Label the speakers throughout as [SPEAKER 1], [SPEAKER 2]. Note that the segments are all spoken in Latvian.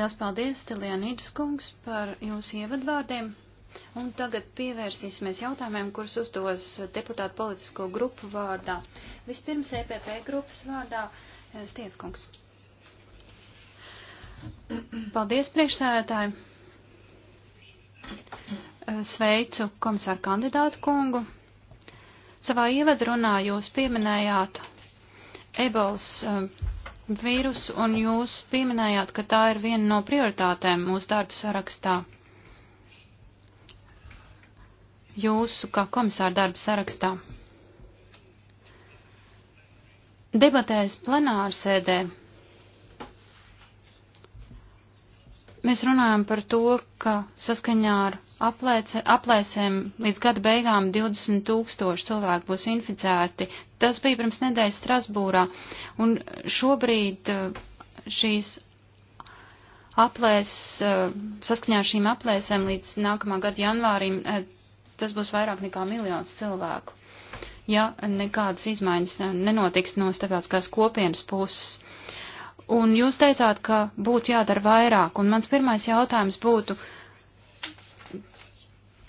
[SPEAKER 1] Liels paldies, Tilianīdus kungs, par jūsu ievadvārdiem. Un tagad pievērsīsimies jautājumiem, kurus uzdos deputātu politisko grupu vārdā. Vispirms EPP grupas vārdā eh, Stievkungs. Paldies, priekšsēdētāji. Eh, sveicu komisāru kandidātu kungu. Savā ievadrunā jūs pieminējāt ebols eh, vīrusu, un jūs pieminējāt, ka tā ir viena no prioritātēm mūsu darba sarakstā. Jūsu kā komisāra darba sarakstā. Debatēs plenārsēdē mēs runājam par to, ka saskaņā ar aplēce, aplēsēm līdz gada beigām 20 tūkstoši cilvēku būs inficēti. Tas bija pirms nedēļas Strasbūrā, un šobrīd eh, šīs aplēs, eh, saskaņā ar šīm aplēsēm līdz nākamā gada janvārim, eh, tas būs vairāk nekā miljons cilvēku, ja nekādas izmaiņas nenotiks no starptautiskās kopienas puses. Un jūs teicāt, ka būtu jādara vairāk, un mans pirmais jautājums būtu, uh,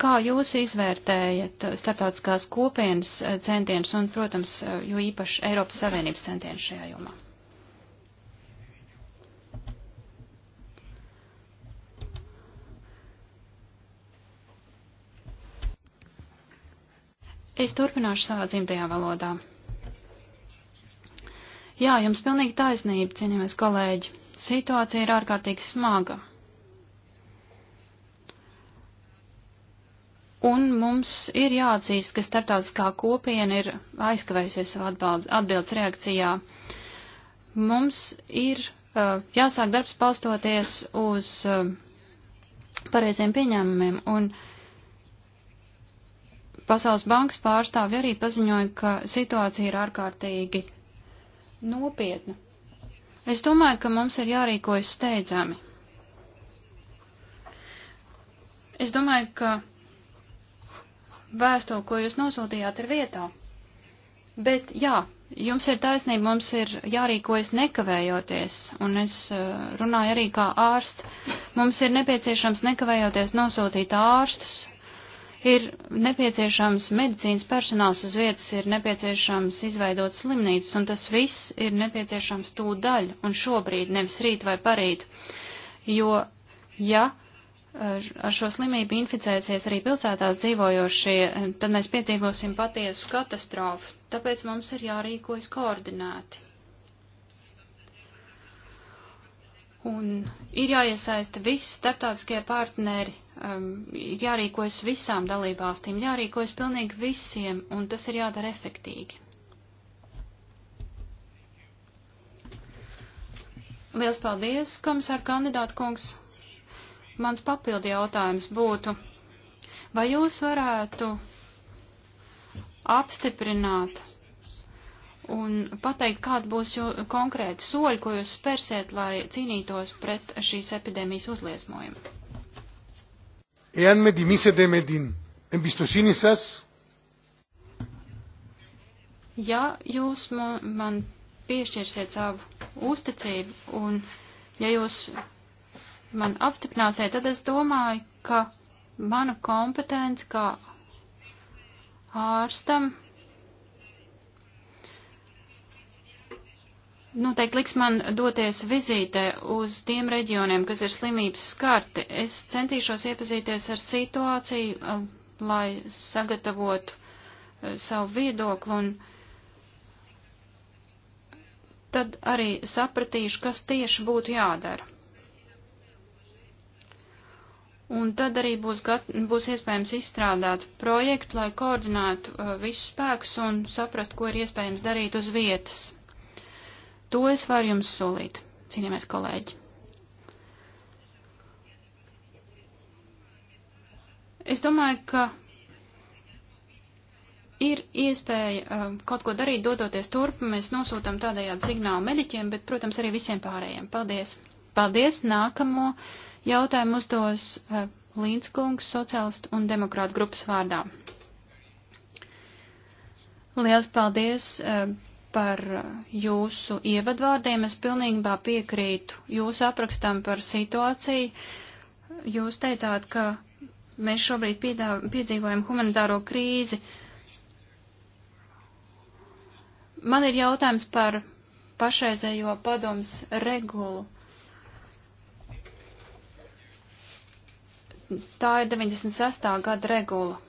[SPEAKER 1] Kā jūs izvērtējat starptautiskās kopienas eh, centienus un, protams, eh, jo īpaši Eiropas Savienības centienus šajā jomā? Es turpināšu savā dzimtajā valodā. Jā, jums pilnīgi taisnība, cienījamies kolēģi. Situācija ir ārkārtīgi smaga, Un mums ir jāatzīst, ka starptautiskā kopiena ir aizkavējusies savā atbildes reakcijā. Mums ir uh, jāsāk darbs palstoties uz uh, pareiziem pieņēmumiem, un Pasaules bankas pārstāvja arī paziņoja, ka situācija ir ārkārtīgi nopietna. Es domāju, ka mums ir jārīkojas steidzami. Es domāju, ka vēstuli, ko jūs nosūtījāt, ir vietā. Bet jā, jums ir taisnība, mums ir jārīkojas nekavējoties, un es eh, runāju arī kā ārsts. Mums ir nepieciešams nekavējoties nosūtīt ārstus, ir nepieciešams medicīnas personāls uz vietas, ir nepieciešams izveidot slimnīcas, un tas viss ir nepieciešams tūdaļ un šobrīd, nevis rīt vai parīt. Jo, ja ar šo slimību inficēsies arī pilsētās dzīvojošie, tad mēs piedzīvosim patiesu katastrofu. Tāpēc mums ir jārīkojas koordinēti. Un ir jāiesaista visi starptautiskie partneri, um, ir jārīkojas visām dalībvalstīm, jārīkojas pilnīgi visiem, un tas ir jādara efektīgi. Liels paldies, komisāra kandidāta kungs! Mans papildi jautājums būtu, vai jūs varētu apstiprināt un pateikt, kāda būs jū, konkrēti soļi, ko jūs spērsiet, lai cīnītos pret šīs epidēmijas uzliesmojumu?
[SPEAKER 2] Εάν με τιμήσετε με την εμπιστοσύνη σας,
[SPEAKER 1] Ja jūs man, man piešķirsiet savu uzticību un ja jūs man apstiprināsiet, tad es domāju, ka mana kompetence kā ārstam noteikti liks man doties vizītē uz tiem reģioniem, kas ir slimības skarti. Es centīšos iepazīties ar situāciju, lai sagatavotu eh, savu viedokli un tad arī sapratīšu, kas tieši būtu jādara. Un tad arī būs, gat, būs iespējams izstrādāt projektu, lai koordinētu uh, visus spēkus un saprast, ko ir iespējams darīt uz vietas. To es varu jums solīt, cienījamies kolēģi. Es domāju, ka ir iespēja uh, kaut ko darīt, dodoties turp, mēs nosūtām tādējādi signālu mediķiem, bet, protams, arī visiem pārējiem. Paldies! Paldies! Nākamo! Uh, Jautājumu uzdos eh, Līnskungs, sociālistu un demokrātu grupas vārdā. Liels paldies eh, par jūsu ievadvārdiem. Es pilnībā piekrītu jūsu aprakstam par situāciju. Jūs teicāt, ka mēs šobrīd piedā, piedzīvojam humanitāro krīzi. Man ir jautājums par pašreizējo padoms regulu. tā ir 96. gada regula.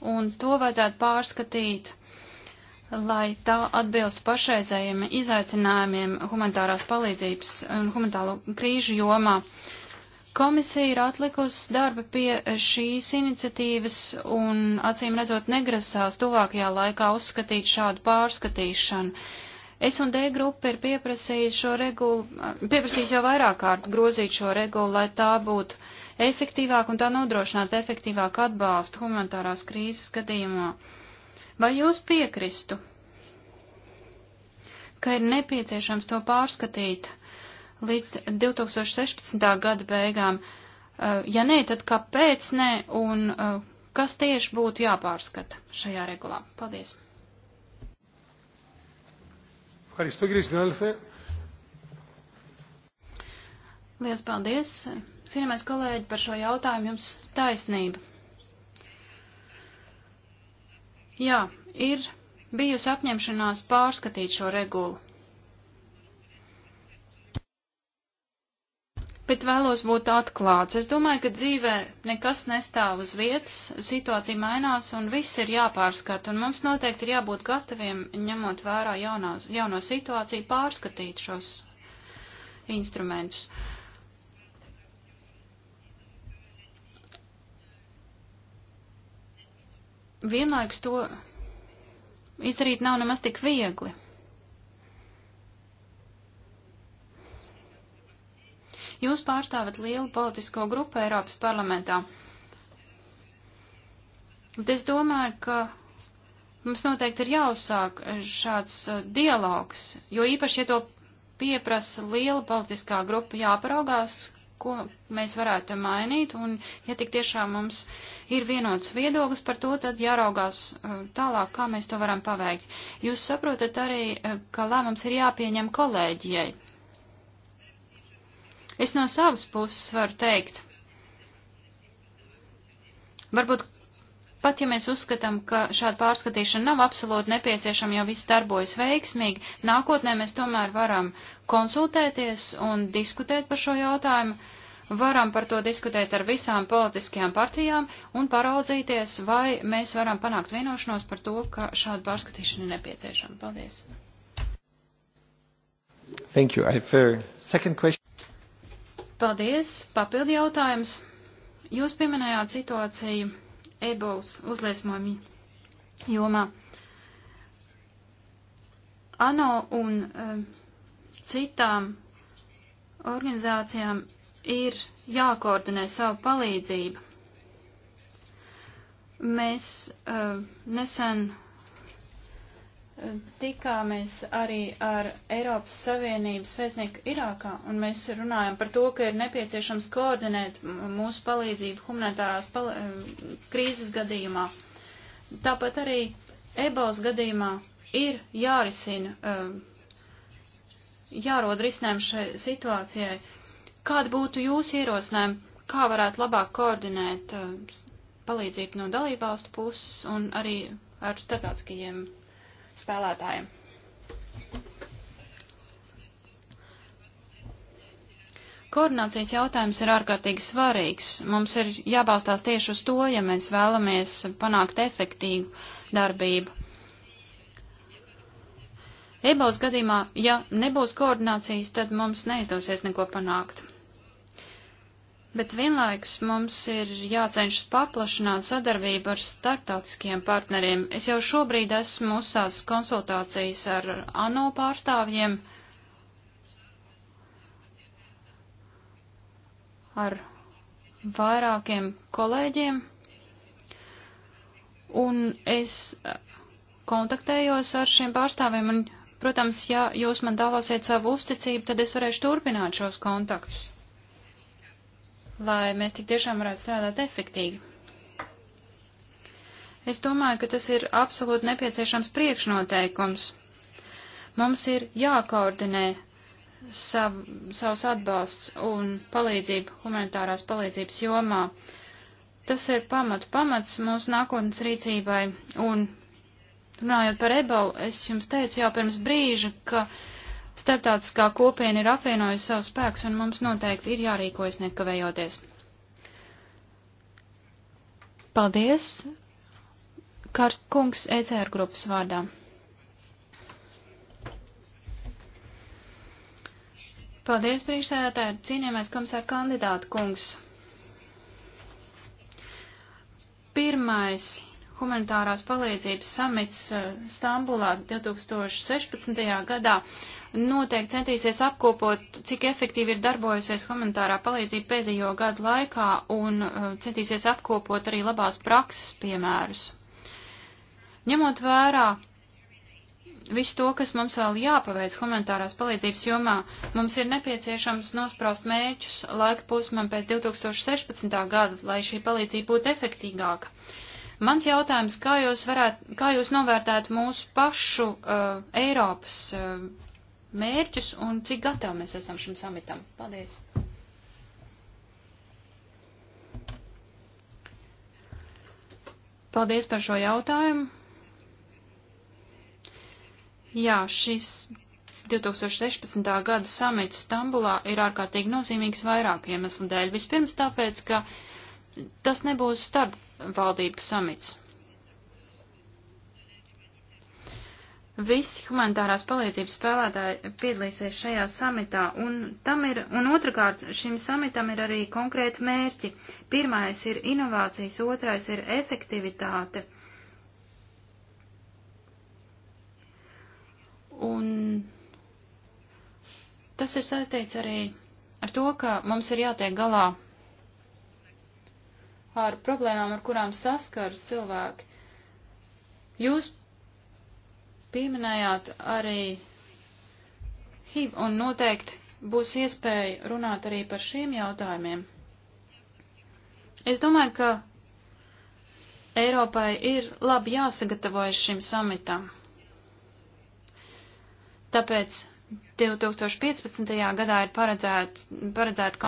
[SPEAKER 1] Un to vajadzētu pārskatīt, lai tā atbilstu pašreizējiem izaicinājumiem humanitārās palīdzības un humanitāro krīžu jomā. Komisija ir atlikusi darba pie šīs iniciatīvas un acīm redzot negrasās tuvākajā laikā uzskatīt šādu pārskatīšanu. S&D grupa ir pieprasījusi šo regulu, pieprasījusi jau vairāk kārt grozīt šo regulu, lai tā būtu efektīvāk un tā nodrošināt efektīvāk atbalstu humanitārās krīzes gadījumā. Vai jūs piekristu, ka ir nepieciešams to pārskatīt līdz 2016. gada beigām? Uh, ja nē, tad kāpēc nē un uh, kas tieši būtu jāpārskata šajā regulā? Paldies! Liels paldies, Cienījamais kolēģi, par šo jautājumu jums taisnība. Jā, ir bijusi apņemšanās pārskatīt šo regulu. Bet vēlos būt atklāts. Es domāju, ka dzīvē nekas nestāv uz vietas, situācija mainās un viss ir jāpārskata, un mums noteikti ir jābūt gataviem, ņemot vērā jaunās, jauno situāciju, pārskatīt šos instrumentus. Uh, vienlaikus to izdarīt nav nemaz tik viegli. Jūs pārstāvat lielu politisko grupu Eiropas parlamentā. Bet es domāju, ka mums noteikti ir jāuzsāk šāds uh, dialogs, jo īpaši, ja to pieprasa liela politiskā grupa, jāparaugās, ko mēs varētu mainīt, un ja tik tiešām mums ir vienots viedoklis par to, tad jāraugās uh, tālāk, kā mēs to varam paveikt. Jūs saprotat arī, uh, ka lēmums ir jāpieņem kolēģijai. Es no savas puses varu teikt, varbūt Pat ja mēs uzskatām, ka šāda pārskatīšana nav absolūti nepieciešama, jo viss darbojas veiksmīgi, nākotnē mēs tomēr varam konsultēties un diskutēt par šo jautājumu varam par to diskutēt ar visām politiskajām partijām un paraudzīties, vai mēs varam panākt vienošanos par to, ka šāda pārskatīšana ir nepieciešama. Paldies.
[SPEAKER 3] Thank you. I have a second question.
[SPEAKER 1] Paldies. Papildi jautājums. Jūs pieminējāt situāciju ebols uzliesmojumi jomā. ANO un um, citām organizācijām ir jākoordinē savu palīdzību. Mēs uh, nesen tikāmies arī ar Eiropas Savienības vēstnieku Irākā, un mēs runājam par to, ka ir nepieciešams koordinēt mūsu palīdzību humanitārās pal eh, krīzes gadījumā. Tāpat arī ebols gadījumā ir jārisina, eh, jārod risinājumu šai situācijai. Kāda būtu jūsu ierosinājuma, kā varētu labāk koordinēt eh, palīdzību no dalībvalstu puses un arī ar starptautiskajiem spēlētājiem. Koordinācijas jautājums ir ārkārtīgi svarīgs. Mums ir jābalstās tieši uz to, ja mēs vēlamies panākt efektīvu darbību. Ebaus gadījumā, ja nebūs koordinācijas, tad mums neizdosies neko panākt bet vienlaikus mums ir jācenšas paplašināt sadarbību ar starptautiskiem partneriem. Es jau šobrīd esmu uzsācis konsultācijas ar ANO pārstāvjiem, ar vairākiem kolēģiem, un es kontaktējos ar šiem pārstāvjiem, un, protams, ja jūs man dāvāsiet savu uzticību, tad es varēšu turpināt šos kontaktus lai mēs tik tiešām varētu strādāt efektīgi. Es domāju, ka tas ir absolūti nepieciešams priekšnoteikums. Mums ir jākoordinē sav, savs atbalsts un palīdzību humanitārās palīdzības jomā. Tas ir pamat pamats mūsu nākotnes rīcībai un Runājot par ebalu, es jums teicu jau pirms brīža, ka uh, Starptautiskā kopiena ir apvienojusi savus spēkus, un mums noteikti ir jārīkojas nekavējoties. Paldies, Karstkungs, ECR grupas vārdā. Paldies, priekšsēdētāji, cienījamais komisāra kandidāta kungs. Pirmais humanitārās palīdzības samits eh, Stambulā 2016. gadā noteikti centīsies apkopot, cik efektīvi ir darbojusies humanitārā palīdzība pēdējo gadu laikā un uh, centīsies apkopot arī labās prakses piemērus. Ņemot vērā visu to, kas mums vēl jāpaveic humanitārās palīdzības jomā, mums ir nepieciešams nospraust mēķus laika posmam pēc 2016. gada, lai šī palīdzība būtu efektīgāka. Mans jautājums, kā jūs, varētu, kā jūs novērtētu mūsu pašu uh, Eiropas uh, mērķus un cik gatavi mēs esam šim samitam. Paldies! Paldies par šo jautājumu. Jā, šis 2016. gada samits Stambulā ir ārkārtīgi nozīmīgs vairāku iemeslu dēļ. Vispirms tāpēc, ka tas nebūs starp valdību samits. Visi humanitārās palīdzības spēlētāji piedalīsies šajā samitā, un, ir, un otrkārt šim samitam ir arī konkrēti mērķi. Pirmais ir inovācijas, otrais ir efektivitāte. Un tas ir saistīts arī ar to, ka mums ir jātiek galā ar problēmām, ar kurām saskaras cilvēki. Jūs pieminējāt arī HIV un noteikti būs iespēja runāt arī par šiem jautājumiem. Es domāju, ka Eiropai ir labi jāsagatavojas šim samitam. Tāpēc 2015. gadā ir paredzēta paredzēt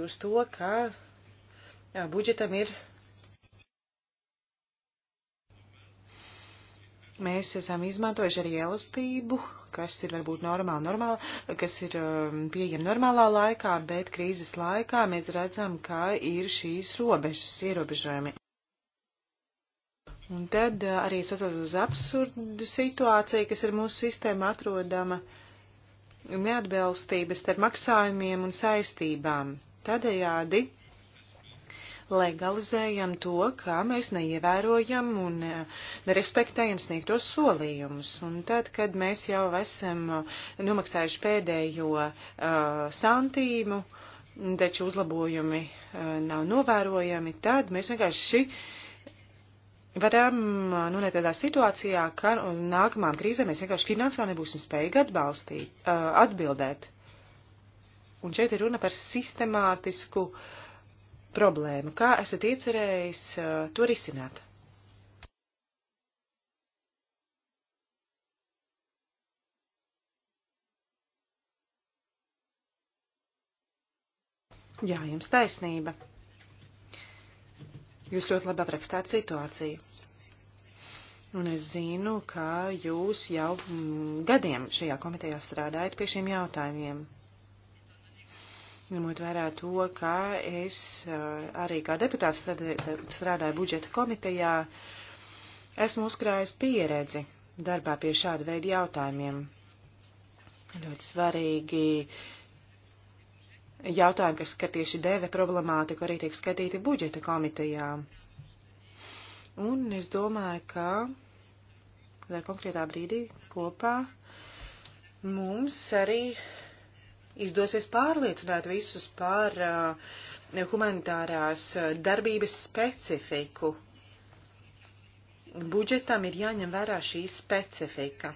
[SPEAKER 4] uz to, ka jā, budžetam ir. Mēs esam izmantojuši arī elastību, kas ir varbūt normāli, normāli kas ir um, pieejama normālā laikā, bet krīzes laikā mēs redzam, ka ir šīs robežas ierobežojumi. Un tad uh, arī sasaucas uz absurdu situāciju, kas ir mūsu sistēma atrodama neatbilstības starp maksājumiem un saistībām. Tādējādi legalizējam to, kā mēs neievērojam un e, nerespektējam sniegtos solījumus. Un tad, kad mēs jau esam e, nomaksājuši pēdējo uh, santīmu, taču uzlabojumi uh, nav novērojami, tad mēs vienkārši varam nonākt tādā situācijā, ka nākamām krīzēm mēs vienkārši finansiāli nebūsim spējīgi atbalstīt, uh, atbildēt. Un šeit ir runa par sistemātisku problēmu. Kā esat iecerējis uh, to risināt? Jā, jums taisnība. Jūs ļoti labi aprakstāt situāciju. Un es zinu, ka jūs jau mm, gadiem šajā komitejā strādājat pie šiem jautājumiem ņemot vērā to, ka es eh, arī kā deputāts strādāju budžeta komitejā, esmu uzkrājis pieredzi darbā pie šāda veida jautājumiem. Ļoti svarīgi jautājumi, kas skar tieši deve problemātiku, arī tiek skatīti budžeta komitejā. Un es domāju, ka vai konkrētā brīdī kopā mums arī izdosies pārliecināt visus par uh, humanitārās uh, darbības specifiku. Budžetam ir jāņem vērā šī specifika.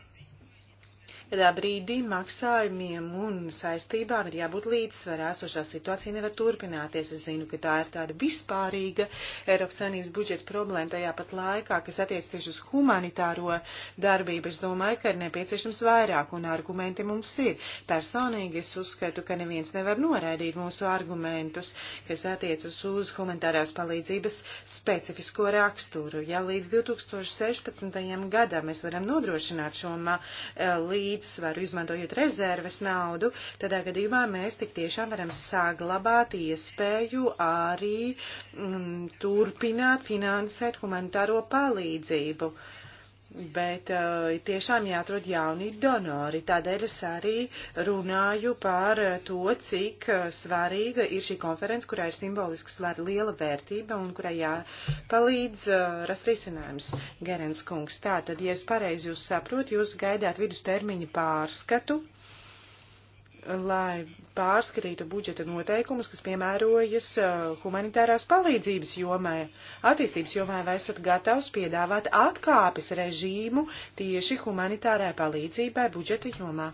[SPEAKER 4] Kādā brīdī maksājumiem un saistībām ir jābūt līdzsvarā. Esošā situācija nevar turpināties. Es zinu, ka tā ir tāda vispārīga Eiropas Savienības budžeta problēma tajā pat laikā, kas attiec tieši uz humanitāro darbību. Es domāju, ka ir nepieciešams vairāk un argumenti mums ir. Personīgi es uzskatu, ka neviens nevar noraidīt mūsu argumentus, kas attiecas uz humanitārās palīdzības specifisko raksturu. Ja līdz 2016. gadam mēs varam nodrošināt šo eh, līdzsvaru, līdzsvaru, izmantojot rezerves naudu, tādā gadījumā mēs tik tiešām varam saglabāt iespēju arī mm, turpināt finansēt humanitāro palīdzību. Uh, Bet uh, tiešām jāatrod jauni donori. Tādēļ es arī runāju par to, cik eh, svarīga ir šī konference, kurā ir simboliski svar liela vērtība un kurai jāpalīdz uh, rast risinājums. Gerens kungs, tā tad, ja es pareizi jūs saprotu, jūs gaidāt vidustermiņu pārskatu lai pārskatītu budžeta noteikumus, kas piemērojas uh, humanitārās palīdzības jomai, attīstības jomai, vai esat gatavs piedāvāt atkāpes režīmu tieši humanitārai palīdzībai budžeta jomā?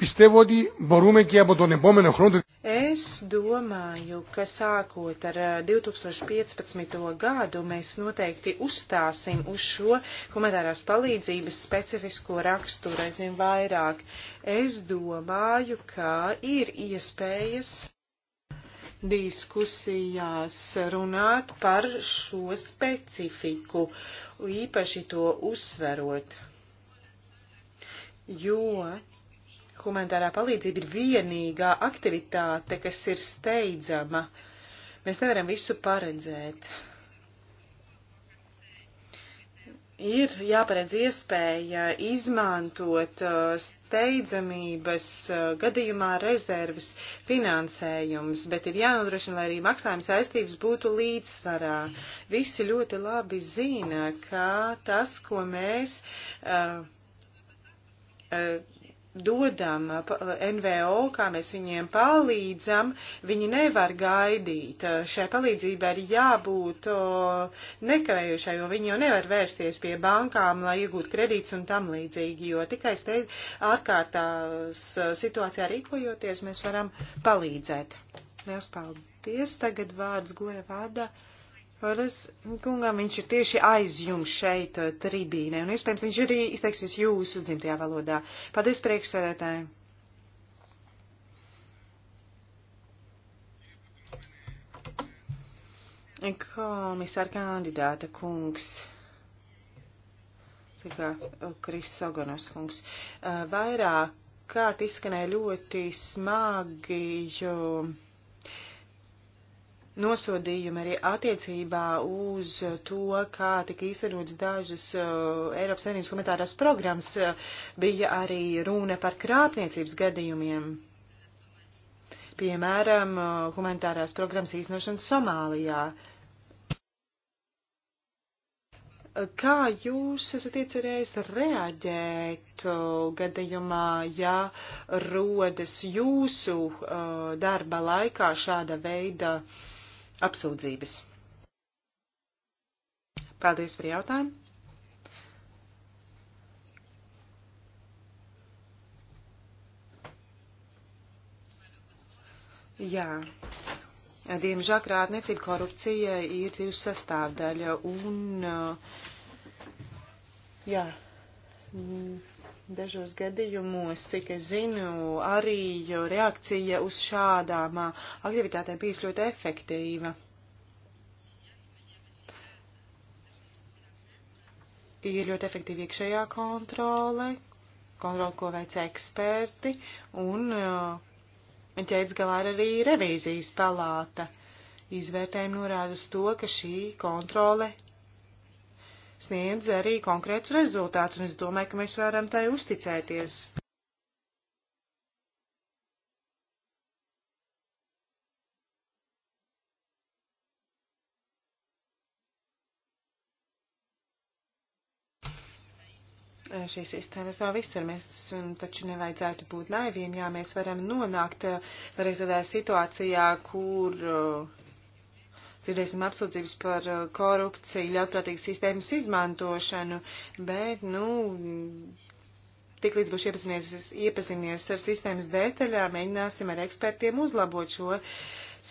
[SPEAKER 2] Πιστεύω ότι μπορούμε και από τον επόμενο χρόνο...
[SPEAKER 4] Es domāju, ka sākot ar 2015. gadu mēs noteikti uzstāsim uz šo humanitārās palīdzības specifisko raksturu aizvien vairāk. Es domāju, ka ir iespējas diskusijās runāt par šo specifiku, īpaši to uzsverot. Jo Humanitārā palīdzība ir vienīgā aktivitāte, kas ir steidzama. Mēs nevaram visu paredzēt. Ir jāparedz iespēja izmantot uh, steidzamības uh, gadījumā rezerves finansējums, bet ir jānodrošina, lai arī maksājuma saistības būtu līdzsvarā. Visi ļoti labi zina, ka tas, ko mēs uh, uh, dodam eh, eh, NVO, kā mēs viņiem palīdzam, viņi nevar gaidīt. Eh, šai palīdzībai ir jābūt nekavējušai, jo viņi jau nevar vērsties pie bankām, lai iegūtu kredītus un tam līdzīgi, jo tikai steid, ārkārtās situācijā rīkojoties, mēs varam palīdzēt. Liels paldies! Tagad vārds goja vārdā Varas kungam viņš ir tieši aiz jums šeit eh, tribīnē, un iespējams viņš arī izteiksies jūsu dzimtajā valodā. Paldies priekšsēdētājiem! Komisāra kandidāta kungs. Tā kā Krisogonos kungs. Eh, vairāk kārt izskanēja ļoti smagi, jo. Jū nosodījumi arī attiecībā uz to, kā tika īstenots dažas uh, Eiropas Savienības komentārās programmas, uh, bija arī runa par krāpniecības gadījumiem. Piemēram, uh, humanitārās programmas īstenošana Somālijā. Kā jūs esat iecerējis reaģēt uh, gadījumā, ja rodas jūsu uh, darba laikā šāda veida uh, apsūdzības. Paldies par jautājumu. Jā. Diemžēl krātniecība korupcija ir dzīves sastāvdaļa un, jā, Dažos gadījumos, cik es zinu, arī reakcija uz šādām aktivitātēm bijis ļoti efektīva. Ir ļoti efektīva iekšējā kontrole, kontrole, ko veic eksperti, un ķēdes galā ir arī revīzijas palāta. Izvērtējumi norāda uz to, ka šī kontrole sniedz arī konkrēts rezultāts, un es domāju, ka mēs varam tai uzticēties. šīs sistēmas nav visur. Mēs taču nevajadzētu būt naiviem, jā, mēs varam nonākt eh, reizēdā situācijā, kur uh, dzirdēsim apsūdzības par uh, korupciju, ļautprātīgas sistēmas izmantošanu, bet, nu, tik līdz būs iepazinies, iepazinies ar sistēmas detaļām, mēģināsim ar ekspertiem uzlabot šo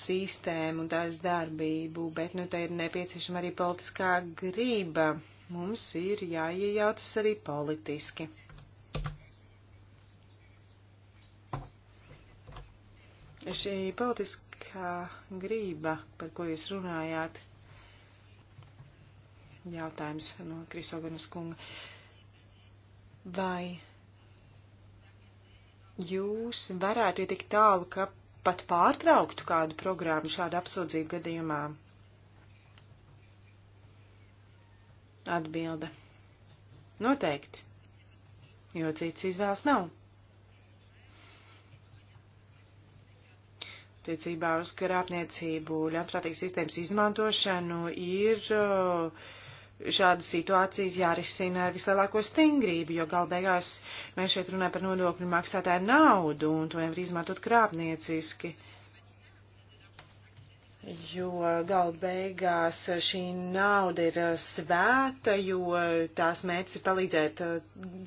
[SPEAKER 4] sistēmu un tās darbību, bet, nu, te ir nepieciešama arī politiskā grība. Mums ir jāiejaucas arī politiski. Šī politiska politiskā grība, par ko jūs runājāt. Jautājums no Krisoganas kunga. Vai jūs varētu iet tik tālu, ka pat pārtrauktu kādu programmu šādu apsūdzību gadījumā? Atbilde. Noteikti, jo cits izvēles nav. tiecībā uz krāpniecību, ļaunprātīgas sistēmas izmantošanu ir uh, šādas situācijas jārisina ar vislielāko stingrību, jo galbeigās mēs šeit runājam par nodokļu maksātāju naudu un to nevar izmantot krāpnieciski jo galu beigās šī nauda ir uh, svēta, jo tās mērķis ir palīdzēt uh,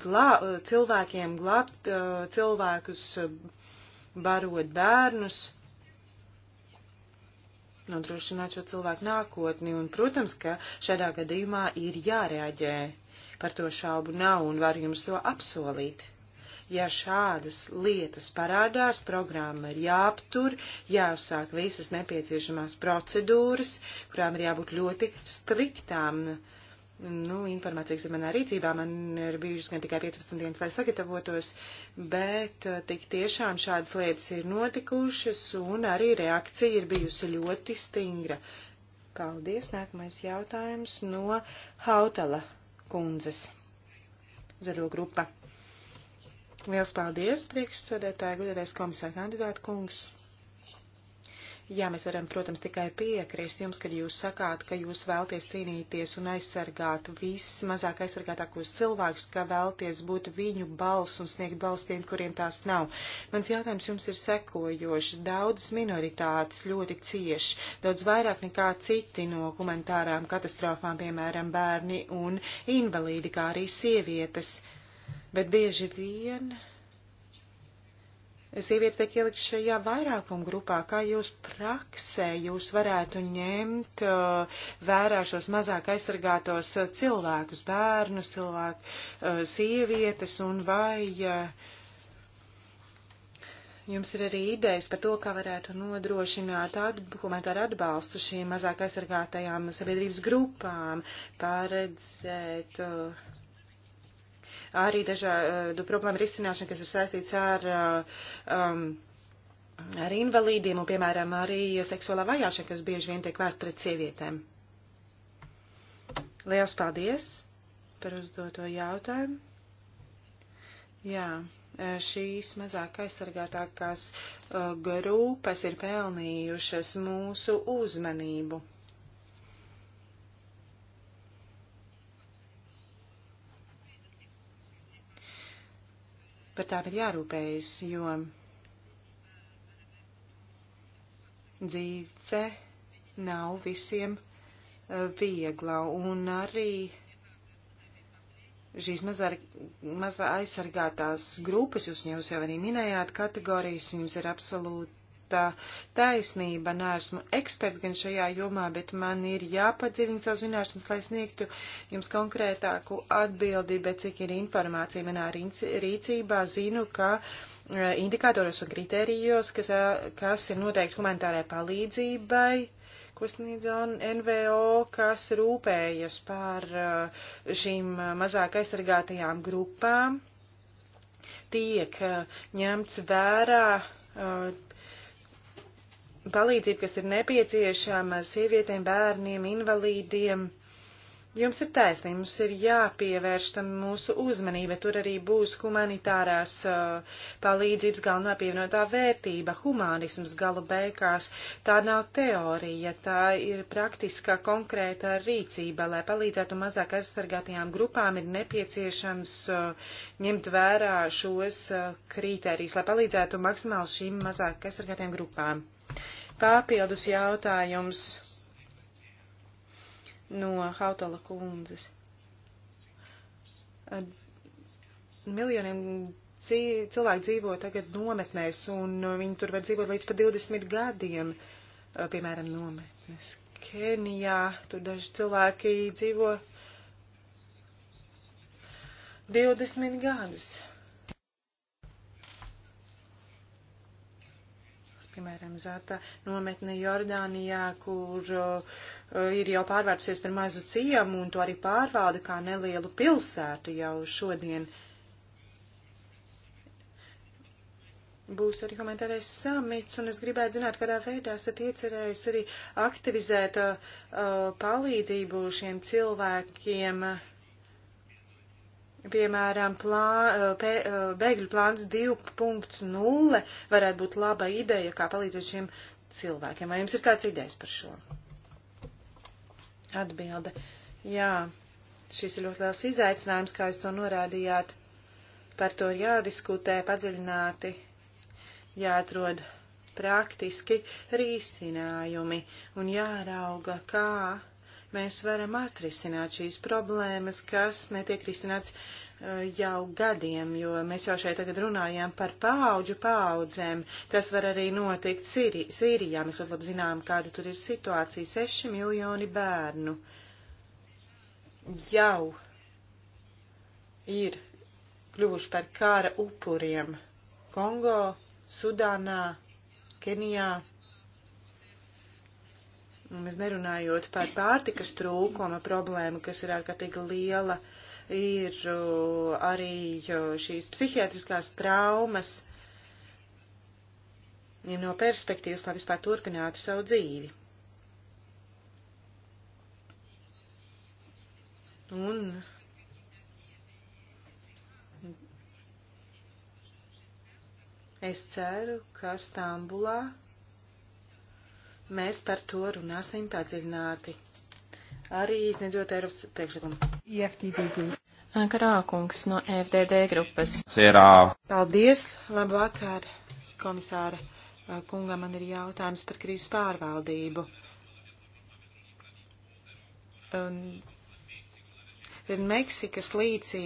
[SPEAKER 4] glā, cilvēkiem glābt cilvēkus, barot bērnus nodrošināt šo cilvēku nākotni, un, protams, ka šādā gadījumā ir jārēģē. Par to šaubu nav un var jums to apsolīt. Ja šādas lietas parādās, programma ir jāaptur, jāsāk visas nepieciešamās procedūras, kurām ir jābūt ļoti striktām. Uh, Nu, informācija, kas ir manā rīcībā, man ir bijušas gan tikai 15 dienas, lai sagatavotos, bet eh, tik tiešām šādas lietas ir notikušas un arī reakcija ir bijusi ļoti stingra. Paldies, nākamais jautājums no Hautala kundzes. Zaļo grupa. Liels paldies, priekšsēdētāji, gudrēs komisāra kandidāta kungs. Jā, mēs varam, protams, tikai piekrist jums, kad jūs sakāt, ka jūs vēlties cīnīties un aizsargāt vismazāk aizsargātākos cilvēkus, ka vēlties būt viņu balss un sniegt balss tiem, kuriem tās nav. Mans jautājums jums ir sekojošs. Daudzas minoritātes ļoti cieši, daudz vairāk nekā citi no humanitārām katastrofām, piemēram, bērni un invalīdi, kā arī sievietes. Bet bieži vien sievietes tiek ielikt šajā vairākuma grupā. Kā jūs praksē jūs varētu ņemt uh, vērā šos mazāk aizsargātos uh, cilvēkus, bērnus, cilvēku uh, sievietes un vai jums ir arī idejas par to, kā varētu nodrošināt dokumentāru atbalstu šīm mazāk aizsargātajām sabiedrības grupām, paredzēt uh, arī dažādu eh, problēmu risināšana, kas ir saistīts ar, eh, um, ar invalīdiem un, piemēram, arī seksuālā vajāšana, kas bieži vien tiek vērst pret sievietēm. Liels paldies par uzdoto jautājumu. Jā, eh, šīs mazāk aizsargātākās grupas ir pelnījušas mūsu uzmanību. Par tām ir jārūpējas, jo dzīve nav visiem eh, viegla un arī šīs mazā aizsargātās grupas, jūs jau arī minējāt kategorijas, jums ir absolūti tā taisnība. Neesmu eksperts gan šajā jomā, bet man ir jāpadziļina savu zināšanas, lai sniegtu jums konkrētāku atbildi, bet cik ir informācija manā rīcībā, zinu, ka e, indikātoros un kritērijos, kas, e, kas ir noteikti humanitārai palīdzībai, ko sniedz NVO, kas rūpējas par e, šīm mazāk aizsargātajām grupām, tiek ņemts vērā palīdzību, kas ir nepieciešama sievietēm, bērniem, invalīdiem. Jums ir taisnība, mums ir jāpievērš tam mūsu uzmanība, tur arī būs humanitārās uh, palīdzības galvenā pievienotā vērtība, humānisms galu beigās. Tā nav teorija, tā ir praktiskā konkrēta rīcība, lai palīdzētu mazāk aizsargātajām grupām ir nepieciešams uh, ņemt vērā šos uh, kriterijus, lai palīdzētu maksimāli šīm mazāk aizsargātajām grupām. Papildus jautājums no Hautala kundzes. Miljoniem cilvēku dzīvo tagad nometnēs, un viņi tur var dzīvot līdz pat 20 gadiem, piemēram, nometnes. Kenijā tur daži cilvēki dzīvo 20 gadus. piemēram, Zāta nometne Jordānijā, kur uh, ir jau pārvērsies par mazu ciemu un to arī pārvalda kā nelielu pilsētu jau šodien. Būs arī komentētais samits, un es gribētu zināt, kādā veidā esat iecerējis arī aktivizēt uh, palīdzību šiem cilvēkiem. Uh, Piemēram, plā, eh, pē, eh, bēgļu plāns 2.0 varētu būt laba ideja, kā palīdzēt šiem cilvēkiem. Vai jums ir kāds idejas par šo? Atbilde. Jā, šis ir ļoti liels izaicinājums, kā jūs to norādījāt. Par to ir jādiskutē padziļināti, jāatrod praktiski risinājumi un jārauga, kā mēs varam atrisināt šīs problēmas, kas netiek risināts eh, jau gadiem, jo mēs jau šeit tagad runājām par paudžu paudzēm. Tas var arī notikt Sīri Sīrijā. Mēs ļoti labi zinām, kāda tur ir situācija. Seši miljoni bērnu jau ir kļuvuši par kāra upuriem Kongo, Sudānā, Kenijā. Mēs nerunājot par pārtikas trūkuma problēmu, kas ir ārkārtīgi liela, ir arī šīs psihiatriskās traumas, ja no perspektīvas, lai vispār turpinātu savu dzīvi. Un es ceru, ka Stambulā mēs par to runāsim padziļināti. Arī izniedzot Eiropas priekšlikumu.
[SPEAKER 3] IFTDD. Karākungs no e FDD grupas. Sierā.
[SPEAKER 4] Paldies, labvakar, komisāra kungam man ir jautājums par krīzes pārvaldību. Un, Meksikas līcī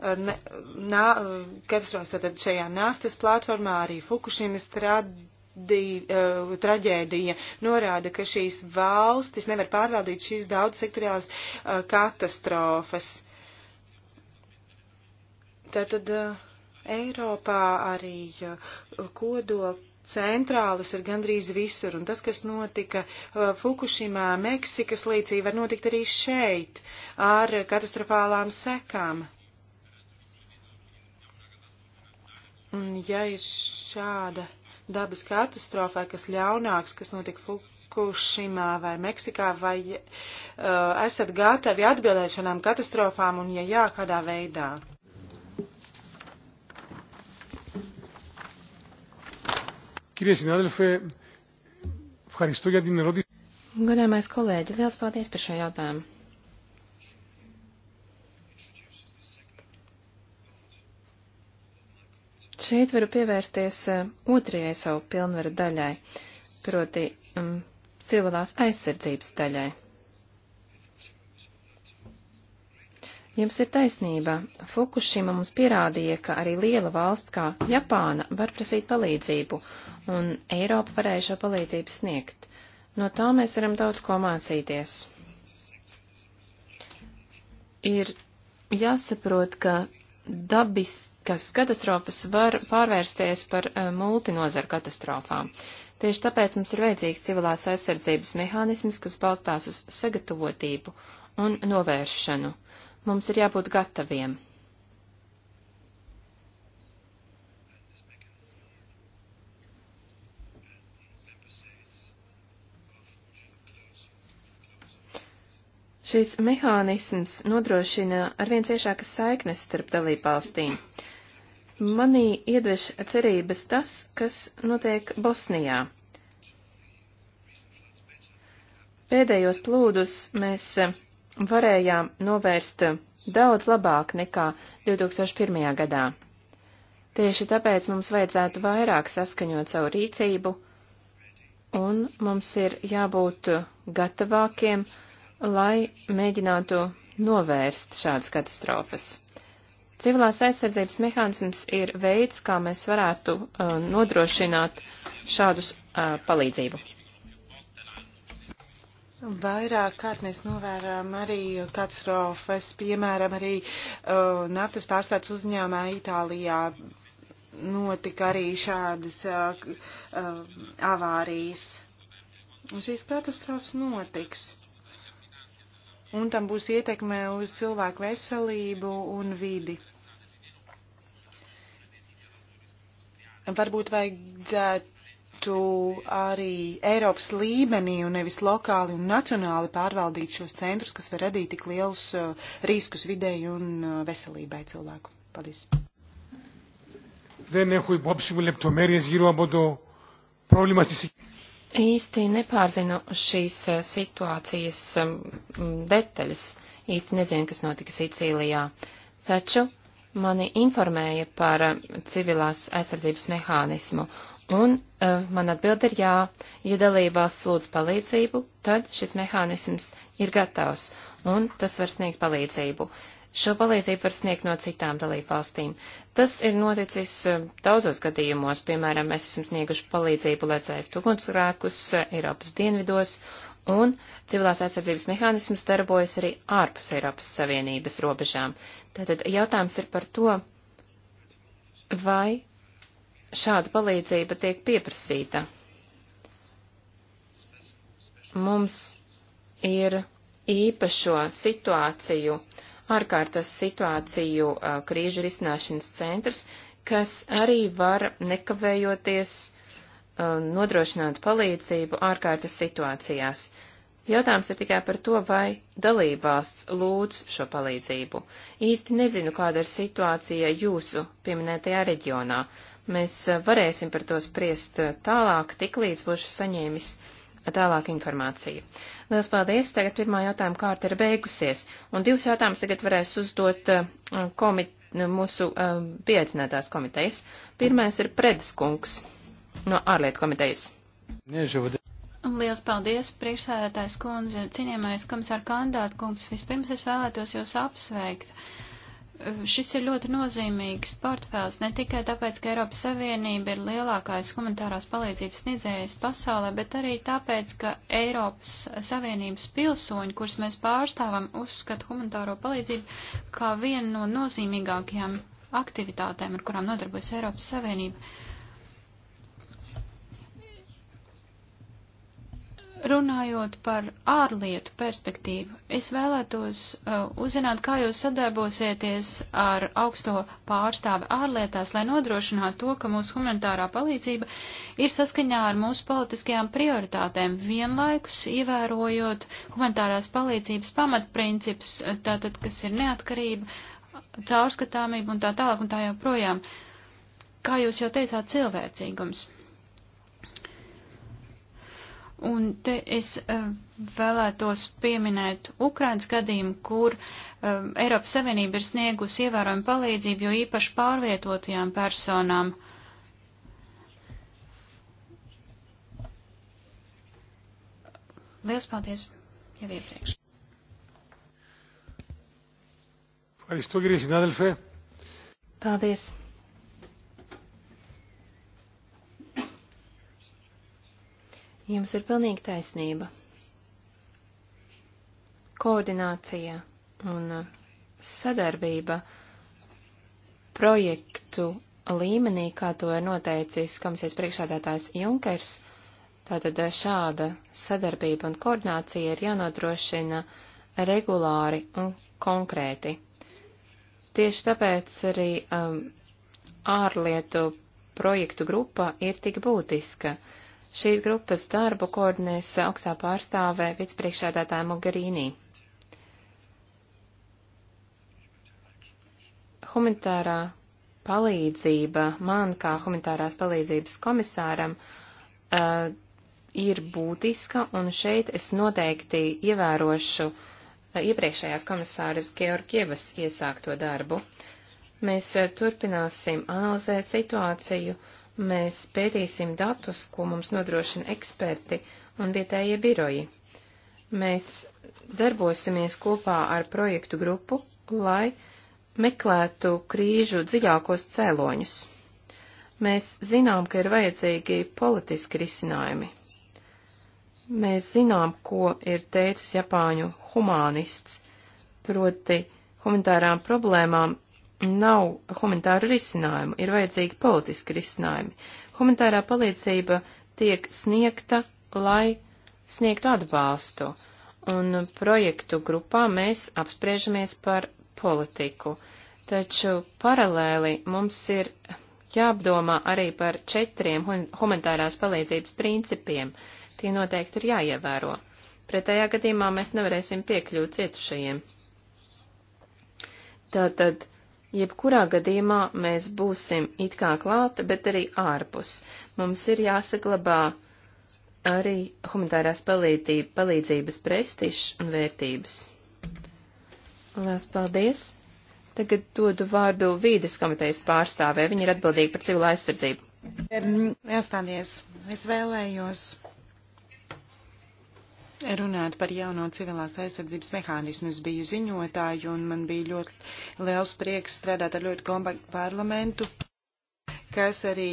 [SPEAKER 4] katastrofas tātad šajā naftas platformā arī Fukushimas tragēdija Eh, traģēdija norāda, ka šīs valstis nevar pārvaldīt šīs daudz sektoriālas eh, katastrofas. Tātad eh, Eiropā arī kodola centrālas ir gandrīz visur, un tas, kas notika Fukushimā, Meksikas līcī, var notikt arī šeit ar katastrofālām sekām. Un ja ir šāda dabas katastrofai, kas ļaunāks, kas notika Fukushimā vai Meksikā, vai uh, esat gatavi atbildēt šādām katastrofām un, ja jā, kādā veidā?
[SPEAKER 2] Κυρίες συνάδελφε, ευχαριστώ για την ερώτηση.
[SPEAKER 3] Godājumais kolēģi, liels paldies par šo jautājumu. Šeit varu pievērsties eh, otrajai savu pilnvaru daļai, proti um, civilās aizsardzības daļai. Jums ir taisnība. Fukushima mums pierādīja, ka arī liela valsts kā Japāna var prasīt palīdzību, un Eiropa varēja šo palīdzību sniegt. No tā mēs varam daudz ko mācīties. Ir jāsaprot, ka dabis, kas katastrofas var pārvērsties par eh, multinozaru katastrofām. Tieši tāpēc mums ir vajadzīgs civilās aizsardzības mehānisms, kas balstās uz sagatavotību un novēršanu. Mums ir jābūt gataviem. Šis mehānisms nodrošina arvien ciešākas saiknes starp dalībvalstīm. Manī iedvež cerības tas, kas notiek Bosnijā. Pēdējos plūdus mēs varējām novērst daudz labāk nekā 2001. gadā. Tieši tāpēc mums vajadzētu vairāk saskaņot savu rīcību, un mums ir jābūt gatavākiem, lai mēģinātu novērst šādas katastrofas. Civilās aizsardzības mehānisms ir veids, kā mēs varētu uh, nodrošināt šādus uh, palīdzību.
[SPEAKER 4] Vairāk kārt mēs novērām arī katastrofas, piemēram, arī uh, naftas pārstāts uzņēmē Itālijā notika arī šādas uh, uh, avārijas. Un šīs katastrofas notiks un tam būs ietekme uz cilvēku veselību un vidi. Varbūt vajadzētu arī Eiropas līmenī un nevis lokāli un nacionāli pārvaldīt šos centrus, kas var radīt tik lielus uh, riskus videi un uh, veselībai cilvēku. Paldies.
[SPEAKER 2] Δεν έχω υπόψη μου λεπτομέρειες γύρω από το πρόβλημα στη
[SPEAKER 3] Īsti
[SPEAKER 4] nepārzinu
[SPEAKER 3] šīs uh, situācijas um, detaļas, īsti nezinu, kas notika Sicīlijā, taču mani informēja par eh, civilās aizsardzības mehānismu, un uh, man atbild ir jā, ja dalībās lūdz palīdzību, tad šis mehānisms ir gatavs, un tas var sniegt palīdzību. Šo palīdzību var sniegt no citām dalībvalstīm. Tas ir noticis uh, daudzos gadījumos, piemēram, mēs esam snieguši palīdzību, lai cēst ugunsgrēkus uh, Eiropas dienvidos, un civilās aizsardzības mehānisms darbojas arī ārpus Eiropas Savienības robežām. Tātad jautājums ir par to, vai šāda palīdzība tiek pieprasīta. Mums ir īpašo situāciju, ārkārtas situāciju uh, krīžu risināšanas centrs, kas arī var nekavējoties uh, Um, nodrošināt palīdzību ārkārtas situācijās. Jautājums ir tikai par to, vai dalībvalsts lūdz šo palīdzību. Īsti nezinu, kāda ir situācija jūsu pieminētajā reģionā. Mēs uh, varēsim par to spriest uh, tālāk, tik līdz būšu saņēmis tālāk informāciju. Lielas paldies! Tagad pirmā jautājuma kārta ir beigusies, un divus jautājumus tagad varēs uzdot uh, komit, mūsu um, pieaicinātās komitejas. Pirmais ir Predskungs. kungs no ārlietu komitejas. Nežūdē.
[SPEAKER 1] Liels paldies, priekšsēdētājs kundze, cienījamais komisāra kandidāta kungs. Vispirms es vēlētos jūs apsveikt. Šis ir ļoti nozīmīgs portfēls, ne tikai tāpēc, ka Eiropas Savienība ir lielākais humanitārās palīdzības sniedzējs pasaulē, bet arī tāpēc, ka Eiropas Savienības pilsoņi, kurus mēs pārstāvam, uzskata humanitāro palīdzību kā vienu no nozīmīgākajām aktivitātēm, ar kurām nodarbojas Eiropas Savienība. Runājot par ārlietu perspektīvu, es vēlētos uh, uzzināt, kā jūs sadarbosieties ar augsto pārstāvi ārlietās, lai nodrošinātu to, ka mūsu humanitārā palīdzība ir saskaņā ar mūsu politiskajām prioritātēm, vienlaikus ievērojot humanitārās palīdzības pamatprincipus, uh, tātad, kas ir neatkarība, caurskatāmība un tā tālāk un tā joprojām. Kā jūs jau teicāt, cilvēcīgums. Un te es uh, vēlētos pieminēt Ukrainas gadījumu, kur uh, Eiropas Savienība ir sniegusi ievērojumu palīdzību, jo īpaši pārvietotajām personām. Liels paldies jau iepriekš. Paldies.
[SPEAKER 3] Jums ir pilnīgi taisnība. Koordinācija un uh, sadarbība projektu līmenī, kā to ir noteicis komisijas priekšādātājs Junkers, tātad uh, šāda sadarbība un koordinācija ir jānodrošina regulāri un konkrēti. Tieši tāpēc arī um, ārlietu projektu grupa ir tik būtiska. Uh, Šīs grupas darbu koordinēs augstā pārstāvē vicepriekšādātāja Mogherīnī. Humanitārā palīdzība man kā humanitārās palīdzības komisāram uh, ir būtiska, un šeit es noteikti ievērošu uh, iepriekšējās komisāras Georgievas iesākto darbu. Mēs uh, turpināsim analizēt situāciju, uh, Mēs pētīsim datus, ko mums nodrošina eksperti un vietējie biroji. Mēs darbosimies kopā ar projektu grupu, lai meklētu krīžu dziļākos cēloņus. Mēs zinām, ka ir vajadzīgi politiski risinājumi. Mēs zinām, ko ir teicis Japāņu humānists, proti humanitārām problēmām nav humanitāru risinājumu, ir vajadzīgi politiski risinājumi. Humanitārā palīdzība tiek sniegta, lai sniegtu atbalstu, un projektu grupā mēs apspriežamies par politiku, taču paralēli mums ir jāapdomā arī par četriem humanitārās palīdzības principiem. Tie noteikti ir jāievēro. Pretējā gadījumā mēs nevarēsim piekļūt cietušajiem. Tātad Jebkurā gadījumā mēs būsim it kā klāta, bet arī ārpus. Mums ir jāsaglabā arī humanitārās palīdzības prestižs un vērtības. Lielas paldies! Tagad dodu vārdu vīdes komitejas pārstāvē. Viņa ir atbildīga par civil aizsardzību.
[SPEAKER 4] Lielas paldies! Es vēlējos runāt par jauno civilās aizsardzības mehānismu. Es biju ziņotāju un man bija ļoti liels prieks strādāt ar ļoti kompaktu parlamentu kas arī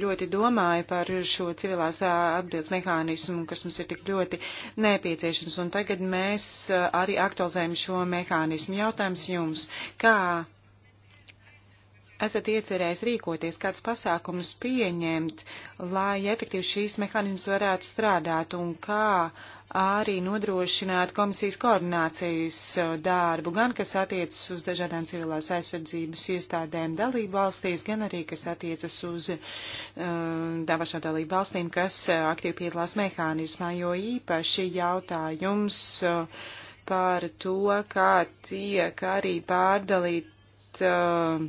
[SPEAKER 4] ļoti domāja par šo civilās atbildes mehānismu, kas mums ir tik ļoti nepieciešams. Un tagad mēs arī aktualizējam šo mehānismu. Jautājums jums, kā esat iecerējis rīkoties, kādus pasākumus pieņemt, lai efektīvi šīs mehānismas varētu strādāt un kā arī nodrošināt komisijas koordinācijas uh, darbu, gan kas attiecas uz dažādām civilās aizsardzības iestādēm dalību valstīs, gan arī kas attiecas uz uh, davašām dalību valstīm, kas uh, aktīvi piedalās mehānismā, jo īpaši jautājums uh, par to, kā tiek arī pārdalīt uh,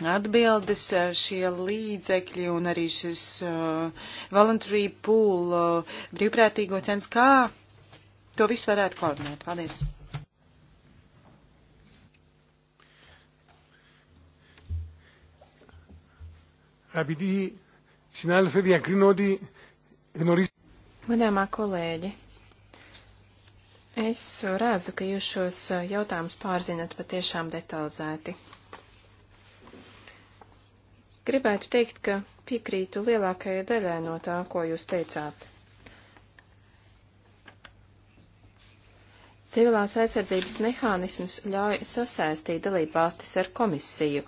[SPEAKER 4] atbildes eh, šie līdzekļi un arī šis uh, voluntary pool uh, brīvprātīgo cenas, kā to visu varētu koordinēt. Paldies!
[SPEAKER 2] Αγαπητοί συνάδελφοι, διακρίνω ότι γνωρίζετε.
[SPEAKER 3] Godāmā kolēģi, es redzu, ka jūs šos jautājumus pārzinat patiešām detalizēti. Gribētu teikt, ka piekrītu lielākajai daļai no tā, ko jūs teicāt. Civilās aizsardzības mehānisms ļauj sasaistīt dalībvalstis ar komisiju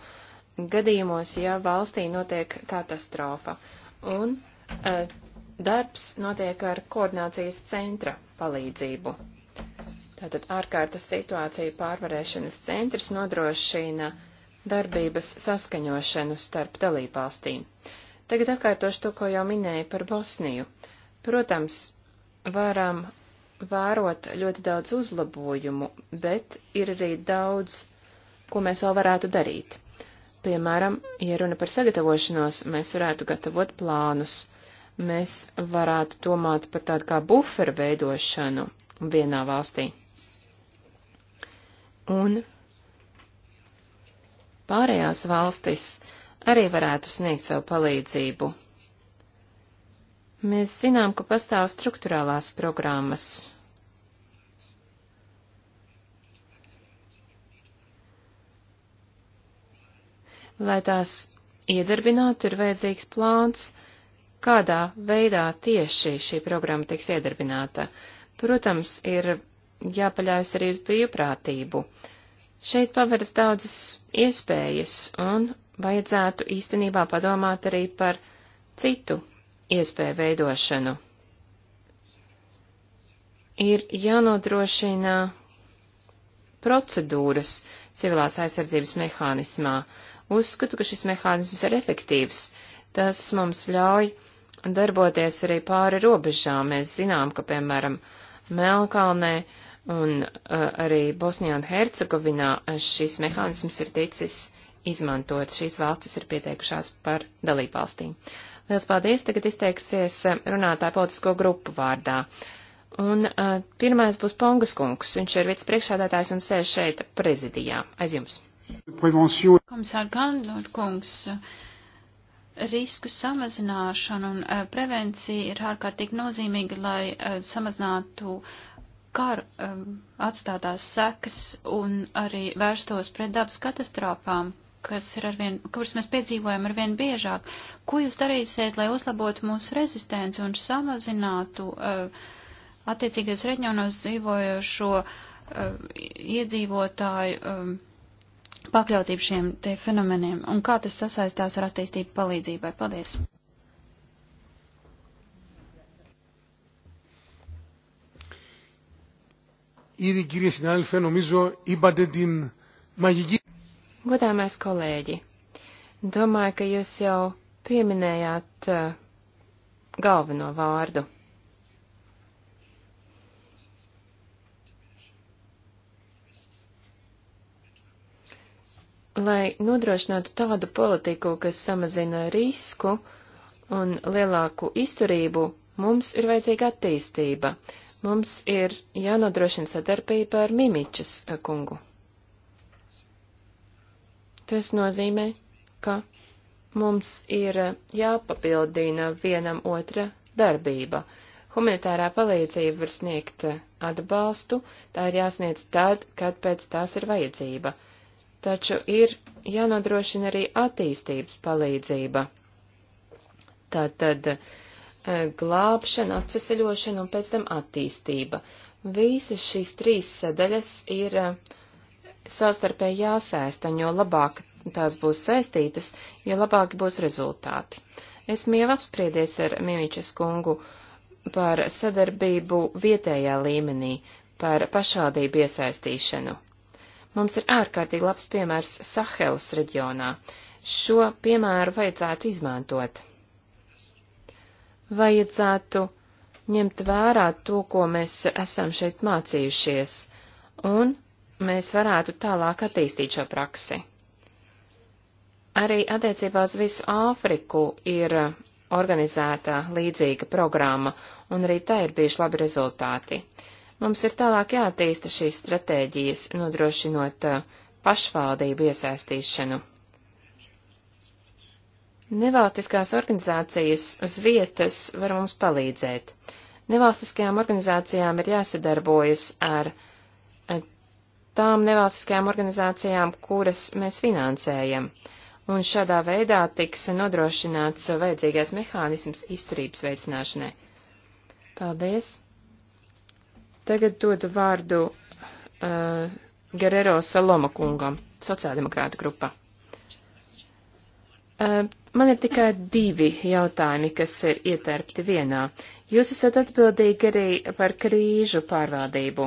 [SPEAKER 3] gadījumos, ja valstī notiek katastrofa, un e, darbs notiek ar koordinācijas centra palīdzību. Tātad ārkārtas situācija pārvarēšanas centrs nodrošina uh, darbības saskaņošanu starp dalībvalstīm. Tagad atkārtošu to, ko jau minēju par Bosniju. Protams, varam vērot ļoti daudz uzlabojumu, bet ir arī daudz, ko mēs vēl varētu darīt. Piemēram, ja runa par sagatavošanos, mēs varētu gatavot plānus, mēs varētu domāt par tādu kā buferu veidošanu vienā valstī. Un pārējās valstis arī varētu sniegt savu palīdzību. Mēs zinām, ka pastāv struktūrālās programmas. Lai tās iedarbinātu, ir vajadzīgs plāns, kādā veidā tieši šī programma tiks iedarbināta. Protams, ir jāpaļaujas arī uz brīvprātību. Uh, Šeit paveras daudzas iespējas, un vajadzētu īstenībā padomāt arī par citu iespēju veidošanu. Ir jānodrošina procedūras civilās aizsardzības mehānismā. Uzskatu, ka šis mehānisms ir efektīvs. Tas mums ļauj darboties arī pāri robežām. Mēs zinām, ka, piemēram, Melkalnē uh, Un uh, arī Bosnijā un Hercegovinā uh, šis mehānisms ir ticis izmantot. Šīs valstis ir pieteikušās par dalībvalstīm. Liels paldies! Tagad izteiksies uh, runātāja politisko grupu vārdā. Un uh, pirmais būs Pongas kungs. Viņš ir vicepriekšādātājs un sēž
[SPEAKER 1] šeit prezidijā. Aiz jums! Komisār Gandlord kungs, risku samazināšana un uh, prevencija ir ārkārtīgi nozīmīga, lai samazinātu uh, kara um, atstātās sekas un arī vērstos pret dabas katastrofām, kas ir arvien, kuras mēs piedzīvojam arvien biežāk. Ko jūs darīsiet, lai uzlabotu mūsu rezistenci un samazinātu uh, attiecīgajos reģionos dzīvojošo uh, iedzīvotāju um, pakļautību šiem te fenomeniem un kā tas sasaistās ar attīstību palīdzībai? Paldies!
[SPEAKER 2] Ήδη, κύριε συνάδελφε, νομίζω είπατε την μαγική.
[SPEAKER 3] Godāmais kolēģi, domāju, ka jūs jau pieminējāt uh, galveno vārdu. Lai nodrošinātu tādu politiku, kas samazina risku un lielāku izturību, mums ir vajadzīga attīstība. Mums ir jānodrošina sadarbība ar Mimičas eh, kungu. Tas nozīmē, ka mums ir eh, jāpapildina vienam otra darbība. Humanitārā palīdzība var sniegt eh, atbalstu, tā ir jāsniedz tad, kad pēc tās ir vajadzība. Taču ir jānodrošina arī attīstības palīdzība. Tātad E, glābšana, atveseļošana un pēc tam attīstība. Visas šīs trīs sadaļas ir e, savstarpēji jāsēstaņ, jo labāk tās būs saistītas, jo labāki būs rezultāti. Esmu jau apspriedies ar Mimičas kungu par sadarbību vietējā līmenī, par pašvaldību iesaistīšanu. Mums ir ārkārtīgi labs piemērs Sahelas reģionā. Šo piemēru vajadzētu izmantot vajadzētu ņemt vērā to, ko mēs esam šeit mācījušies, un mēs varētu tālāk attīstīt šo praksi. Arī attiecībā uz visu Āfriku ir organizēta līdzīga programma, un arī tā ir bijuši labi rezultāti. Mums ir tālāk jātīsta šīs stratēģijas, nodrošinot uh, pašvaldību iesaistīšanu Nevalstiskās organizācijas uz vietas var mums palīdzēt. Nevalstiskajām organizācijām ir jāsadarbojas ar tām nevalstiskajām organizācijām, kuras mēs finansējam, un šādā veidā tiks nodrošināts vajadzīgais mehānisms izturības veicināšanai. Paldies! Tagad dodu vārdu uh, Gerero Saloma kungam, sociāldemokrāta grupa. Eh, man ir tikai divi jautājumi, kas ir ietērpti vienā. Jūs esat atbildīgi arī par krīžu pārvaldību.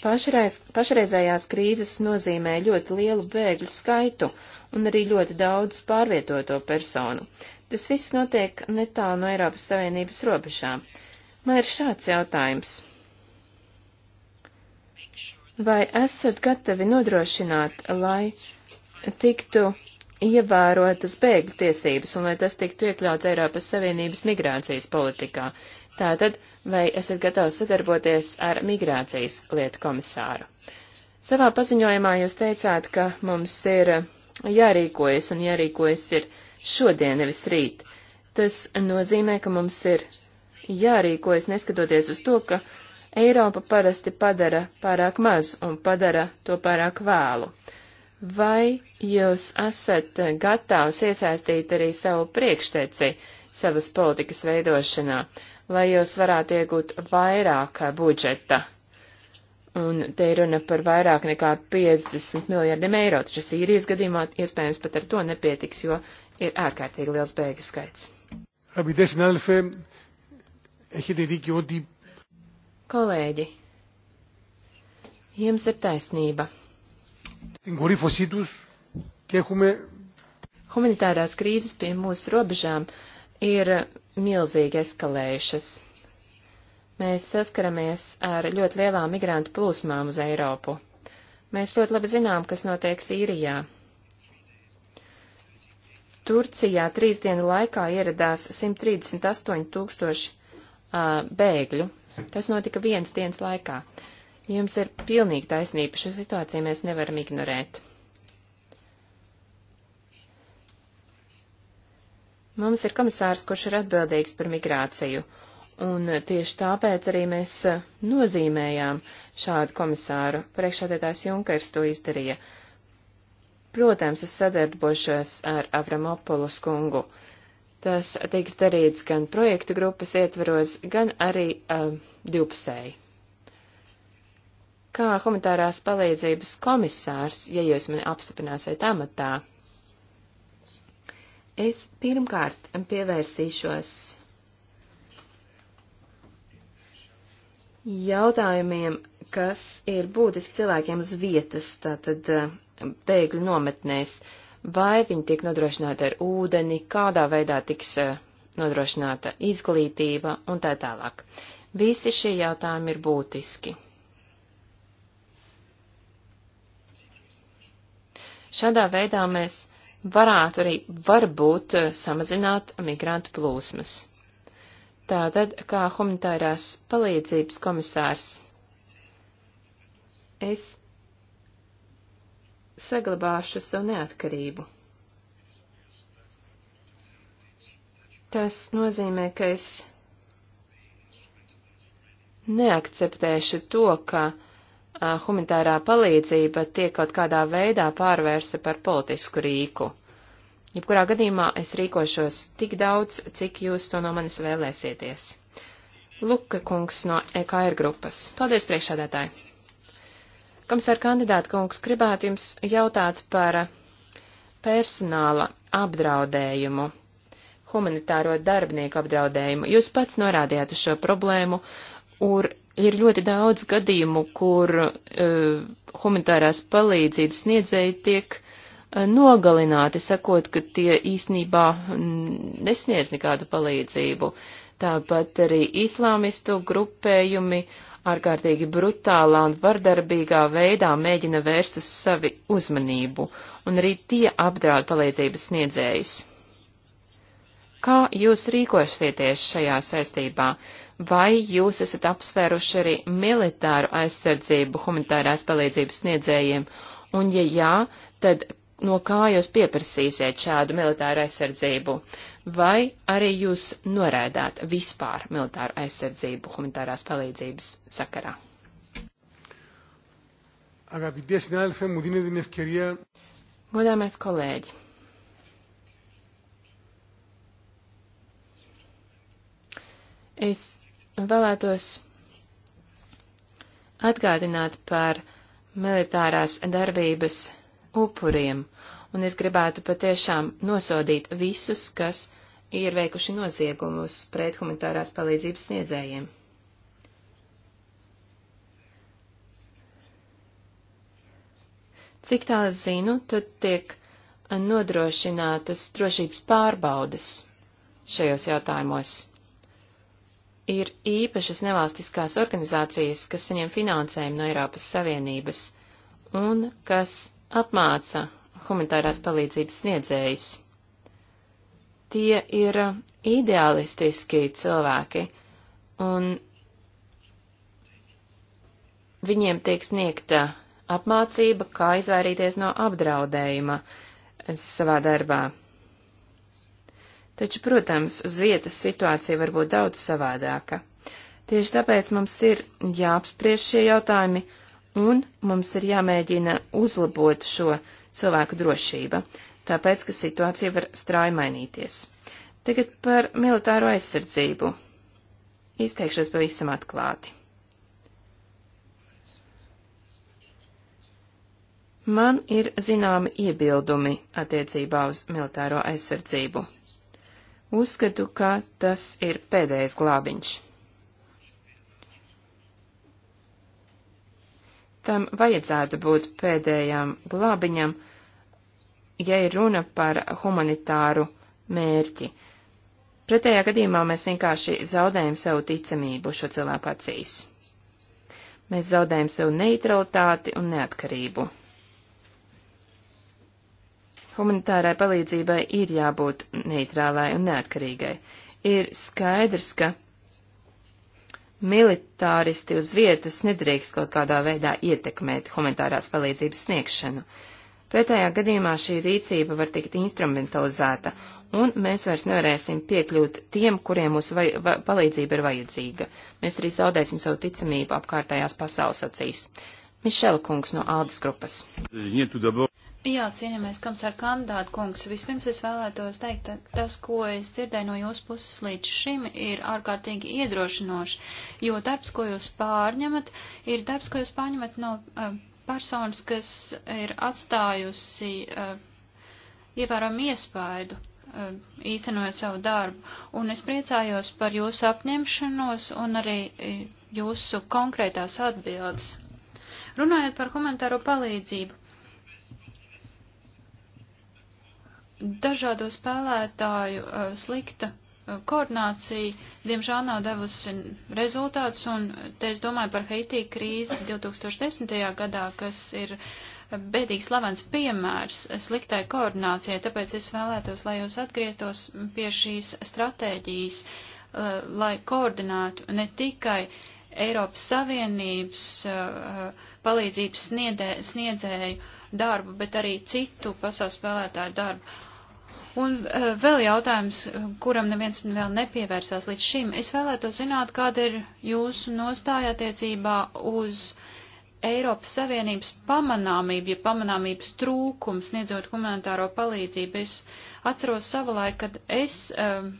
[SPEAKER 3] Pašreiz, pašreizējās krīzes nozīmē ļoti lielu bēgļu skaitu un arī ļoti daudz pārvietoto personu. Tas viss notiek netālu no Eiropas Savienības robežām. Man ir šāds jautājums. Vai esat gatavi nodrošināt, lai tiktu ievērotas bēgļu tiesības un lai tas tiktu iekļauts Eiropas Savienības migrācijas politikā. Tātad, vai esat gatavs sadarboties ar migrācijas lietu komisāru? Savā paziņojumā jūs teicāt, ka mums ir jārīkojas un jārīkojas ir šodien, nevis rīt. Tas nozīmē, ka mums ir jārīkojas neskatoties uz to, ka Eiropa parasti padara pārāk maz un padara to pārāk vēlu. Vai jūs esat gatavs iesaistīt arī savu priekšteci savas politikas veidošanā, lai jūs varētu iegūt vairāk budžeta? Un te ir runa par vairāk nekā 50 miljardiem eiro, taču Sīrijas gadījumā iespējams pat ar to nepietiks, jo ir ārkārtīgi liels bēgu skaits. Kolēģi, jums ir taisnība. Humanitārās krīzes pie mūsu robežām ir milzīgi eskalējušas. Mēs saskaramies ar ļoti lielām migrantu plūsmām uz Eiropu. Mēs ļoti labi zinām, kas notiek Sīrijā. Turcijā trīs dienu laikā ieradās 138 tūkstoši uh, bēgļu. Tas notika viens dienas laikā. Uh, Jums ir pilnīgi taisnība, šo situāciju mēs nevaram ignorēt. Mums ir komisārs, kurš ir atbildīgs par migrāciju, un tieši tāpēc arī mēs eh, nozīmējām šādu komisāru. Priekšādētājs Junkers to izdarīja. Protams, es sadarbošos ar Avramopolus kungu. Tas tiks darīts gan projektu grupas ietveros, gan arī uh, divpusēji kā humanitārās palīdzības komisārs, ja jūs mani apstiprināsiet amatā, es pirmkārt pievērsīšos jautājumiem, kas ir būtiski cilvēkiem uz vietas, tātad eh, bēgļu nometnēs, vai viņi tiek nodrošināti ar ūdeni, kādā veidā tiks eh, nodrošināta izglītība un tā tālāk. Visi šie jautājumi ir būtiski. Šādā veidā mēs varētu arī varbūt eh, samazināt migrantu plūsmas. Tātad, kā humanitārās palīdzības komisārs, es saglabāšu savu neatkarību. Tas nozīmē, ka es neakceptēšu to, ka humanitārā palīdzība tiek kaut kādā veidā pārvērsta par politisku rīku. Jebkurā gadījumā es rīkošos tik daudz, cik jūs to no manis vēlēsieties. Luka kungs no EKR grupas. Paldies, priekšādētāji! Komisāra kandidāta kungs gribētu jums jautāt par personāla apdraudējumu, humanitāro darbinieku apdraudējumu. Jūs pats norādījāt uz šo problēmu, ur, ir ļoti daudz gadījumu, kur uh, humanitārās palīdzības sniedzēji tiek uh, nogalināti, sakot, ka tie īsnībā nesniedz nekādu palīdzību. Tāpat arī islāmistu grupējumi ārkārtīgi brutālā un vardarbīgā veidā mēģina vērst uz savi uzmanību, un arī tie apdraud palīdzības sniedzējus. Kā jūs rīkosieties šajā saistībā? Uh, vai jūs esat apsvēruši arī militāru aizsardzību humanitārās palīdzības sniedzējiem, un ja jā, tad no kā jūs pieprasīsiet šādu militāru aizsardzību, vai arī jūs norēdāt vispār militāru aizsardzību humanitārās palīdzības sakarā?
[SPEAKER 2] Αγαπητέ συνάδελφε, μου δίνετε την ευκαιρία.
[SPEAKER 3] Godāmais kolēģi, es vēlētos atgādināt par militārās darbības upuriem, un es gribētu patiešām nosodīt visus, kas ir veikuši noziegumus pret humanitārās palīdzības sniedzējiem. Cik tā es zinu, tad tiek nodrošinātas drošības pārbaudas šajos jautājumos ir īpašas nevalstiskās organizācijas, kas saņem finansējumu no Eiropas Savienības un kas apmāca humanitārās palīdzības sniedzējus. Tie ir ideālistiski cilvēki, un viņiem tiek sniegta apmācība, kā izvairīties no apdraudējuma savā darbā. Taču, protams, uz vietas situācija var būt daudz savādāka. Tieši tāpēc mums ir jāapspriež šie jautājumi un mums ir jāmēģina uzlabot šo cilvēku drošība, tāpēc, ka situācija var strauji mainīties. Tagad par militāro aizsardzību. Izteikšos pavisam atklāti. Man ir zināmi iebildumi attiecībā uz militāro aizsardzību. Uzskatu, ka tas ir pēdējais glābiņš. Tam vajadzētu būt pēdējām glābiņam, ja ir runa par humanitāru mērķi. Pretējā gadījumā mēs vienkārši zaudējam sev ticamību šo cilvēku acīs. Mēs zaudējam sev neutralitāti un neatkarību. Humanitārai palīdzībai ir jābūt neitrālai un neatkarīgai. Ir skaidrs, ka militāristi uz vietas nedrīkst kaut kādā veidā ietekmēt humanitārās palīdzības sniegšanu. Pretējā gadījumā šī rīcība var tikt instrumentalizēta, un mēs vairs nevarēsim piekļūt tiem, kuriem mūsu vai, va, palīdzība ir vajadzīga. Mēs arī zaudēsim savu ticamību apkārtējās pasaules acīs. Mišela kungs no Aldas grupas.
[SPEAKER 1] Jā, cienījamais komisāra kandidāta kungs, vispirms es vēlētos teikt, ka tas, ko es dzirdēju no jūsu puses līdz šim, ir ārkārtīgi iedrošinoši, jo darbs, ko jūs pārņemat, ir darbs, ko jūs pārņemat no uh, personas, kas ir atstājusi uh, ievērojumu iespaidu uh, īstenojot savu darbu, un es priecājos par jūsu apņemšanos un arī jūsu konkrētās atbildes. Runājot par humanitāro palīdzību, dažādo spēlētāju eh, slikta eh, koordinācija, diemžēl nav devusi rezultātus, un te es domāju par Haitī krīzi 2010. gadā, kas ir eh, bēdīgs slavens piemērs sliktai koordinācijai, tāpēc es vēlētos, lai jūs atgrieztos pie šīs stratēģijas, lai koordinātu ne tikai Eiropas Savienības palīdzības sniedē, sniedzēju darbu, bet arī citu pasaules spēlētāju darbu Un eh, vēl jautājums, kuram neviens vēl nepievērsās līdz šim. Es vēlētos zināt, kāda ir jūsu nostāja attiecībā uz Eiropas Savienības pamanāmību, ja pamanāmības trūkums, sniedzot humanitāro palīdzību. Es atceros savulaik, kad es um,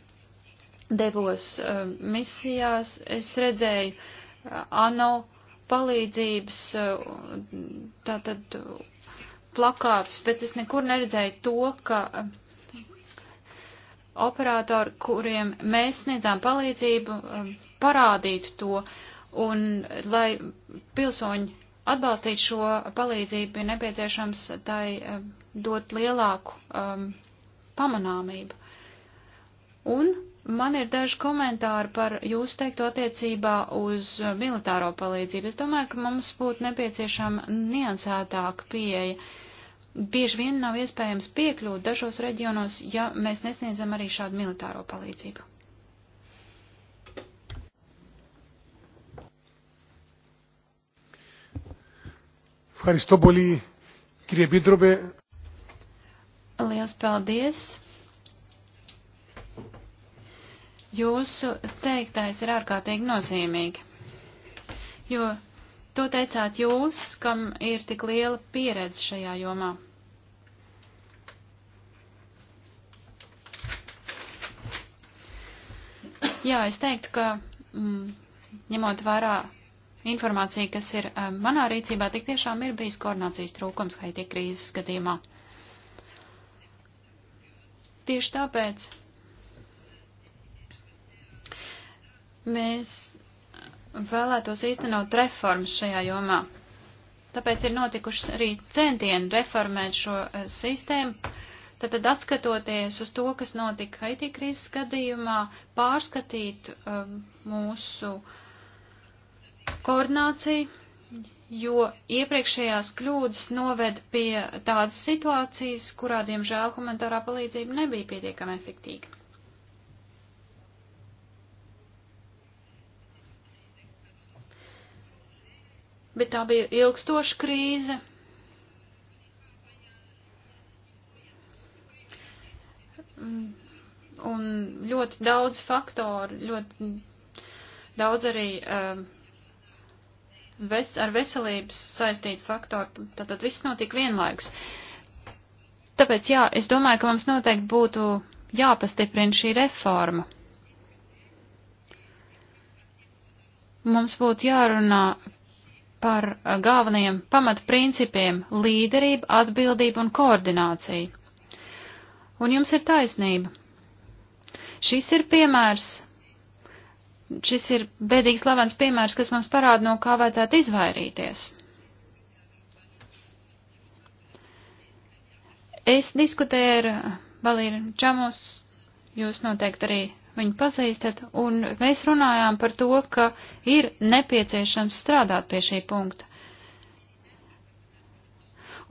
[SPEAKER 1] devos um, misijās, es redzēju uh, ANO palīdzības, uh, tātad plakātus, bet es nekur neredzēju to, ka. Uh, operatori, kuriem mēs sniedzām palīdzību, um, parādītu to, un lai pilsoņi atbalstītu šo palīdzību, ir nepieciešams tai um, dot lielāku um, pamanāmību. Un man ir daži komentāri par jūsu teikto attiecībā uz uh, militāro palīdzību. Es domāju, ka mums būtu nepieciešama niansētāka pieeja. Uh, bieži vien nav iespējams piekļūt dažos reģionos, ja mēs nesniedzam arī šādu militāro palīdzību. Liels paldies! Jūsu teiktais ir ārkārtīgi nozīmīgi, jo To teicāt jūs, kam ir tik liela pieredze šajā jomā. Jā, es teiktu, ka mm, ņemot vērā informāciju, kas ir um, manā rīcībā, tik tiešām ir bijis koordinācijas trūkums Haiti krīzes gadījumā. Tieši tāpēc mēs vēlētos īstenot reformas šajā jomā. Tāpēc ir notikušas arī centieni reformēt šo eh, sistēmu. Tātad atskatoties uz to, kas notika Haiti krīzes gadījumā, pārskatīt um, mūsu koordināciju, jo iepriekšējās kļūdas noved pie tādas situācijas, kurā, diemžēl, humanitārā palīdzība nebija pietiekami efektīga. bet tā bija ilgstoša krīze. Un ļoti daudz faktoru, ļoti daudz arī um, ves, ar veselības saistītu faktoru, tātad viss notika vienlaikus. Tāpēc, jā, es domāju, ka mums noteikti būtu jāpastiprina šī reforma. Mums būtu jārunā par eh, galvenajiem pamatprincipiem - līderība, atbildība un koordinācija. Un jums ir taisnība. Šis ir piemērs, šis ir bēdīgs slavens piemērs, kas mums parāda, no kā vajadzētu izvairīties. Es diskutēju ar Valīru Čamus, jūs noteikti arī viņu pazīstat, un mēs runājām par to, ka ir nepieciešams strādāt pie šī punkta.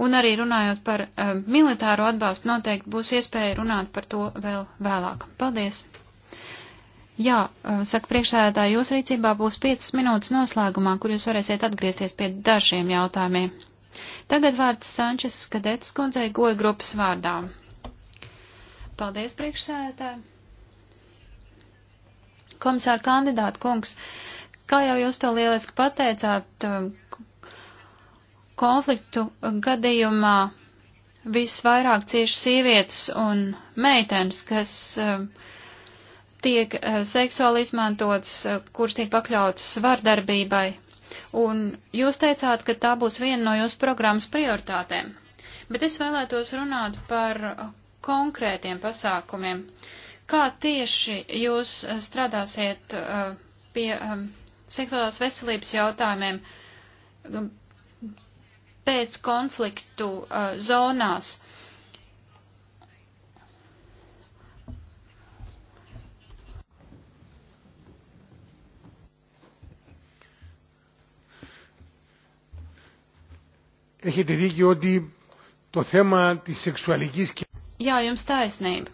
[SPEAKER 1] Un arī runājot par um, militāro atbalstu, noteikti būs iespēja runāt par to vēl vēlāk. Paldies! Jā, eh, saka priekšsēdētāji, jūs rīcībā būs 5 minūtes noslēgumā, kur jūs varēsiet atgriezties pie dažiem jautājumiem. Tagad vārds Sančes Skadetes kundzei goja grupas vārdā. Paldies, priekšsēdētāji! Komisāra kandidāta kungs, kā jau jūs to lieliski pateicāt, um, konfliktu gadījumā visvairāk cieši sievietes un meitenes, kas um, tiek uh, seksuāli izmantotas, uh, kuras tiek pakļautas vardarbībai. Un jūs teicāt, ka tā būs viena no jūsu programmas prioritātēm. Bet es vēlētos runāt par konkrētiem pasākumiem. Uh, Kā tieši jūs eh, strādāsiet eh, pie eh, seksuālās veselības jautājumiem pēc konfliktu zonās?
[SPEAKER 2] Έχετε δίκιο ότι το θέμα της σεξουαλικής και...
[SPEAKER 1] Jā, jums taisnība.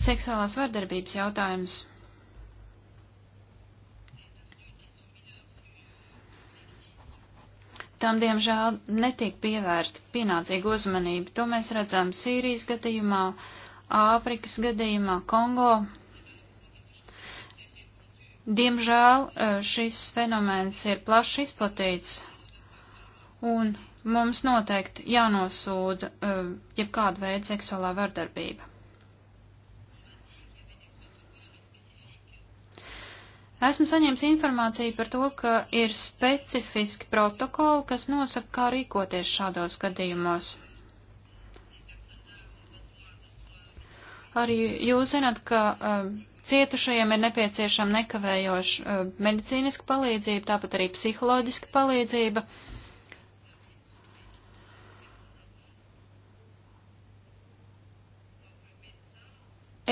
[SPEAKER 1] Seksuālās vardarbības jautājums. Tam, diemžēl, netiek pievērsta pienācīga uzmanība. To mēs redzam Sīrijas gadījumā, Āfrikas gadījumā, Kongo. Diemžēl e, šis fenomens ir plaši izplatīts, un mums noteikti jānosūda e, jebkāda veida seksuālā vardarbība. Esmu saņēmis informāciju par to, ka ir specifiski protokoli, kas nosaka, kā rīkoties šādos gadījumos. Arī jūs zināt, ka uh, cietušajiem ir nepieciešama nekavējoša uh, medicīniska palīdzība, tāpat arī psiholoģiska palīdzība.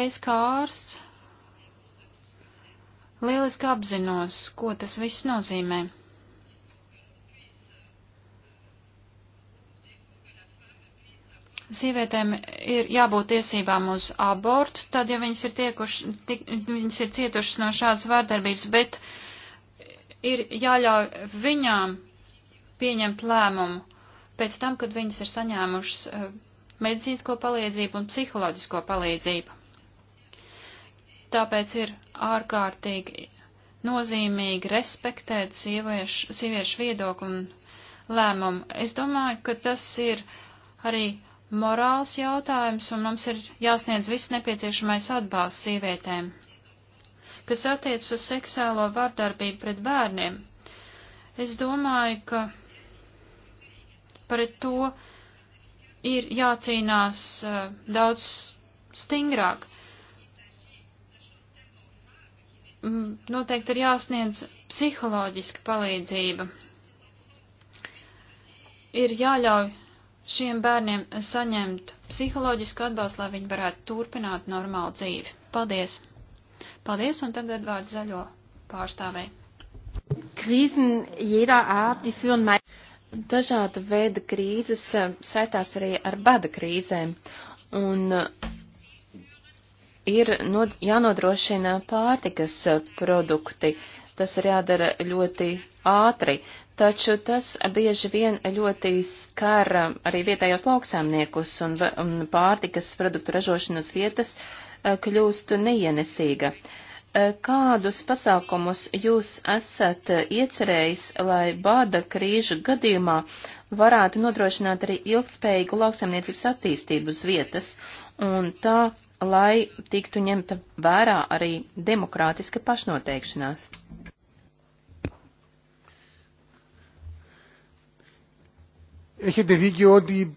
[SPEAKER 1] Es kā ārsts Lieliski apzinos, ko tas viss nozīmē. Sievietēm ir jābūt tiesībām uz abortu, tad, ja viņas ir, tiekuši, tik, viņas ir cietušas no šādas vārdarbības, bet ir jāļauj viņām pieņemt lēmumu pēc tam, kad viņas ir saņēmušas eh, medicīnisko palīdzību un psiholoģisko palīdzību. Tāpēc ir ārkārtīgi nozīmīgi respektēt sieviešu, sieviešu viedokli un lēmumu. Es domāju, ka tas ir arī morāls jautājums, un mums ir jāsniedz viss nepieciešamais atbalsts sievietēm. Kas attiec uz seksuālo vardarbību pret bērniem, es domāju, ka pret to ir jācīnās uh, daudz stingrāk. Mm, noteikti ir jāsniedz psiholoģiska palīdzība. Ir jāļauj šiem bērniem saņemt psiholoģisku atbalstu, lai viņi varētu turpināt normālu dzīvi. Paldies! Paldies, un tagad vārds zaļo pārstāvē.
[SPEAKER 3] Krīzen jēdā ārt, die führen mai. Dažāda veida krīzes eh, saistās arī ar bada krīzēm, un eh, ir nod, jānodrošina pārtikas produkti. Tas ir jādara ļoti ātri, taču tas bieži vien ļoti skar arī vietējos lauksēmniekus un, un pārtikas produktu ražošanas vietas eh, kļūst neienesīga. Eh, kādus pasākumus jūs esat iecerējis, lai bāda krīžu gadījumā varētu nodrošināt arī ilgtspējīgu lauksaimniecības attīstību uz vietas un tā lai tiktu ņemta vērā arī demokrātiska pašnoteikšanās.
[SPEAKER 2] Έχετε δίκιο ότι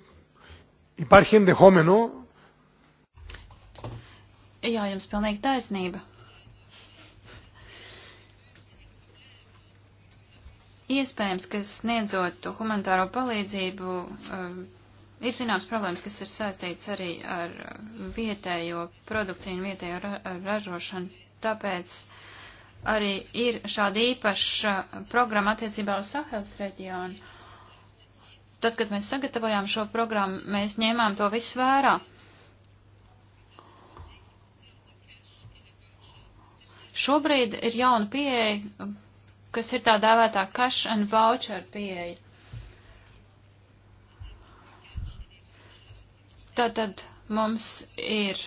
[SPEAKER 2] υπάρχει ενδεχόμενο.
[SPEAKER 1] Jā, jums pilnīgi taisnība. Iespējams, ka sniedzot humanitāro palīdzību, um, Ir zināms problēmas, kas ir saistīts arī ar vietējo produkciju un vietējo ra ražošanu, tāpēc arī ir šāda īpaša programma attiecībā uz Sahels reģionu. Tad, kad mēs sagatavojām šo programmu, mēs ņēmām to visu vērā. Šobrīd ir jauna pieeja, kas ir tā dēvētā cash and voucher pieeja. Tātad mums ir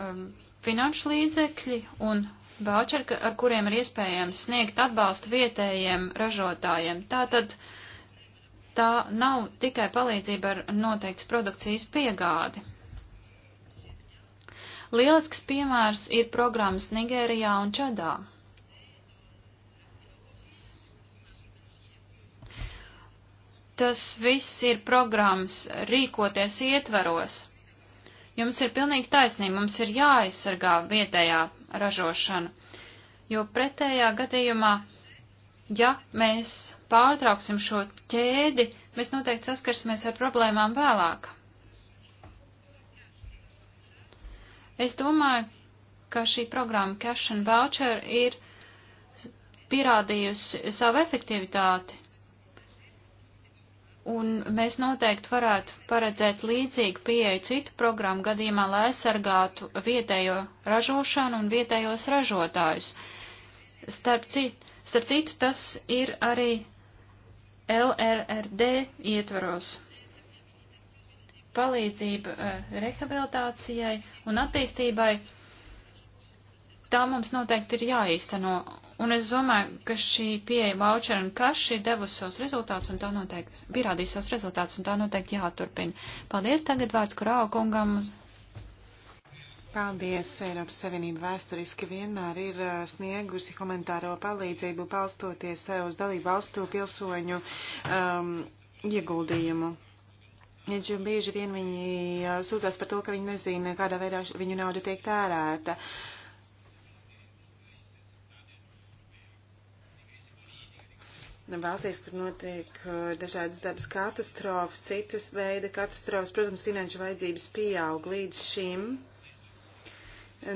[SPEAKER 1] um, finanšu līdzekļi un voucheri, ar kuriem ir iespējams sniegt atbalstu vietējiem ražotājiem. Tātad tā nav tikai palīdzība ar noteikts produkcijas piegādi. Lielisks piemērs ir programmas Nigērijā un Čadā. tas viss ir programmas rīkoties ietveros. Jums ir pilnīgi taisnība, mums ir jāaizsargā vietējā ražošana, jo pretējā gadījumā, ja mēs pārtrauksim šo ķēdi, mēs noteikti saskarsimies ar problēmām vēlāk. Es domāju, ka šī programma Cash and Voucher ir pierādījusi savu efektivitāti Un mēs noteikti varētu paredzēt līdzīgu pieeju citu programmu gadījumā, lai aizsargātu vietējo ražošanu un vietējos ražotājus. Starp citu, starp citu tas ir arī LRRD ietvaros palīdzība eh, rehabilitācijai un attīstībai, tā mums noteikti ir jāīsteno. Un es domāju, ka šī pieeja voucher un kaš ir devusi savus rezultātus un tā noteikti, pierādīs savus rezultātus un tā noteikti jāturpina. Paldies tagad vārds Kurāo kungam.
[SPEAKER 4] Paldies, Eiropas Savienība vēsturiski vienmēr ir sniegusi komentāro palīdzību palstoties uz dalību valstu pilsoņu um, ieguldījumu. Taču bieži vien viņi sūtās par to, ka viņi nezina, kādā veidā viņu nauda tiek tērēta. Uh, valstīs, kur notiek uh, dažādas dabas katastrofas, citas veida katastrofas, protams, finanšu vajadzības pieaug līdz šim.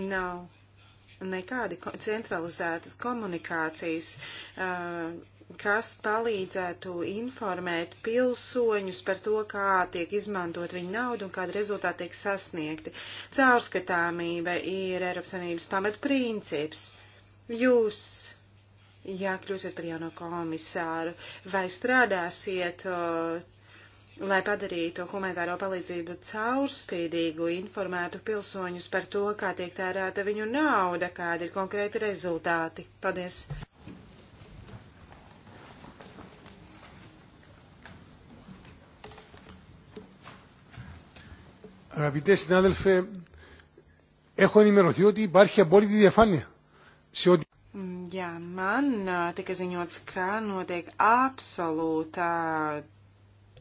[SPEAKER 4] Nav nekādi centralizētas komunikācijas, uh, kas palīdzētu informēt pilsoņus par to, kā tiek izmantot viņu naudu un kāda rezultāti tiek sasniegti. Caurskatāmība ir Eiropas Savienības pamatprincips. Jūs ja kļūsiet par jauno komisāru, vai strādāsiet, uh, lai padarītu humanitāro palīdzību caurspīdīgu, informētu pilsoņus par to, kā tiek tērēta viņu nauda, kādi ir konkrēti rezultāti. Paldies!
[SPEAKER 2] Αγαπητέ συνάδελφε, έχω ενημερωθεί ότι υπάρχει απόλυτη διαφάνεια σε ό,τι Jā,
[SPEAKER 4] man tika ziņots, ka notiek absolūtā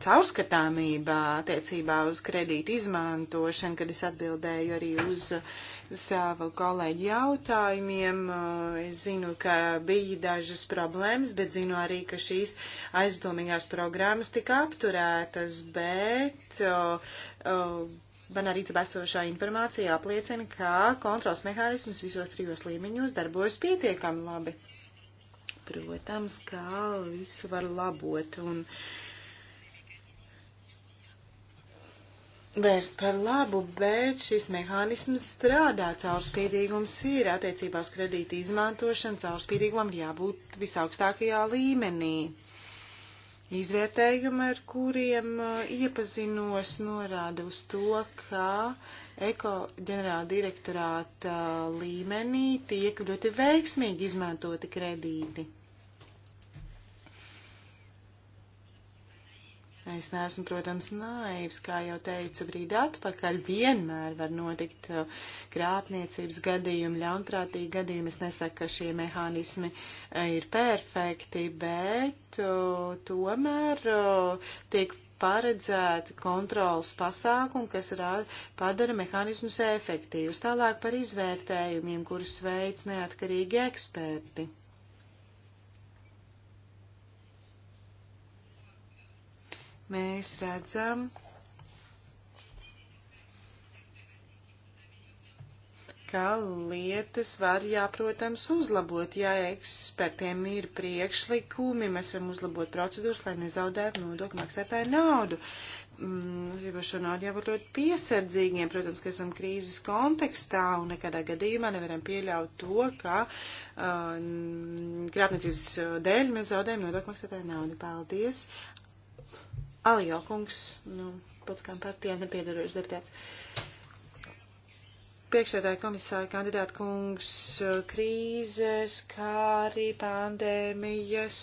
[SPEAKER 4] caurskatāmība attiecībā uz kredītu izmantošanu, kad es atbildēju arī uz savu kolēģi jautājumiem. Es zinu, ka bija dažas problēmas, bet zinu arī, ka šīs aizdomīgās programmas tika apturētas, bet. Uh, uh, Banarīts bēsošā informācija apliecina, ka kontrols mehānisms visos trijos līmeņos darbojas pietiekami labi. Protams, kā visu var labot un vērst par labu, bet šis mehānisms strādā, caurspīdīgums ir attiecībā uz kredīti izmantošanu, caurspīdīgumam jābūt visaugstākajā līmenī. Izvērtējumi, ar kuriem iepazinos, norāda uz to, ka eko ģenerāla direktorāta līmenī tiek ļoti veiksmīgi izmantoti kredīti. Es neesmu, protams, naivs, kā jau teicu brīdi atpakaļ, vienmēr var notikt uh, krāpniecības gadījumi, ļaunprātīgi gadījumi. Es nesaku, ka šie mehānismi uh, ir perfekti, bet uh, tomēr uh, tiek paredzēti kontrols pasākumi, kas rāda, padara mehānismus efektīvus. Tālāk par izvērtējumiem, kurus veids neatkarīgi eksperti. mēs redzam, ka lietas var, jā, protams, uzlabot. Ja ekspertiem ir priekšlikumi, mēs varam uzlabot procedūras, lai nezaudētu nodokļu maksātāju naudu. Mm, šo naudu jābūt ļoti piesardzīgiem, protams, ka esam krīzes kontekstā un nekādā gadījumā nevaram pieļaut to, ka uh, krāpniecības uh, dēļ mēs zaudējam nodokļu maksātāju naudu. Paldies! Alijo kungs, nu, politiskām partijām nepiedarošs deputāts. Priekšsēdāja komisāra kandidāta kungs, krīzes, kā arī pandēmijas,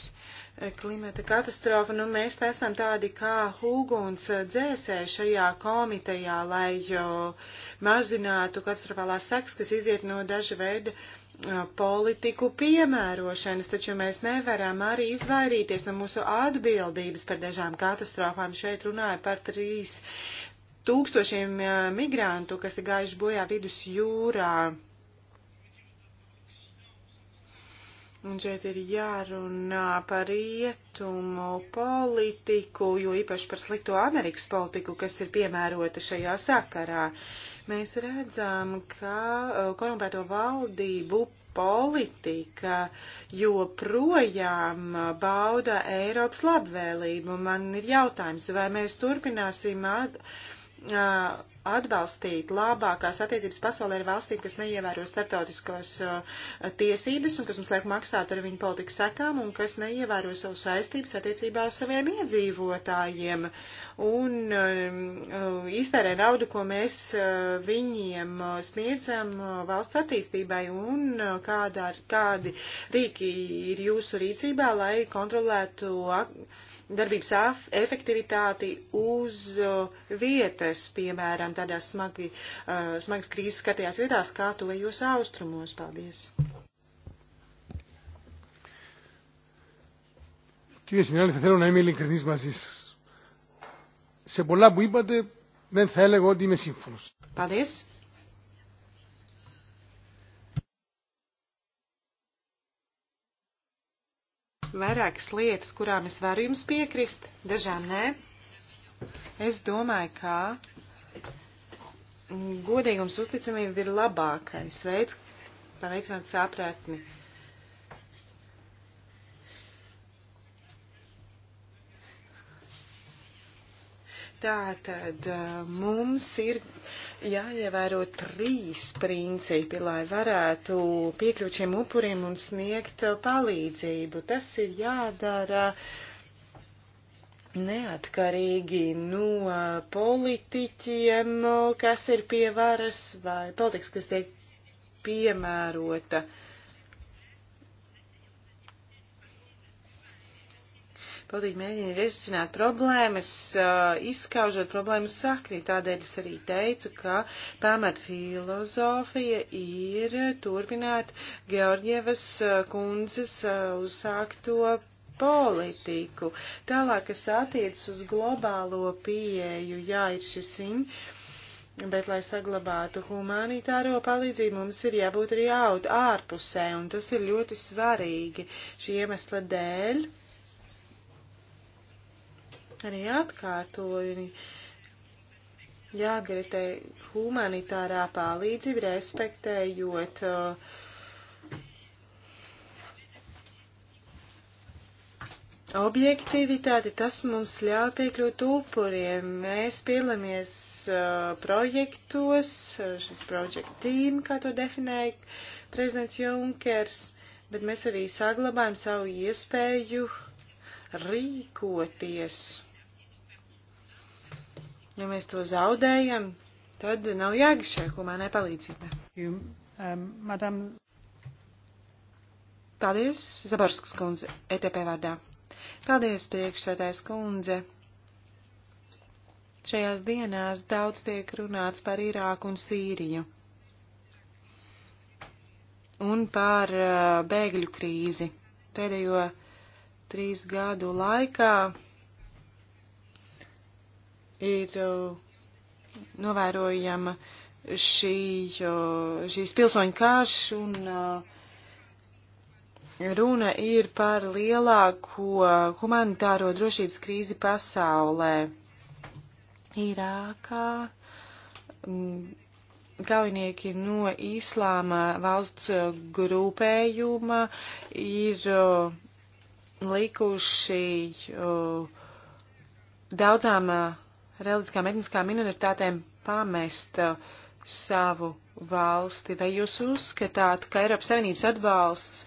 [SPEAKER 4] klimata katastrofa, nu mēs esam tādi kā hūguns dzēsē šajā komitejā, lai mazinātu katastrofālās saks, kas iziet no daža veida uh, Uh, politiku piemērošanas, taču mēs nevaram arī izvairīties no mūsu atbildības par dažām katastrofām. Šeit runāja par trīs tūkstošiem uh, migrantu, kas ir gājuši bojā vidus jūrā. Un šeit ir jārunā par rietumu politiku, jo īpaši par slikto Amerikas politiku, kas ir piemērota šajā sakarā. Uh, Mēs redzam, ka uh, korumpēto valdību politika joprojām uh, bauda Eiropas labvēlību. Man ir jautājums, vai mēs turpināsim at, at, uh, atbalstīt labākās attiecības pasaulē ar valstīm, kas neievēro starptautiskos uh, tiesības un kas mums liek maksāt ar viņu politikas sekām un kas neievēro savu saistības attiecībā uz saviem iedzīvotājiem un um, uh, iztērē naudu, ko mēs uh, viņiem uh, sniedzam uh, valsts attīstībai un kādā, kādi rīki ir jūsu rīcībā, lai kontrolētu. Uh, darbības efektivitāti uz uh, vietas, piemēram, tādās smagi, uh, smagas krīzes skatījās vietās, kā tuvējos austrumos. Paldies!
[SPEAKER 2] Κύριε Συνάδελφε, θέλω να είμαι ειλικρινής μαζί σας. Σε πολλά που είπατε, δεν θα έλεγα ότι είμαι σύμφωνος. Παλές.
[SPEAKER 4] vairākas lietas, kurām es varu jums piekrist, dažām nē. Es domāju, ka godīgums uzticamība ir labākais veids, kā veicināt sapratni. Tā tad uh, mums ir jāievēro trīs principi, lai varētu piekļūt šiem upuriem un sniegt palīdzību. Tas ir jādara neatkarīgi no politiķiem, kas ir pie varas, vai politikas, kas tiek piemērota. Uh, Paldīgi mēģina risināt problēmas, izskaužot problēmas sakni. Tādēļ es arī teicu, ka pamat filozofija ir turpināt Georgievas kundzes uzsākto politiku. Tālāk, kas attiecas uz globālo pieeju, jā, ir šis viņa. Bet, lai saglabātu humanitāro palīdzību, mums ir jābūt arī ārpusē, un tas ir ļoti svarīgi šī iemesla dēļ arī atkārtoju. Jāgaritē humanitārā palīdzība, respektējot uh, objektivitāti, tas mums ļauj piekļūt upuriem. Mēs piedalāmies uh, projektos, šis project team, kā to definēja prezidents Junkers, bet mēs arī saglabājam savu iespēju rīkoties. Ja mēs to zaudējam, tad nav jēgas šai humānai palīdzībai. Um, madam... Paldies, Zabarskas kundze, ETP vārdā. Paldies, priekšsētājs kundze. Šajās dienās daudz tiek runāts par Irāku un Sīriju un par uh, bēgļu krīzi. Pēdējo trīs gadu laikā ir novērojama šī, šīs pilsoņu karš un runa ir par lielāko humanitāro drošības krīzi pasaulē. Irākā kaujinieki no Īslāma valsts grupējuma ir likuši daudzām reliģiskām etniskām minoritātēm pamest uh, savu valsti? Vai jūs uzskatāt, ka Eiropas Savienības atbalsts,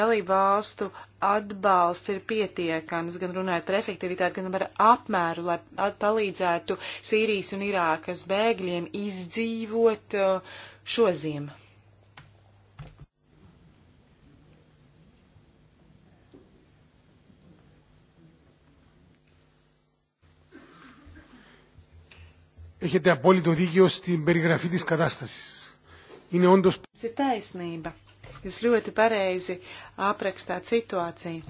[SPEAKER 4] dalību valstu atbalsts ir pietiekams, gan runājot par efektivitāti, gan par apmēru, lai palīdzētu Sīrijas un Irākas bēgļiem izdzīvot uh, šo ziemu?
[SPEAKER 2] Έχετε απόλυτο δίκιο στην περιγραφή της κατάστασης. Είναι όντως...
[SPEAKER 4] Ir taisnība. Jūs ļoti pareizi aprakstāt situāciju.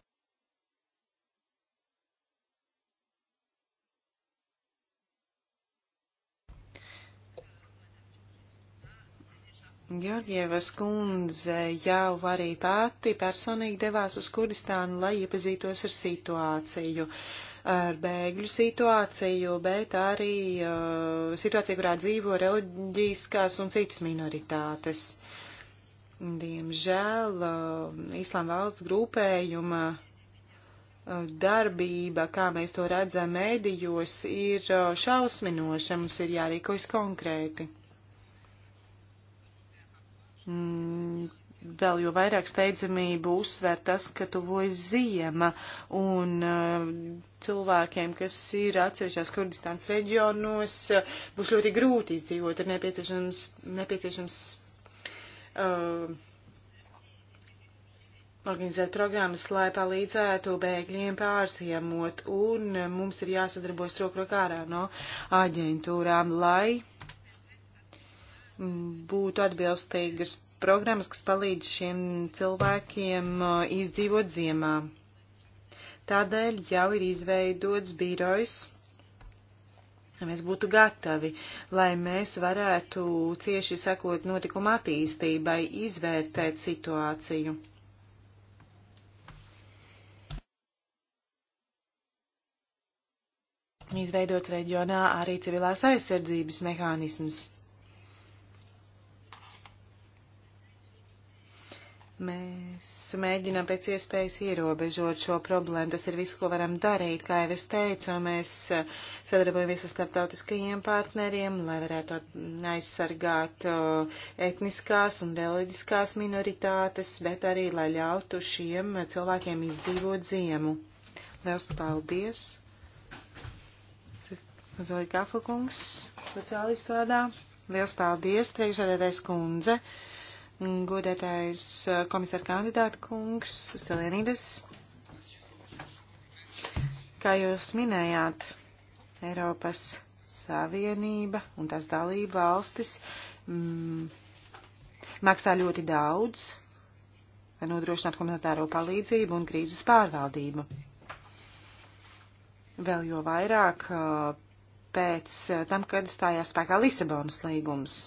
[SPEAKER 4] Georgievas kundze jau arī pati personīgi devās uz Kurdistānu, lai iepazītos ar situāciju. Uh, ar bēgļu situāciju, bet arī uh, situāciju, kurā dzīvo reliģiskās un citas minoritātes. Diemžēl uh, Islāma valsts grupējuma uh, darbība, kā mēs to redzam mēdījos, ir uh, šausminoša, mums ir jārīkojas konkrēti. Mm vēl jo vairāk steidzamību uzsver tas, ka tuvojas ziema un uh, cilvēkiem, kas ir atsevišķās Kurdistānas reģionos, uh, būs ļoti grūti izdzīvot, ir nepieciešams, nepieciešams uh, organizēt programmas, lai palīdzētu bēgļiem pārsiemot, un eh, mums ir jāsadarbos roku rokā no aģentūrām, lai mm, būtu atbilstīgas programmas, kas palīdz šiem cilvēkiem izdzīvot ziemā. Tādēļ jau ir izveidots birojs, lai mēs būtu gatavi, lai mēs varētu cieši sekot notikuma attīstībai, izvērtēt situāciju. Izveidots reģionā arī civilās aizsardzības mehānisms. Mēs mēģinām pēc iespējas ierobežot šo problēmu. Tas ir viss, ko varam darīt. Kā jau es teicu, mēs eh, sadarbojamies ar starptautiskajiem partneriem, lai varētu aizsargāt eh, etniskās un reliģiskās minoritātes, bet arī, lai ļautu šiem cilvēkiem izdzīvot ziemu. Liels paldies! Zoja Kafakungs, sociālistu vārdā. Liels paldies, priekšsēdētājs kundze! Godētājs eh, komisāra kandidāta kungs Stelienīdes. Kā jūs minējāt, Eiropas Savienība un tās dalība valstis mm, maksā ļoti daudz, lai nodrošinātu komunitāro palīdzību un krīzes pārvaldību. Vēl jo vairāk eh, pēc eh, tam, kad stājās spēkā Lisabonas līgums.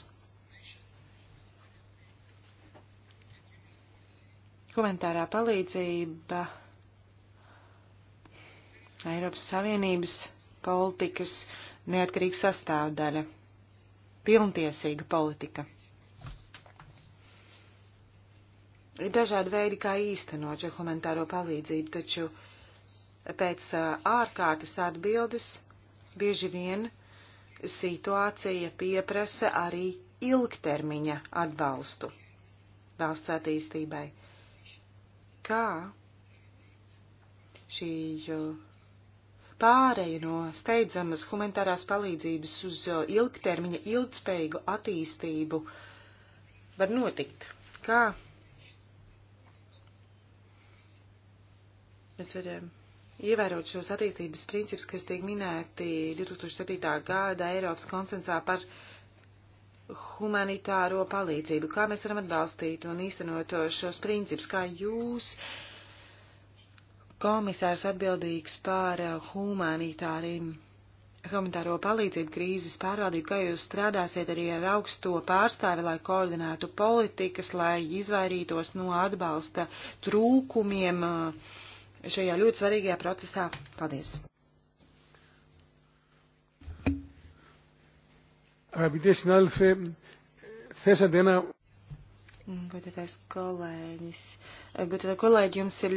[SPEAKER 4] Komentārā palīdzība Eiropas Savienības politikas neatkarīga sastāvdaļa, pilntiesīga politika. Ir dažādi veidi, kā īstenot šo humanitāro palīdzību, taču pēc ārkārtas atbildes bieži vien situācija pieprasa arī ilgtermiņa atbalstu valsts attīstībai kā šī uh, pāreja no steidzamas humanitārās palīdzības uz uh, ilgtermiņa ilgspējīgu attīstību var notikt. Kā mēs varam ievērot šos attīstības principus, kas tiek minēti 2007. gada Eiropas konsensā par humanitāro palīdzību, kā mēs varam atbalstīt un īstenot šos principus, kā jūs, komisārs atbildīgs par uh, humanitāriem humanitāro palīdzību krīzes pārvaldību, kā jūs strādāsiet arī ar augsto pārstāvi, lai koordinētu politikas, lai izvairītos no atbalsta trūkumiem uh, šajā ļoti svarīgajā procesā. Paldies!
[SPEAKER 2] Αγαπητέ συνάδελφε, θέσατε ένα.
[SPEAKER 4] Godētais kolēģis, godētā kolēģi, jums ir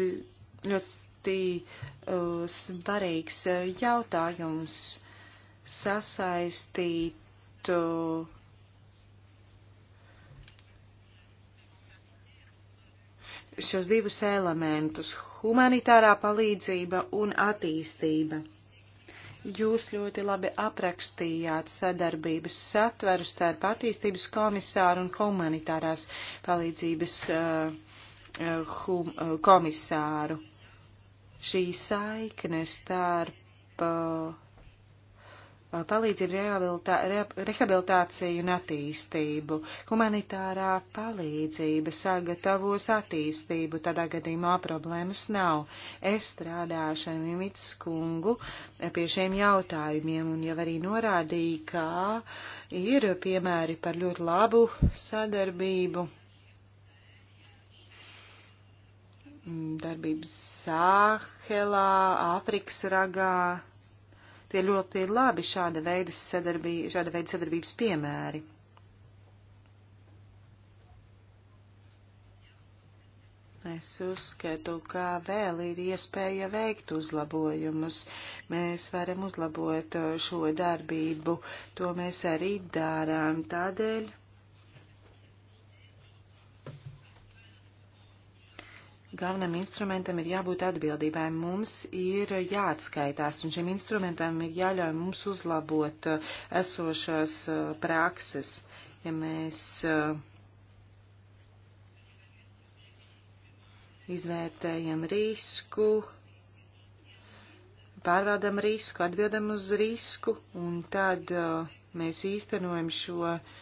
[SPEAKER 4] ļoti uh, svarīgs jautājums sasaistīt uh, šos divus elementus - humanitārā palīdzība un attīstība. Jūs ļoti labi aprakstījāt sadarbības satveru starp attīstības komisāru un humanitārās palīdzības uh, hum, eh, komisāru. Šī saikne starp uh, Uh, palīdzību, rehabilitāciju un attīstību. Humanitārā palīdzība sagatavos attīstību, tādā gadījumā problēmas nav. Es strādāšu ar Mimits kungu pie šiem jautājumiem un jau arī norādīju, kā ir piemēri par ļoti labu sadarbību. Mm, darbības Sāhelā, Āfrikas ragā, Tie ļoti labi šāda veida, sadarbī, šāda veida sadarbības piemēri. Es uzskatu, kā vēl ir iespēja veikt uzlabojumus. Mēs varam uzlabot uh, šo darbību, to mēs arī dārām. Tādēļ Galvenam instrumentam ir jābūt atbildībai. Mums ir jāatskaitās, un šim instrumentam ir jāļauj mums uzlabot uh, esošās uh, prakses. Ja mēs uh, izvērtējam risku, pārvaldam risku, atbildam uz risku, un tad mēs īstenojam šo uh,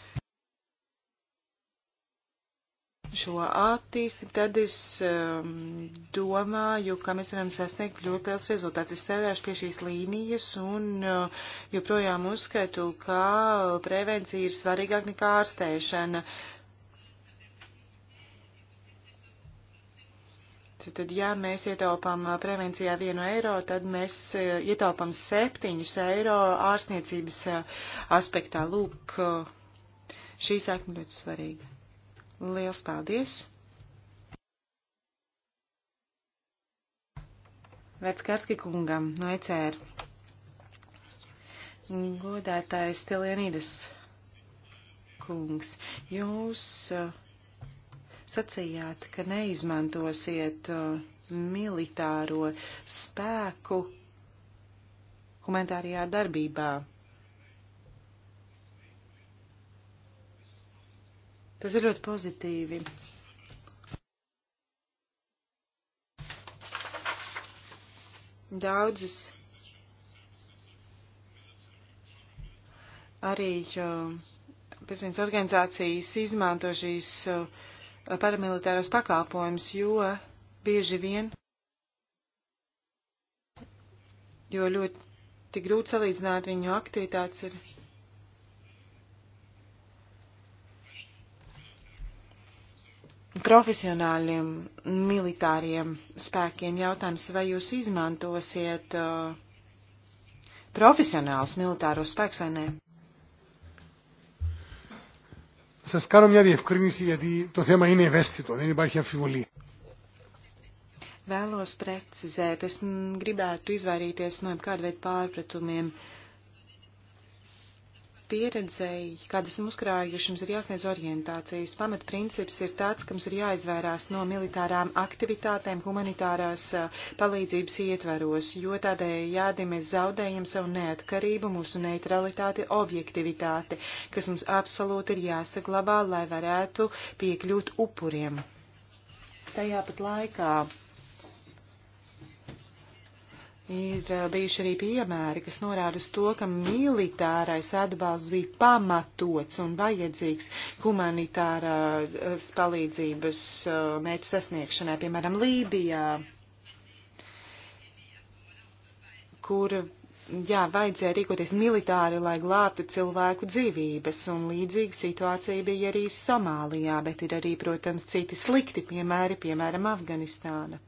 [SPEAKER 4] šo attīstību, tad es um, domāju, ka mēs varam sasniegt ļoti liels rezultāts. Es strādāšu pie šīs līnijas un uh, joprojām uzskatu, ka prevencija ir svarīgāk nekā ārstēšana. Tad, ja mēs ietaupām uh, prevencijā vienu eiro, tad mēs uh, ietaupām septiņus eiro ārstniecības uh, aspektā. Lūk, šī sākuma ļoti svarīga. Liels paldies! Veckarski kungam no ECR. Godētājs Tilienīdas kungs, jūs uh, sacījāt, ka neizmantosiet uh, militāro spēku humanitārajā darbībā. Tas ir ļoti pozitīvi. Daudzas arī pēc vienas organizācijas izmanto šīs uh, paramilitāros pakāpojumus, jo bieži vien, jo ļoti grūti salīdzināt viņu aktivitātes ir profesionāļiem militāriem spēkiem jautājums, vai jūs izmantosiet uh, profesionāls militāros spēks vai nē?
[SPEAKER 2] Σας κάνω μια διευκρίνηση γιατί το θέμα είναι ευαίσθητο, δεν υπάρχει αμφιβολία.
[SPEAKER 4] Vēlos precizēt, es gribētu izvairīties no jebkāda veida pārpratumiem. Uh, pieredzēji, kādas esam uzkrājuši, mums ir jāsniedz orientācijas. Pamatprincips ir tāds, ka mums ir jāizvairās no militārām aktivitātēm humanitārās palīdzības ietveros, jo tādējādi mēs zaudējam savu neatkarību, mūsu neutralitāti, objektivitāti, kas mums absolūti ir jāsaglabā, lai varētu piekļūt upuriem. Tajā pat laikā Ir eh, bijuši arī piemēri, kas norāda uz to, ka militārais atbalsts bija pamatots un vajadzīgs humanitārās eh, palīdzības eh, mērķu sasniegšanai, piemēram, Lībijā, kur, jā, vajadzēja rīkoties militāri, lai glābtu cilvēku dzīvības, un līdzīga situācija bija arī Somālijā, bet ir arī, protams, citi slikti piemēri, piemēram, Afganistāna.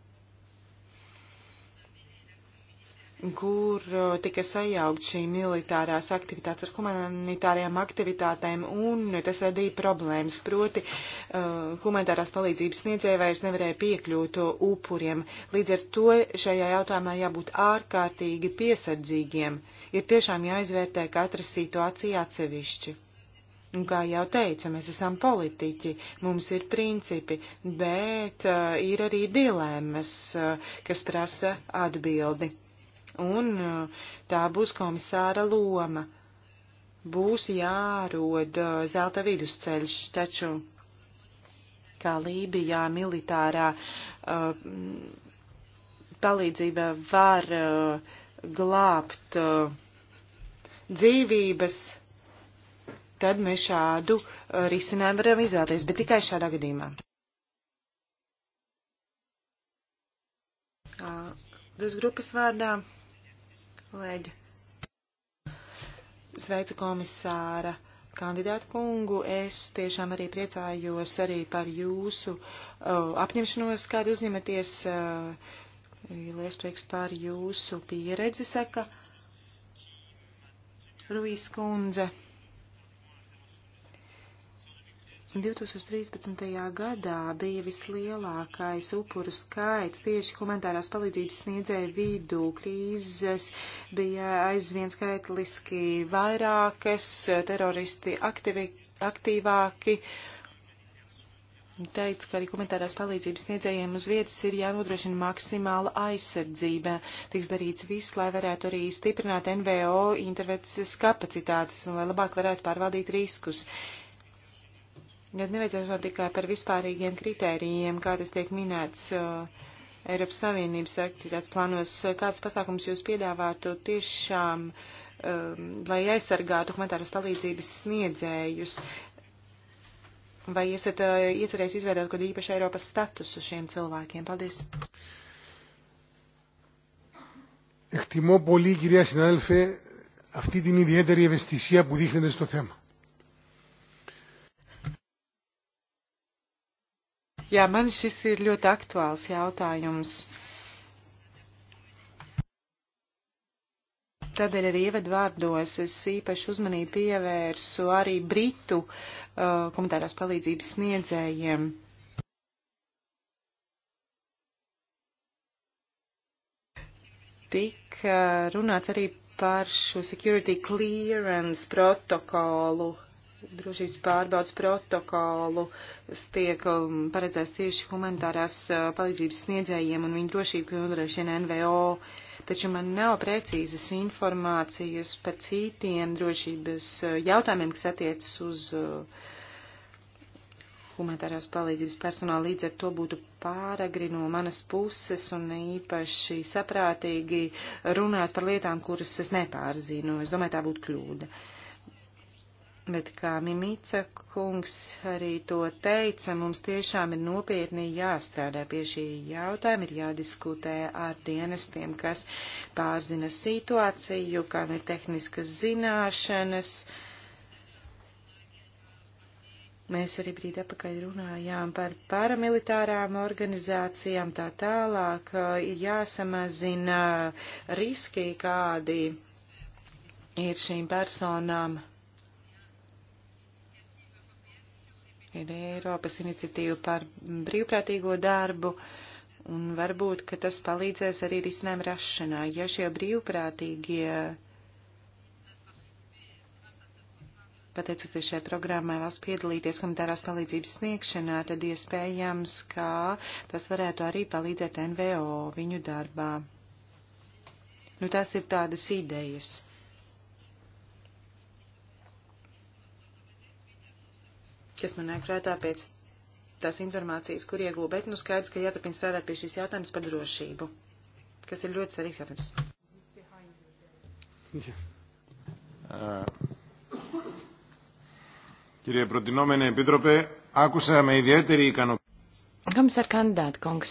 [SPEAKER 4] kur uh, tika sajaukt šī militārās aktivitātes ar humanitārajām aktivitātēm, un tas radīja problēmas. Proti, uh, humanitārās palīdzības sniedzēja vairs nevarēja piekļūt upuriem. Līdz ar to šajā jautājumā jābūt ārkārtīgi piesardzīgiem. Ir tiešām jāizvērtē katra situācija atsevišķi. Un kā jau teicu, mēs esam politiķi, mums ir principi, bet uh, ir arī dilemmas, uh, kas prasa atbildi. Un uh, tā būs komisāra loma. Būs jārod uh, zelta vidusceļš, taču kā Lībijā militārā uh, palīdzība var uh, glābt uh, dzīvības, tad mēs šādu uh, risinājumu varam izvēlēties, bet tikai šādā gadījumā. Tas grupas vārdā Lēģi. Sveicu komisāra kandidātu kungu. Es tiešām arī priecājos arī par jūsu uh, apņemšanos, kādu uzņematies. Uh, Liels prieks par jūsu pieredzi, saka Ruijas kundze. 2013. gadā bija vislielākais upuru skaits tieši humanitārās palīdzības sniedzēju vidū. Krīzes bija aizvien skaitliski vairākas, teroristi aktivi, aktīvāki. Teica, ka arī humanitārās palīdzības sniedzējiem uz vietas ir jānodrošina maksimāla aizsardzība. Tiks darīts viss, lai varētu arī stiprināt NVO intervences kapacitātes un lai labāk varētu pārvaldīt riskus. Uh, Tad nevajadzētu runāt tikai par vispārīgiem kritērijiem, kā tas tiek minēts uh, Eiropas Savienības aktivitātes plānos. Kāds pasākums jūs piedāvātu tiešām, um, lai aizsargātu humanitāras palīdzības sniedzējus? Vai esat uh, iecerējis izveidot kādu īpašu Eiropas statusu šiem cilvēkiem? Paldies!
[SPEAKER 2] Εκτιμώ πολύ, κυρία συνάδελφε, αυτή την ιδιαίτερη ευαισθησία που δείχνετε στο θέμα.
[SPEAKER 4] Jā, man šis ir ļoti aktuāls jautājums. Tādēļ arī ievadvārdos es īpašu uzmanību pievērsu arī Britu uh, komentārās palīdzības sniedzējiem. Tik uh, runāts arī par šo security clearance protokolu, uh, drošības pārbaudas protokolu tiek um, paredzēts tieši humanitārās uh, palīdzības sniedzējiem un viņu drošību nodrošina NVO. Taču man nav precīzas informācijas par citiem drošības uh, jautājumiem, kas attiecas uz uh, humanitārās palīdzības personālu. Līdz ar to būtu pāragri no manas puses un īpaši saprātīgi runāt par lietām, kuras es nepārzinu. Es domāju, tā būtu kļūda. Uh, Bet kā Mimica kungs arī to teica, mums tiešām ir nopietni jāstrādā pie šī jautājuma, ir jādiskutē ar dienestiem, kas pārzina situāciju, kā ir tehniskas zināšanas. Mēs arī brīdi apakaļ runājām par paramilitārām organizācijām, tā tālāk eh, ir jāsamazina riski, kādi ir šīm personām ir Eiropas iniciatīva par brīvprātīgo darbu, un varbūt, ka tas palīdzēs arī risinājumu rašanā, ja šie brīvprātīgie, pateicoties šai programmai, valsts piedalīties komentārās palīdzības sniegšanā, tad iespējams, ka tas varētu arī palīdzēt NVO viņu darbā. Nu, tās ir tādas idejas. kas man nāk prātā pēc tās informācijas, kur iegū, bet nu skaidrs, ka jāturpina strādāt pie šīs jautājums par drošību, kas ir ļoti svarīgs jautājums.
[SPEAKER 2] Κύριε Προτινόμενε Επίτροπε, άκουσα με ιδιαίτερη ικανοποίηση.
[SPEAKER 3] Komisār kandidāti, kungs,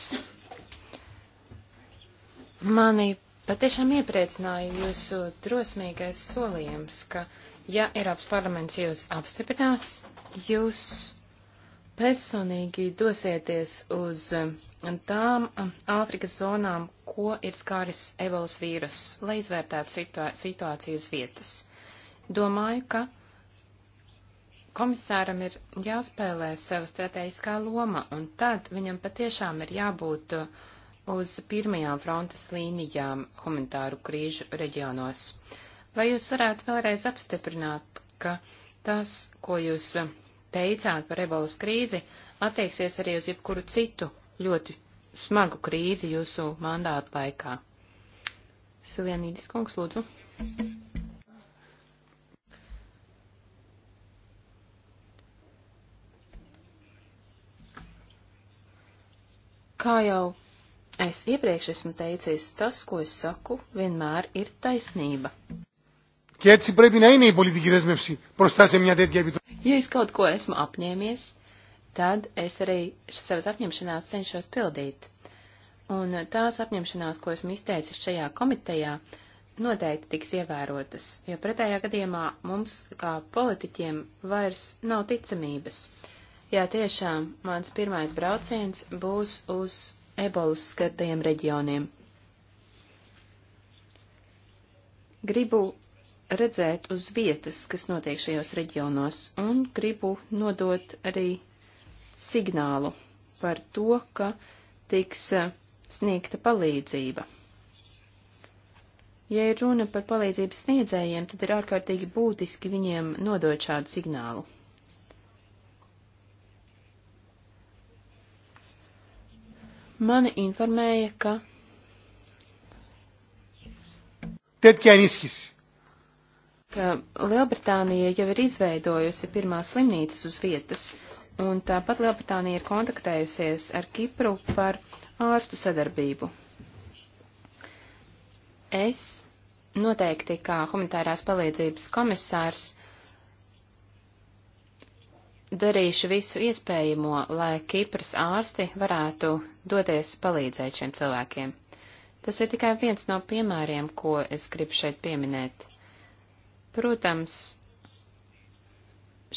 [SPEAKER 3] mani patiešām iepriecināja jūsu drosmīgais solījums, ka, ja Eiropas parlaments jūs apstiprinās, jūs personīgi dosieties uz tām Āfrikas zonām, ko ir skāris ebolas vīrus, lai izvērtētu situā situāciju uz vietas. Domāju, ka komisāram ir jāspēlē sava strateģiskā loma, un tad viņam patiešām ir jābūt uz pirmajām frontes līnijām humanitāru krīžu reģionos. Vai jūs varētu vēlreiz apstiprināt, ka tas, ko jūs teicāt par ebolas krīzi, attieksies arī uz jebkuru citu ļoti smagu krīzi jūsu mandātu laikā. Silienīdis kungs, lūdzu. Kā jau es iepriekš esmu teicis, tas, ko es saku, vienmēr ir taisnība.
[SPEAKER 2] Και έτσι πρέπει να είναι η πολιτική δέσμευση μπροστά σε μια τέτοια επιτροπή.
[SPEAKER 3] Ja es kaut ko esmu apņēmies, tad es arī savas apņemšanās cenšos pildīt. Un tās apņemšanās, ko esmu izteicis šajā komitejā, noteikti tiks ievērotas, jo pretējā gadījumā mums, kā politiķiem, vairs nav ticamības. Jā, tiešām, mans pirmais brauciens būs uz ebolas skartajiem reģioniem. Gribu redzēt uz vietas, kas notiek šajos reģionos, un gribu nodot arī signālu par to, ka tiks eh, sniegta palīdzība. Ja ir runa par palīdzības sniedzējiem, tad ir ārkārtīgi būtiski viņiem nodot šādu signālu. Mani informēja, ka.
[SPEAKER 2] Τέτοια ενίσχυση
[SPEAKER 3] ka Lielbritānija jau ir izveidojusi pirmās slimnīcas uz vietas, un tāpat Lielbritānija ir kontaktējusies ar Kipru par ārstu sadarbību. Es noteikti kā humanitārās palīdzības komisārs darīšu visu iespējamo, lai Kipras ārsti varētu doties palīdzēt šiem cilvēkiem. Tas ir tikai viens no piemēriem, ko es gribu šeit pieminēt. Protams,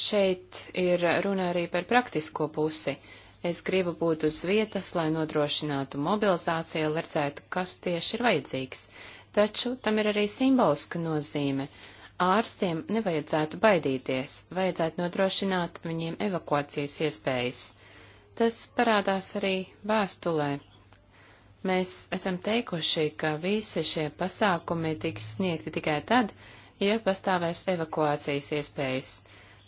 [SPEAKER 3] šeit ir runa arī par praktisko pusi. Es gribu būt uz vietas, lai nodrošinātu mobilizāciju, lai redzētu, kas tieši ir vajadzīgs. Taču tam ir arī simboliska nozīme. Ārstiem nevajadzētu baidīties, vajadzētu nodrošināt viņiem evakuācijas iespējas. Tas parādās arī vēstulē. Mēs esam teikuši, ka visi šie pasākumi tiks sniegti tikai tad, ja pastāvēs evakuācijas iespējas.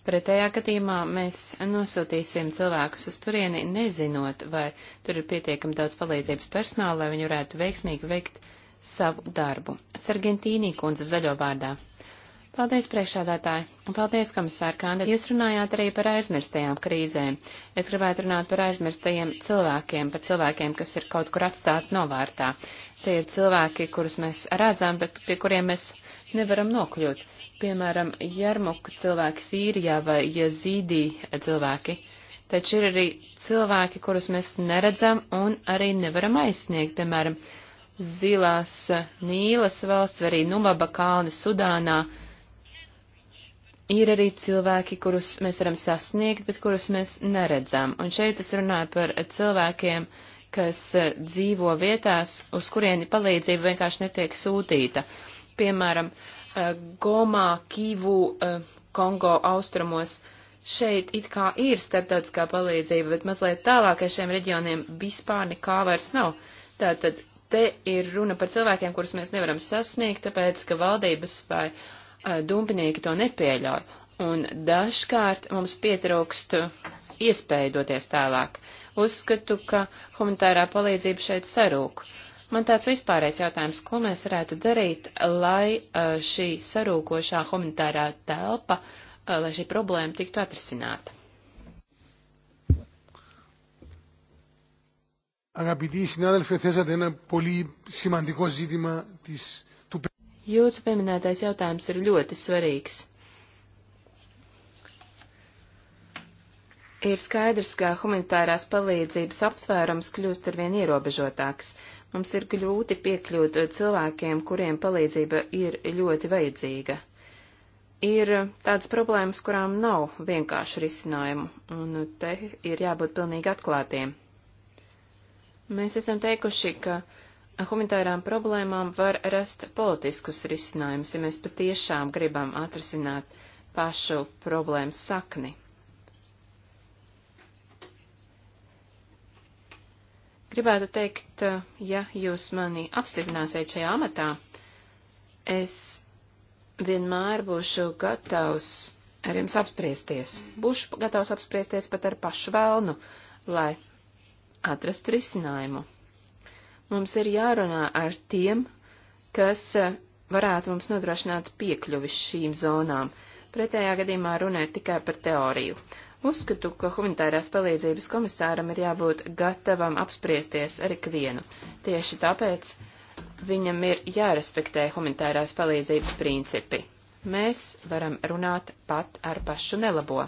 [SPEAKER 3] Pretējā gadījumā mēs nosūtīsim cilvēkus uz turieni, nezinot, vai tur ir pietiekami daudz palīdzības personāla, lai viņi varētu veiksmīgi veikt savu darbu. Sargentīnī kundze zaļo vārdā. Paldies, priekšādātāji, un paldies, komisāra Kanda. Jūs runājāt arī par aizmirstajām krīzēm. Es gribētu runāt par aizmirstajiem cilvēkiem, par cilvēkiem, kas ir kaut kur atstāti novārtā. Tie ir cilvēki, kurus mēs redzam, bet pie kuriem mēs nevaram nokļūt. Piemēram, Jarmuka cilvēki Sīrijā vai Jazīdī cilvēki. Taču ir arī cilvēki, kurus mēs neredzam un arī nevaram aizsniegt, piemēram, Zilās Nīlas valsts, arī Nubaba kalni Sudānā ir arī cilvēki, kurus mēs varam sasniegt, bet kurus mēs neredzam. Un šeit es runāju par cilvēkiem, kas e, dzīvo vietās, uz kurieni palīdzība vienkārši netiek sūtīta. Piemēram, e, Gomā, Kīvu, e, Kongo austrumos. Šeit it kā ir starptautiskā palīdzība, bet mazliet tālākajiem reģioniem vispār nekā vairs nav. Tātad te ir runa par cilvēkiem, kurus mēs nevaram sasniegt, tāpēc, ka valdības vai Eh, dumpinieki to nepieļauj, un dažkārt mums pietrūkst iespēju doties tālāk. Uzskatu, ka humanitārā palīdzība šeit sarūk. Man tāds vispārējais jautājums, ko mēs varētu darīt, lai eh, šī sarūkošā humanitārā telpa, eh, lai šī problēma tiktu atrisināta?
[SPEAKER 2] Αγαπητοί συνάδελφοι, θέσατε ένα πολύ σημαντικό ζήτημα της
[SPEAKER 3] Jūsu pieminētais jautājums ir ļoti svarīgs. Ir skaidrs, ka humanitārās palīdzības aptvērums kļūst arvien ierobežotāks. Mums ir grūti piekļūt cilvēkiem, kuriem palīdzība ir ļoti vajadzīga. Ir tādas problēmas, kurām nav vienkārši risinājumu, un te ir jābūt pilnīgi atklātiem. Mēs esam teikuši, ka uh, humanitārām problēmām var rast politiskus risinājumus, ja mēs patiešām gribam atrisināt pašu problēmu sakni. Gribētu teikt, ja jūs mani apstiprināsiet šajā amatā, es vienmēr būšu gatavs ar jums apspriesties. Būšu gatavs apspriesties pat ar pašu vēlnu, lai atrastu risinājumu. Mums ir jārunā ar tiem, kas e, varētu mums nodrošināt piekļuvi šīm zonām. Pretējā gadījumā runa ir tikai par teoriju. Uzskatu, ka humanitārās palīdzības komisāram ir jābūt gatavam apspriesties ar ikvienu. Tieši tāpēc viņam ir jārespektē humanitārās palīdzības principi. Mēs varam runāt pat ar pašu nelabo,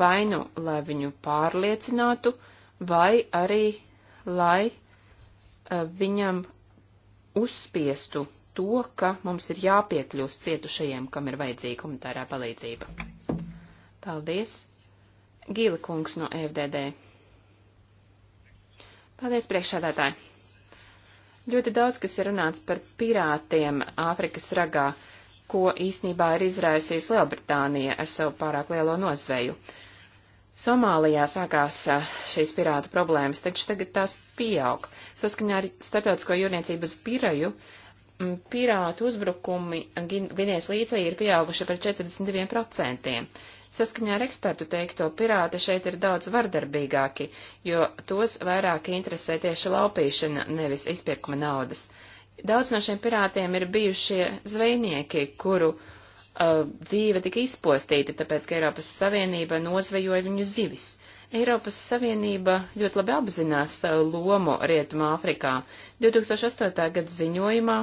[SPEAKER 3] vai nu, lai viņu pārliecinātu, vai arī, lai Eh, viņam uzspiestu to, ka mums ir jāpiekļūst cietušajiem, kam ir vajadzīga humanitārā palīdzība. Paldies! Gīla kungs no FDD. Paldies, priekšādātāji! Ļoti daudz, kas ir runāts par pirātiem Āfrikas ragā, ko īsnībā ir izraisījusi Lielbritānija ar savu pārāk lielo nozveju. Uh, Somālijā sākās šīs pirātu problēmas, taču tagad tās pieaug. Saskaņā ar starptautisko jūrniecības piraju pirātu uzbrukumi Gvinējas līcī ir pieauguši par 42%. Saskaņā ar ekspertu teikto, pirāti šeit ir daudz vardarbīgāki, jo tos vairāk interesē tieši laupīšana, nevis izpirkuma naudas. Daudz no šiem pirātiem ir bijušie zvejnieki, kuru uh, uh, dzīve tika izpostīta, tāpēc, ka Eiropas Savienība nozvejoja viņu zivis. Eiropas Savienība ļoti labi apzinās savu uh, lomu Rietumā Afrikā. 2008. gada ziņojumā,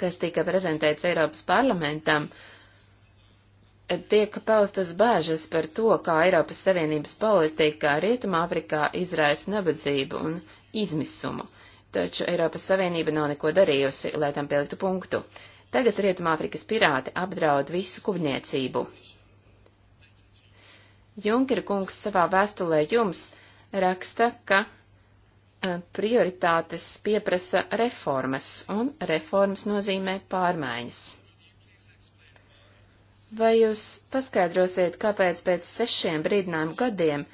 [SPEAKER 3] kas tika prezentēts Eiropas parlamentam, tiek paustas bāžas par to, kā Eiropas Savienības politika Rietumā Afrikā izraisa nabadzību un izmisumu. Taču Eiropas Savienība nav neko darījusi, lai tam pieliktu punktu. Uh, Tagad Rietumāfrikas pirāti apdraud visu kubniecību. Junkera kungs savā vēstulē jums raksta, ka e, prioritātes pieprasa reformas, un reformas nozīmē pārmaiņas. Vai jūs paskaidrosiet, kāpēc pēc sešiem brīdinājumu gadiem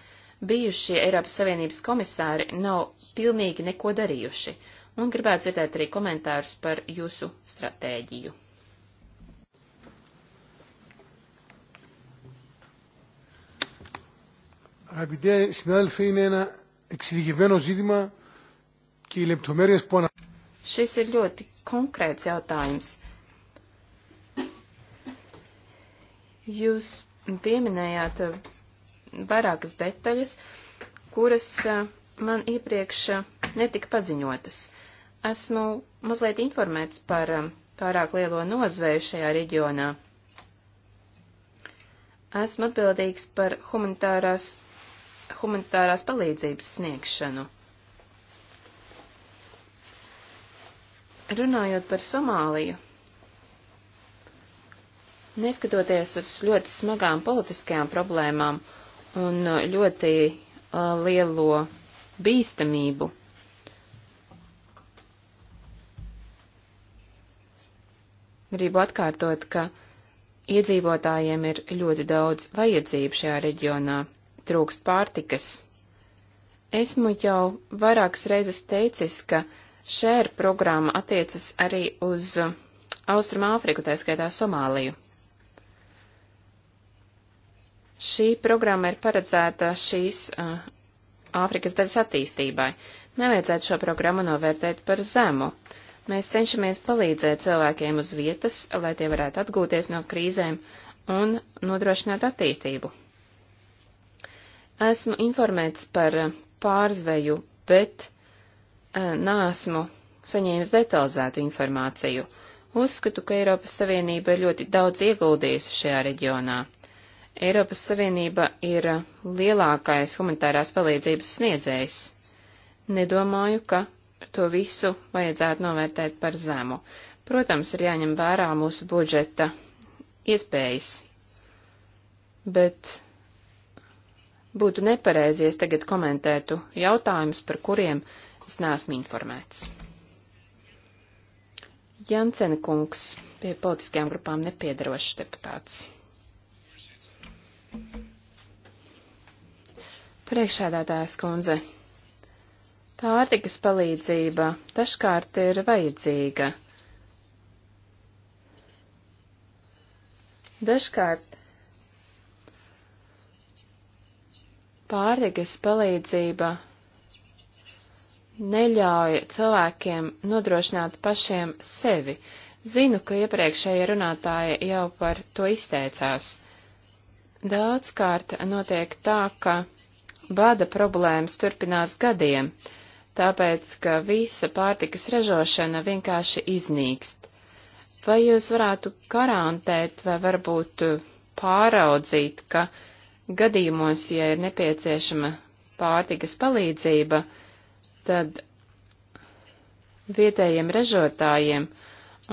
[SPEAKER 3] bijušie Eiropas Savienības komisāri nav pilnīgi neko darījuši, un gribētu dzirdēt arī komentārus par jūsu stratēģiju.
[SPEAKER 2] Αγαπητέ συνάδελφοι, είναι ένα εξειδικευμένο ζήτημα και οι λεπτομέρειες που ανα... Šis ir ļoti konkrēts jautājums.
[SPEAKER 3] Jūs pieminējāt vairākas detaļas, kuras eh, man iepriekš eh, netika paziņotas. Esmu mazliet informēts par um, pārāk lielo nozvēju šajā reģionā. Esmu atbildīgs par humanitārās, humanitārās palīdzības sniegšanu. Runājot par Somāliju, neskatoties uz ļoti smagām politiskajām problēmām un uh, ļoti uh, lielo bīstamību, Gribu atkārtot, ka iedzīvotājiem ir ļoti daudz vajadzību šajā reģionā, trūkst pārtikas. Esmu jau vairākas reizes teicis, ka šēra programma attiecas arī uz Austrum Āfriku, tā skaitā Somāliju. Šī programma ir paredzēta šīs uh, Āfrikas daļas attīstībai. Nevajadzētu šo programmu novērtēt par zemu. Mēs cenšamies palīdzēt cilvēkiem uz vietas, lai tie varētu atgūties no krīzēm un nodrošināt attīstību. Esmu informēts par pārzveju, bet eh, nāsmu saņēmis detalizētu informāciju. Uzskatu, ka Eiropas Savienība ir ļoti daudz ieguldījusi šajā reģionā. Eiropas Savienība ir lielākais humanitārās palīdzības sniedzējs. Nedomāju, ka to visu vajadzētu novērtēt par zemu. Protams, ir jāņem vērā mūsu budžeta iespējas, bet būtu nepareizies tagad komentētu jautājumus, par kuriem es neesmu informēts. Jansena kungs pie politiskajām grupām nepiedarošs deputāts. Priekšādātājs kundze. Pārtikas palīdzība dažkārt ir vajadzīga. Dažkārt pārtikas palīdzība neļauj cilvēkiem nodrošināt pašiem sevi. Zinu, ka iepriekšējie runātāji jau par to izteicās. Daudzkārt notiek tā, ka bada problēmas turpinās gadiem tāpēc, ka visa pārtikas ražošana vienkārši iznīkst. Vai jūs varētu garantēt vai varbūt pāraudzīt, ka gadījumos, ja ir nepieciešama pārtikas palīdzība, tad vietējiem ražotājiem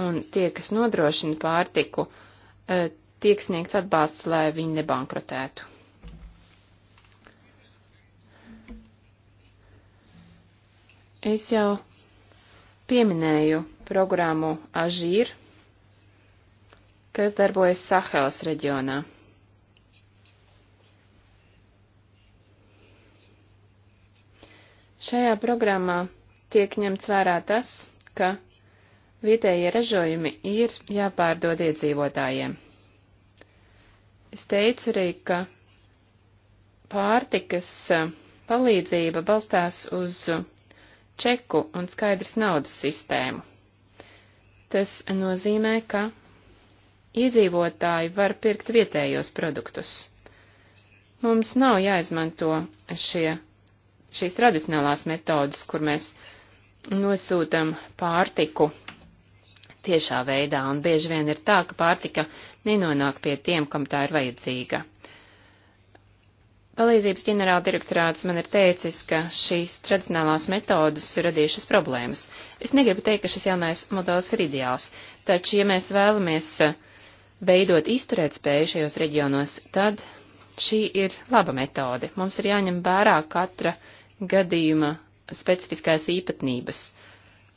[SPEAKER 3] un tie, kas nodrošina pārtiku, eh, tiek sniegts atbalsts, lai viņi nebankrotētu. Es jau pieminēju programmu Ažīr, kas darbojas Sahelas reģionā. Šajā programmā tiek ņemts vērā tas, ka vietējie ražojumi ir jāpārdod iedzīvotājiem. Es teicu arī, ka pārtikas palīdzība balstās uz čeku un skaidrs naudas sistēmu. Tas nozīmē, ka iedzīvotāji var pirkt vietējos produktus. Mums nav jāizmanto šie, šīs tradicionālās metodas, kur mēs nosūtam pārtiku tiešā veidā, un bieži vien ir tā, ka pārtika nenonāk pie tiem, kam tā ir vajadzīga. Palīdzības ģenerāla direktorāts man ir teicis, ka šīs tradicionālās metodas ir radījušas problēmas. Es negribu teikt, ka šis jaunais modelis ir ideāls, taču, ja mēs vēlamies eh, veidot izturēt spēju šajos reģionos, tad šī ir laba metode. Mums ir jāņem vērā katra gadījuma specifiskās īpatnības,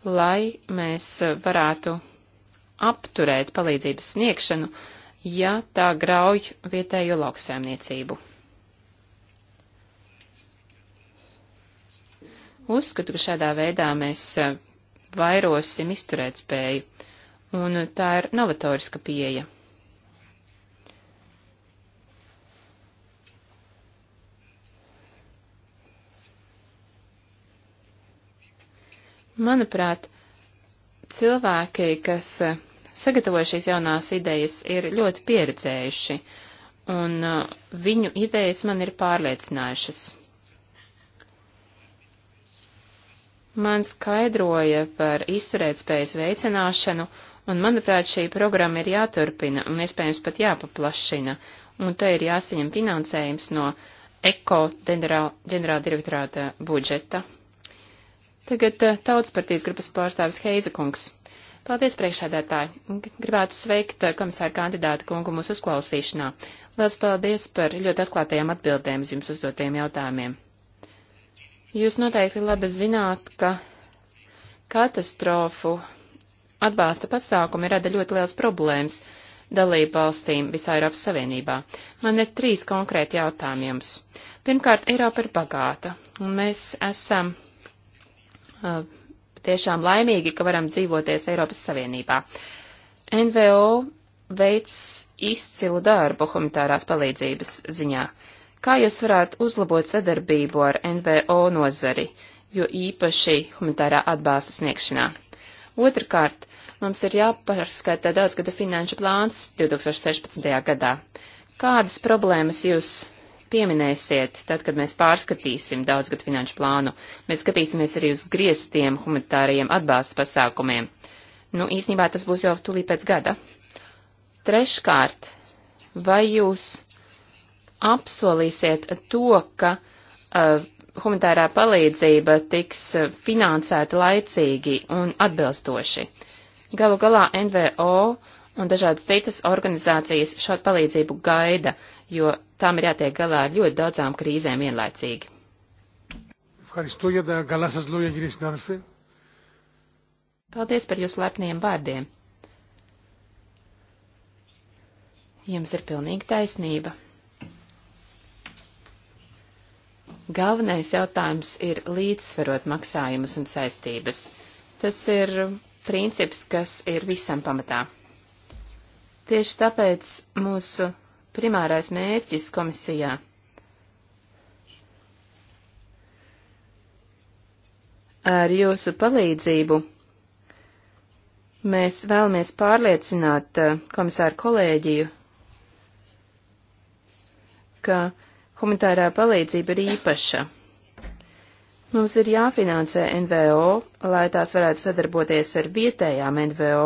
[SPEAKER 3] lai mēs varētu apturēt palīdzības sniegšanu, ja tā grauj vietējo lauksaimniecību. Uzskatu, ka šādā veidā mēs e, vairosim izturēt spēju, un e, tā ir novatoriska pieeja. Manuprāt, cilvēki, kas e, sagatavoja šīs jaunās idejas, ir ļoti pieredzējuši, un viņu idejas man ir pārliecinājušas. man skaidroja par izturētspējas veicināšanu, un, manuprāt, šī programma ir jāturpina un iespējams pat jāpaplašina, un te ir jāsaņem finansējums no ECO ģenerāldirektorāta budžeta. Tagad eh, tautspartijas grupas pārstāvis Heizekungs. Paldies, priekšsēdētāji. Gribētu sveikt eh, komisāru kandidātu kungu mūsu uzklausīšanā. Lielas paldies par ļoti atklātajām atbildēm uz jums uzdotiem jautājumiem. Jūs noteikti labi zināt, ka katastrofu atbalsta pasākumi rada ļoti liels problēmas dalību valstīm visā Eiropas Savienībā. Man ir trīs konkrēti jautājumi jums. Pirmkārt, Eiropa ir bagāta, un mēs esam uh, tiešām laimīgi, ka varam dzīvoties Eiropas Savienībā. NVO veic izcilu darbu humanitārās palīdzības ziņā. Uh, Kā jūs varētu uzlabot sadarbību ar NVO nozari, jo īpaši humanitārā atbalsta sniegšanā? Otrakārt, mums ir jāpārskata daudzgada finanšu plāns 2016. gadā. Kādas problēmas jūs pieminēsiet, tad, kad mēs pārskatīsim daudzgadu finanšu plānu, mēs skatīsimies arī uz grieztiem humanitārajiem atbalsta pasākumiem. Nu, īsnībā tas būs jau tulī pēc gada. Treškārt, vai jūs apsolīsiet to, ka uh, humanitārā palīdzība tiks uh, finansēta laicīgi un atbilstoši. Galu galā NVO un dažādas citas organizācijas šādu palīdzību gaida, jo tām ir jātiek galā ar ļoti daudzām krīzēm
[SPEAKER 2] vienlaicīgi.
[SPEAKER 3] Paldies par jūsu lepniem vārdiem. Jums ir pilnīga taisnība. Galvenais jautājums ir līdzsverot maksājumus un saistības. Tas ir princips, kas ir visam pamatā. Tieši tāpēc mūsu primārais mērķis komisijā ar jūsu palīdzību mēs vēlamies pārliecināt eh, komisāru kolēģiju, ka uh, Humanitārā palīdzība ir īpaša. Mums ir jāfinansē NVO, lai tās varētu sadarboties ar vietējām NVO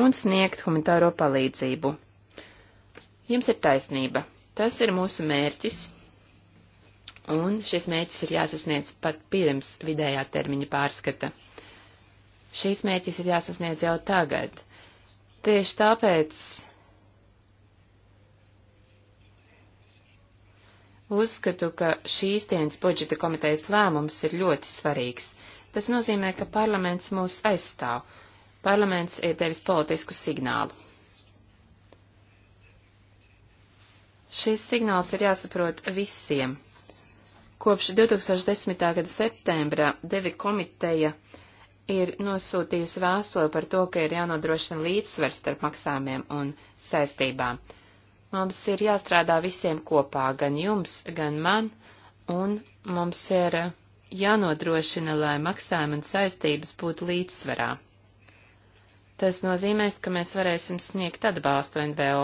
[SPEAKER 3] un sniegt humanitāro palīdzību. Jums ir taisnība. Tas ir mūsu mērķis, un šis mērķis ir jāsasniedz pat pirms vidējā termiņa pārskata. Šīs mērķis ir jāsasniedz jau tagad. Tieši tāpēc Uzskatu, ka šīs dienas budžeta komitejas lēmums ir ļoti svarīgs. Tas nozīmē, ka parlaments mūs aizstāv. Parlaments ir devis politisku signālu. Šis signāls ir jāsaprot visiem. Kopš 2010. gada septembra devi komiteja ir nosūtījusi vēstuli par to, ka ir jānodrošina līdzsvars starp maksājumiem un saistībām. Mums ir jāstrādā visiem kopā, gan jums, gan man, un mums ir jānodrošina, lai maksājumi un saistības būtu līdzsvarā. Tas nozīmēs, ka mēs varēsim sniegt atbalstu NVO.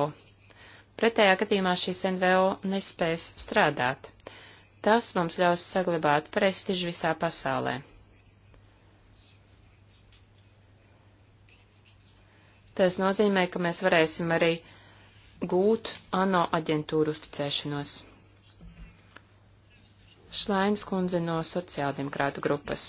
[SPEAKER 3] Pretējā gadījumā šīs NVO nespēs strādāt. Tas mums ļaus saglabāt prestižu visā pasaulē. Tas nozīmē, ka mēs varēsim arī gūt ANO aģentūru uzticēšanos.
[SPEAKER 4] Šlainas kundze no sociāldemokrātu grupas.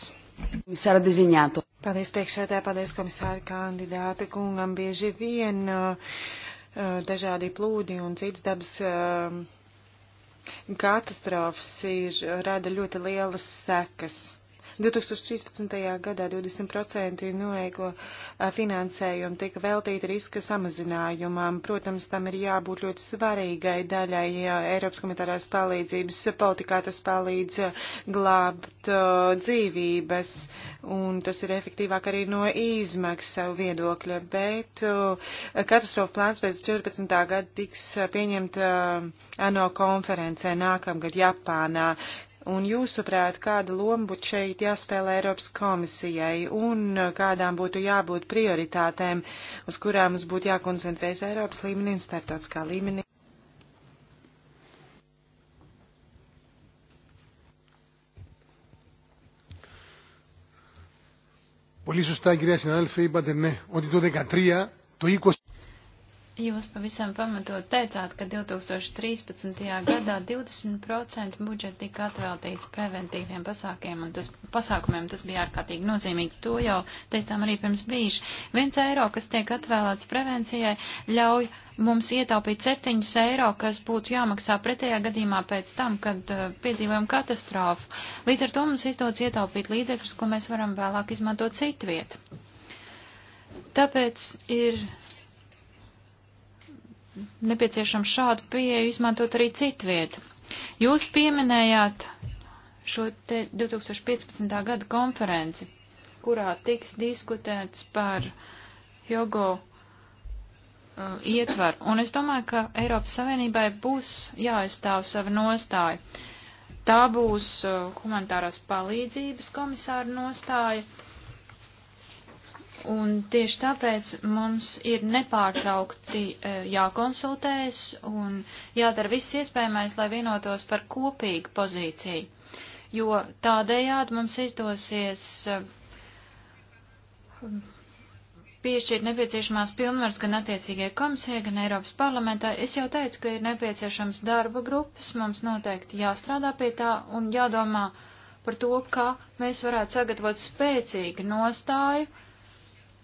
[SPEAKER 2] Komisāra Diziņāto.
[SPEAKER 4] Paldies priekšētā, paldies komisāra kandidāta kungam. Bieži vien uh, uh, dažādi plūdi un citas dabas uh, katastrofas ir, rada ļoti lielas sekas. 2013. gadā 20% noeigo finansējumu tika veltīta riska samazinājumam. Protams, tam ir jābūt ļoti svarīgai daļai ja Eiropas komitārās palīdzības politikā. Tas palīdz glābt dzīvības, un tas ir efektīvāk arī no izmaksu viedokļa. Bet katastrofa plāns pēc 14. gada tiks pieņemta ANO konferencē nākamgad Japānā. Un jūsuprāt, kāda loma būtu šeit jāspēlē Eiropas komisijai un kādām būtu jābūt prioritātēm, uz kurām mums būtu jākoncentrējas Eiropas līmenī un starptautiskā līmenī?
[SPEAKER 2] Πολύ σωστά κυρία συνάδελφε είπατε ναι ότι το 2013 το 20
[SPEAKER 1] Jūs pavisam pamatot teicāt, ka 2013. gadā 20% budžeta tika atveltīts preventīviem pasākumiem, un tas, pasākumiem tas bija ārkārtīgi nozīmīgi. To jau teicām arī pirms brīža. Viens eiro, kas tiek atvēlēts prevencijai, ļauj mums ietaupīt 7 eiro, kas būtu jāmaksā pretējā gadījumā pēc tam, kad uh, piedzīvojam katastrofu. Līdz ar to mums izdodas ietaupīt līdzekļus, ko mēs varam vēlāk izmantot citviet. Tāpēc ir nepieciešams šādu pieeju izmantot arī citviet. Jūs pieminējāt šo 2015. gada konferenci, kurā tiks diskutēts par jogo uh, ietvaru. Un es domāju, ka Eiropas Savienībai būs jāaizstāv sava nostāja. Tā būs uh, humanitārās palīdzības komisāra nostāja. Uh, Un tieši tāpēc mums ir nepārtraukti e, jākonsultējas un jādara viss iespējamais, lai vienotos par kopīgu pozīciju, jo tādējādi mums izdosies e, piešķirt nepieciešamās pilnvaras gan attiecīgajai komisijai, gan Eiropas parlamentā. Es jau teicu, ka ir nepieciešams darba grupas, mums noteikti jāstrādā pie tā un jādomā par to, kā mēs varētu sagatavot spēcīgu nostāju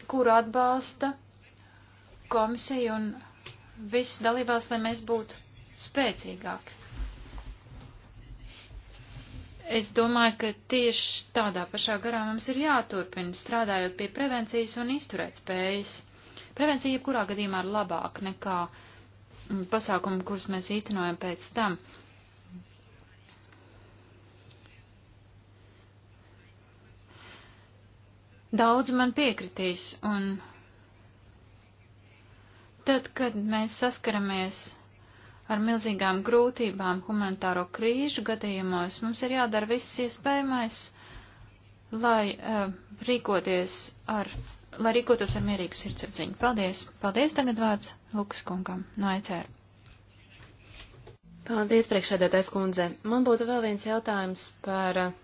[SPEAKER 1] kuru atbalsta komisija un visas dalībās, lai mēs būtu spēcīgāki. Es domāju, ka tieši tādā pašā garā mums ir jāturpina strādājot pie prevencijas un izturēt spējas. Prevencija jebkurā gadījumā ir labāka nekā pasākumi, kurus mēs īstenojam pēc tam. Uh, Daudz man piekritīs, un tad, kad mēs saskaramies ar milzīgām grūtībām humanitāro krīžu gadījumos, mums ir jādara viss iespējamais, lai uh, rīkoties ar, lai rīkotos ar mierīgu sirdsapziņu. Paldies! Paldies tagad vārds Lukas kungam no ECR. Paldies, priekšsēdētājs
[SPEAKER 3] kundze. Man būtu vēl viens jautājums par uh,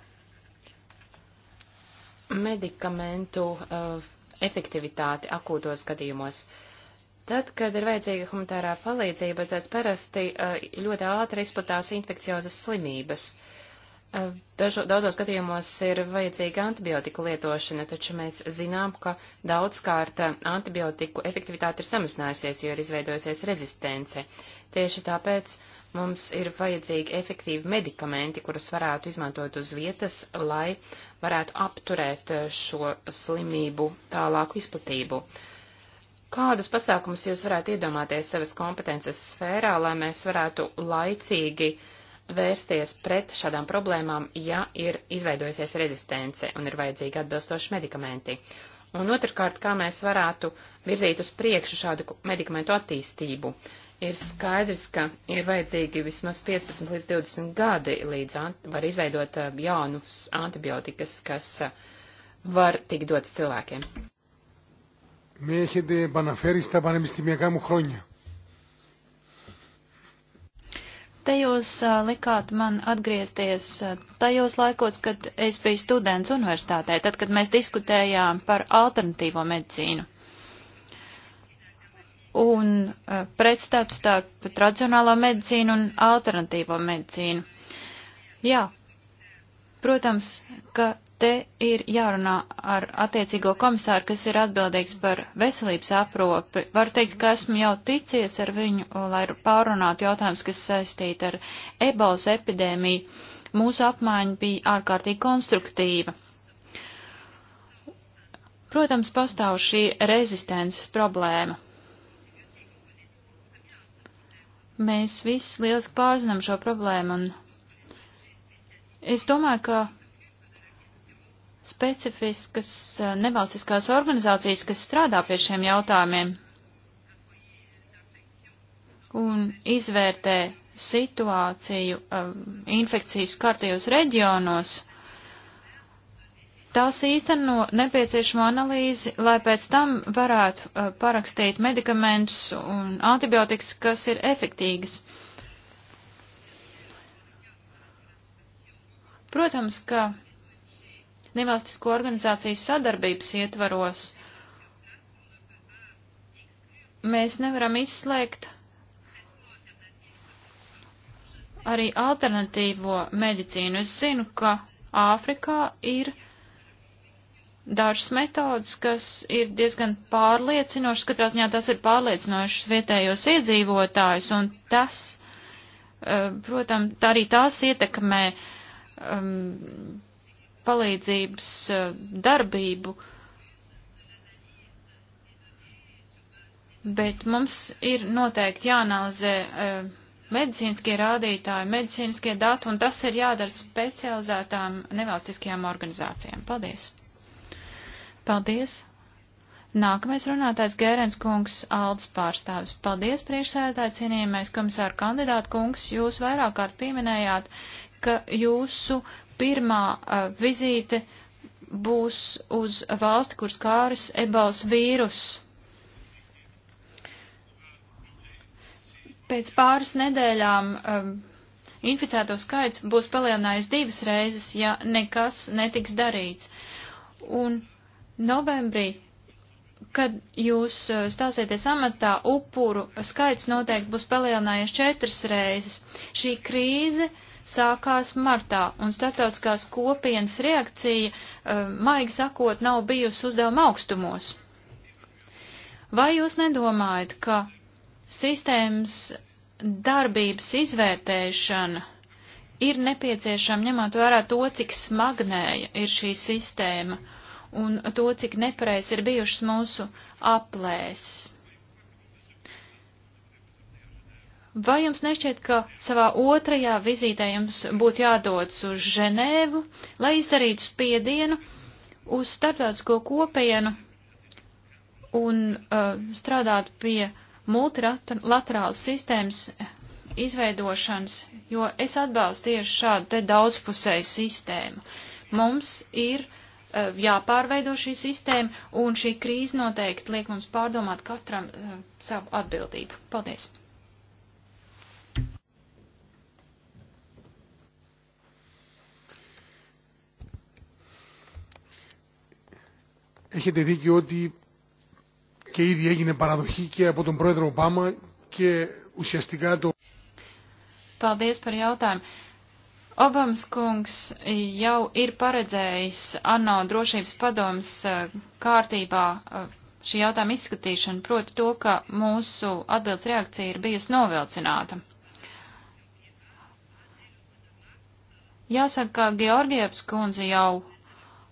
[SPEAKER 3] medikamentu uh, efektivitāti akūtos gadījumos. Tad, kad ir vajadzīga humanitārā palīdzība, tad parasti uh, ļoti ātri izplatās infekciozas slimības. Uh, Dažu, daudzos gadījumos ir vajadzīga antibiotiku lietošana, taču mēs zinām, ka daudzkārt antibiotiku efektivitāte ir samazinājusies, jo ir izveidojusies rezistence. Tieši tāpēc mums ir vajadzīgi efektīvi medikamenti, kurus varētu izmantot uz vietas, lai varētu apturēt šo slimību tālāku izplatību. Kādus pasākumus jūs varētu iedomāties savas kompetences sfērā, lai mēs varētu laicīgi uh, vērsties pret šādām problēmām, ja ir izveidojusies rezistence un ir vajadzīgi atbilstoši medikamenti. Un otrkārt, kā mēs varētu virzīt uz priekšu šādu medikamentu attīstību. Ir skaidrs, ka ir vajadzīgi vismaz 15 līdz 20 gadi, līdz var izveidot uh, jaunus antibiotikas, kas uh, var tikt
[SPEAKER 2] dotas cilvēkiem. Με έχετε επαναφέρει στα πανεπιστημιακά μου χρόνια.
[SPEAKER 1] Te jūs likāt man atgriezties tajos laikos, kad es biju students universitātē, tad, kad mēs diskutējām par alternatīvo medicīnu un pretstatu starp tradicionālo medicīnu un alternatīvo medicīnu. Jā, protams, ka te ir jārunā ar attiecīgo komisāru, kas ir atbildīgs par veselības apropi. Varu teikt, ka esmu jau ticies ar viņu, lai pārunātu jautājumus, kas saistīti ar ebolas epidēmiju. Mūsu apmaiņa bija ārkārtīgi konstruktīva. Protams, pastāv šī rezistences problēma. Mēs visi lieliski pārzinām šo problēmu, un es domāju, ka specifiskas eh, nevalstiskās organizācijas, kas strādā pie šiem jautājumiem un izvērtē situāciju um, infekcijas kārtījos reģionos, tās īsteno nepieciešamo analīzi, lai pēc tam varētu uh, parakstīt medikamentus un antibiotikas, kas ir efektīgas. Protams, ka nevalstisko organizāciju sadarbības ietvaros mēs nevaram izslēgt arī alternatīvo medicīnu. Es zinu, ka Āfrikā ir dažas metodas, kas ir diezgan pārliecinošas, katrā ziņā tas ir pārliecinošas vietējos iedzīvotājus, un tas, eh, protams, tā arī tās ietekmē um, palīdzības eh, darbību, bet mums ir noteikti jāanalizē eh, medicīniskie rādītāji, medicīniskie dati, un tas ir jādara specializētām nevalstiskajām organizācijām. Paldies! Paldies! Nākamais runātājs Gērens kungs, Aldas pārstāvis. Paldies, priekšsēdētāji, cienījamais komisāra kandidāta kungs, jūs vairāk kārt pieminējāt, ka jūsu pirmā uh, vizīte būs uz valsti, kur skāris ebals vīrus. Pēc pāris nedēļām um, inficēto skaits būs palielinājies divas reizes, ja nekas netiks darīts. Un novembrī, kad jūs uh, stāsieties amatā, upuru skaits noteikti būs palielinājies četras reizes. Šī krīze uh, sākās martā, un starptautiskās kopienas reakcija, eh, maigi sakot, nav bijusi uzdevuma augstumos. Vai jūs nedomājat, ka sistēmas darbības izvērtēšana ir nepieciešama ņemot vērā to, cik smagnēja ir šī sistēma un to, cik nepareiz ir bijušas mūsu aplēses? Vai jums nešķiet, ka savā otrajā vizītē jums būtu jādodas uz Ženēvu, lai izdarītu spiedienu uz starptautisko kopienu un uh, strādāt pie multilaterālas sistēmas izveidošanas, jo es atbalstu tieši šādu te daudzpusēju sistēmu. Mums ir uh, jāpārveido šī sistēma, un šī krīze noteikti liek mums pārdomāt katram uh, savu atbildību. Paldies!
[SPEAKER 2] έχετε δίκιο ότι και ήδη έγινε παραδοχή και από τον πρόεδρο Ομπάμα και ουσιαστικά το...
[SPEAKER 1] Paldies par jautājumu. Obams kungs jau ir paredzējis ANO drošības padomas eh, kārtībā eh, šī jautājuma izskatīšanu, proti to, ka mūsu atbildes reakcija ir bijusi novilcināta. Jāsaka, ka Georgievs kundze jau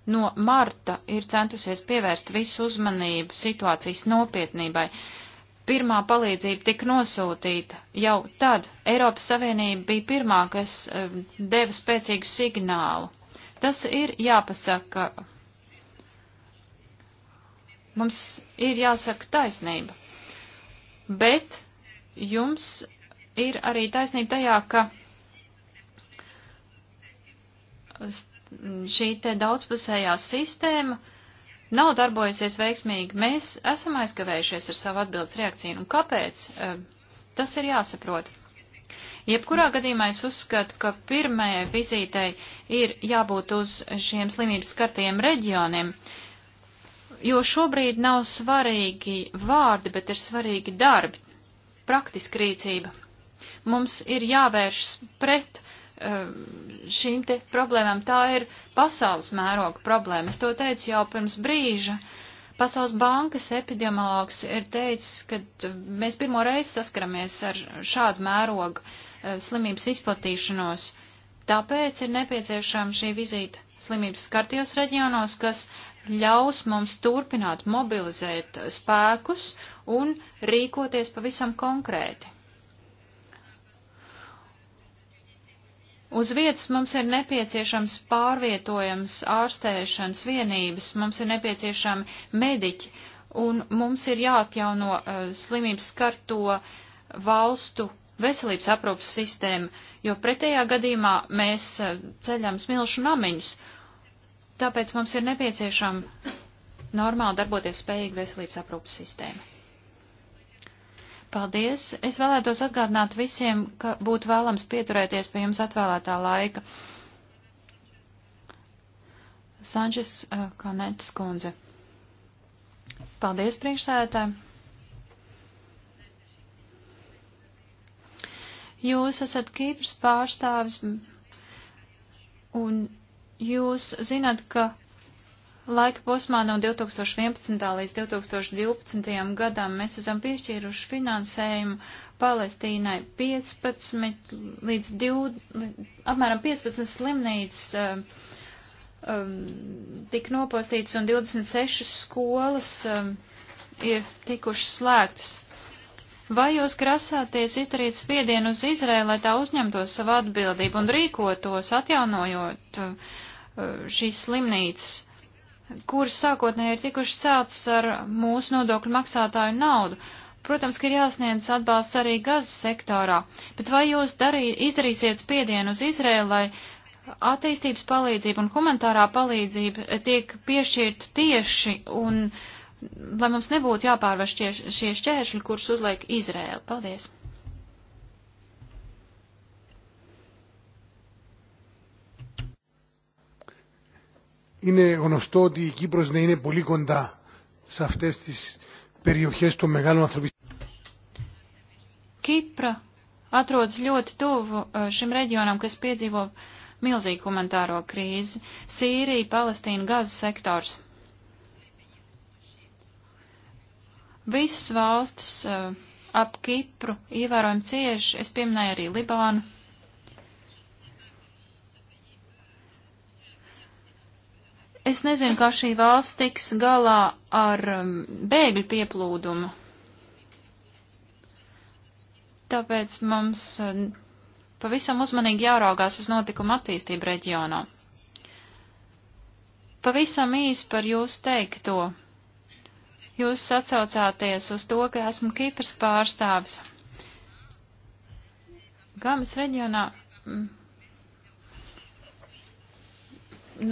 [SPEAKER 1] no marta ir centusies pievērst visu uzmanību situācijas nopietnībai. Pirmā palīdzība tika nosūtīta jau tad. Eiropas Savienība bija pirmā, kas eh, deva spēcīgu signālu. Tas ir jāpasaka. Mums ir jāsaka taisnība. Bet jums ir arī taisnība tajā, ka šī te daudzpusējā sistēma nav darbojusies veiksmīgi. Mēs esam aizkavējušies ar savu atbildes reakciju. Un kāpēc? E, tas ir jāsaprot. Jebkurā gadījumā es uzskatu, ka pirmajai vizītei ir jābūt uz šiem slimības skartajiem reģioniem, jo šobrīd nav svarīgi vārdi, bet ir svarīgi darbi, praktiska rīcība. Mums ir jāvēršas pret Ehm, šīm te problēmām. Tā ir pasaules mēroga problēma. Es to teicu jau pirms brīža. Pasaules bankas epidemiologs ir teicis, ka mēs pirmo reizi saskaramies ar šādu mērogu e, slimības izplatīšanos. Tāpēc ir nepieciešama šī vizīte slimības skartajos reģionos, kas ļaus mums turpināt mobilizēt spēkus un rīkoties pavisam konkrēti. Uz vietas mums ir nepieciešams pārvietojams ārstēšanas vienības, mums ir nepieciešami mediķi, un mums ir jāatjauno uh, slimības skarto valstu veselības aprūpas sistēmu, jo pretējā gadījumā mēs uh, ceļam smilšu namiņus. Tāpēc mums ir nepieciešama normāli darboties spējīga veselības aprūpas sistēma. Paldies! Es vēlētos atgādināt visiem, ka būtu vēlams pieturēties pie jums atvēlētā laika. Sančes eh, Kanetes kundze. Paldies, priekšsēdētāji! Jūs esat Kīpras pārstāvis un jūs zināt, ka Laika posmā no 2011. līdz 2012. gadam mēs esam piešķīruši finansējumu Palestīnai 15 līdz 20, apmēram 15 slimnīcas um, um, tik nopostītas un 26 skolas um, ir tikušas slēgtas. Vai jūs grasāties izdarīt spiedienu uz Izraēlu, lai tā uzņemtos savu atbildību un rīkotos, atjaunojot uh, šīs slimnīcas? kuras sākotnēji ir tikuši celtas ar mūsu nodokļu maksātāju naudu. Protams, ka ir jāsniedz atbalsts arī gazas sektorā, bet vai jūs darī, izdarīsiet spiedienu uz Izrēlu, lai attīstības palīdzība un humanitārā palīdzība tiek piešķirta tieši un lai mums nebūtu jāpārvar šie, šie šķēršļi, kurus uzliek Izrēla? Paldies!
[SPEAKER 2] Είναι γνωστό ότι η Κύπρος να είναι πολύ κοντά σε αυτές τις περιοχές των μεγάλων ανθρωπιστικών.
[SPEAKER 1] Kipra atrodas ļoti tuvu uh, šim reģionam, kas piedzīvo milzīgu humanitāro krīzi - Sīrija, Palestīna, Gaza sektors. Visas valstis uh, ap Kipru ievērojami cieši, es pieminēju arī Libānu. Es nezinu, kā šī valsts tiks galā ar um, bēgļu pieplūdumu. Tāpēc mums um, pavisam uzmanīgi jāraugās uz notikumu attīstību reģionā. Pavisam īsi par jūs teikto. Jūs sacaucāties uz to, ka esmu Kīpras pārstāvis. Gamas reģionā mm,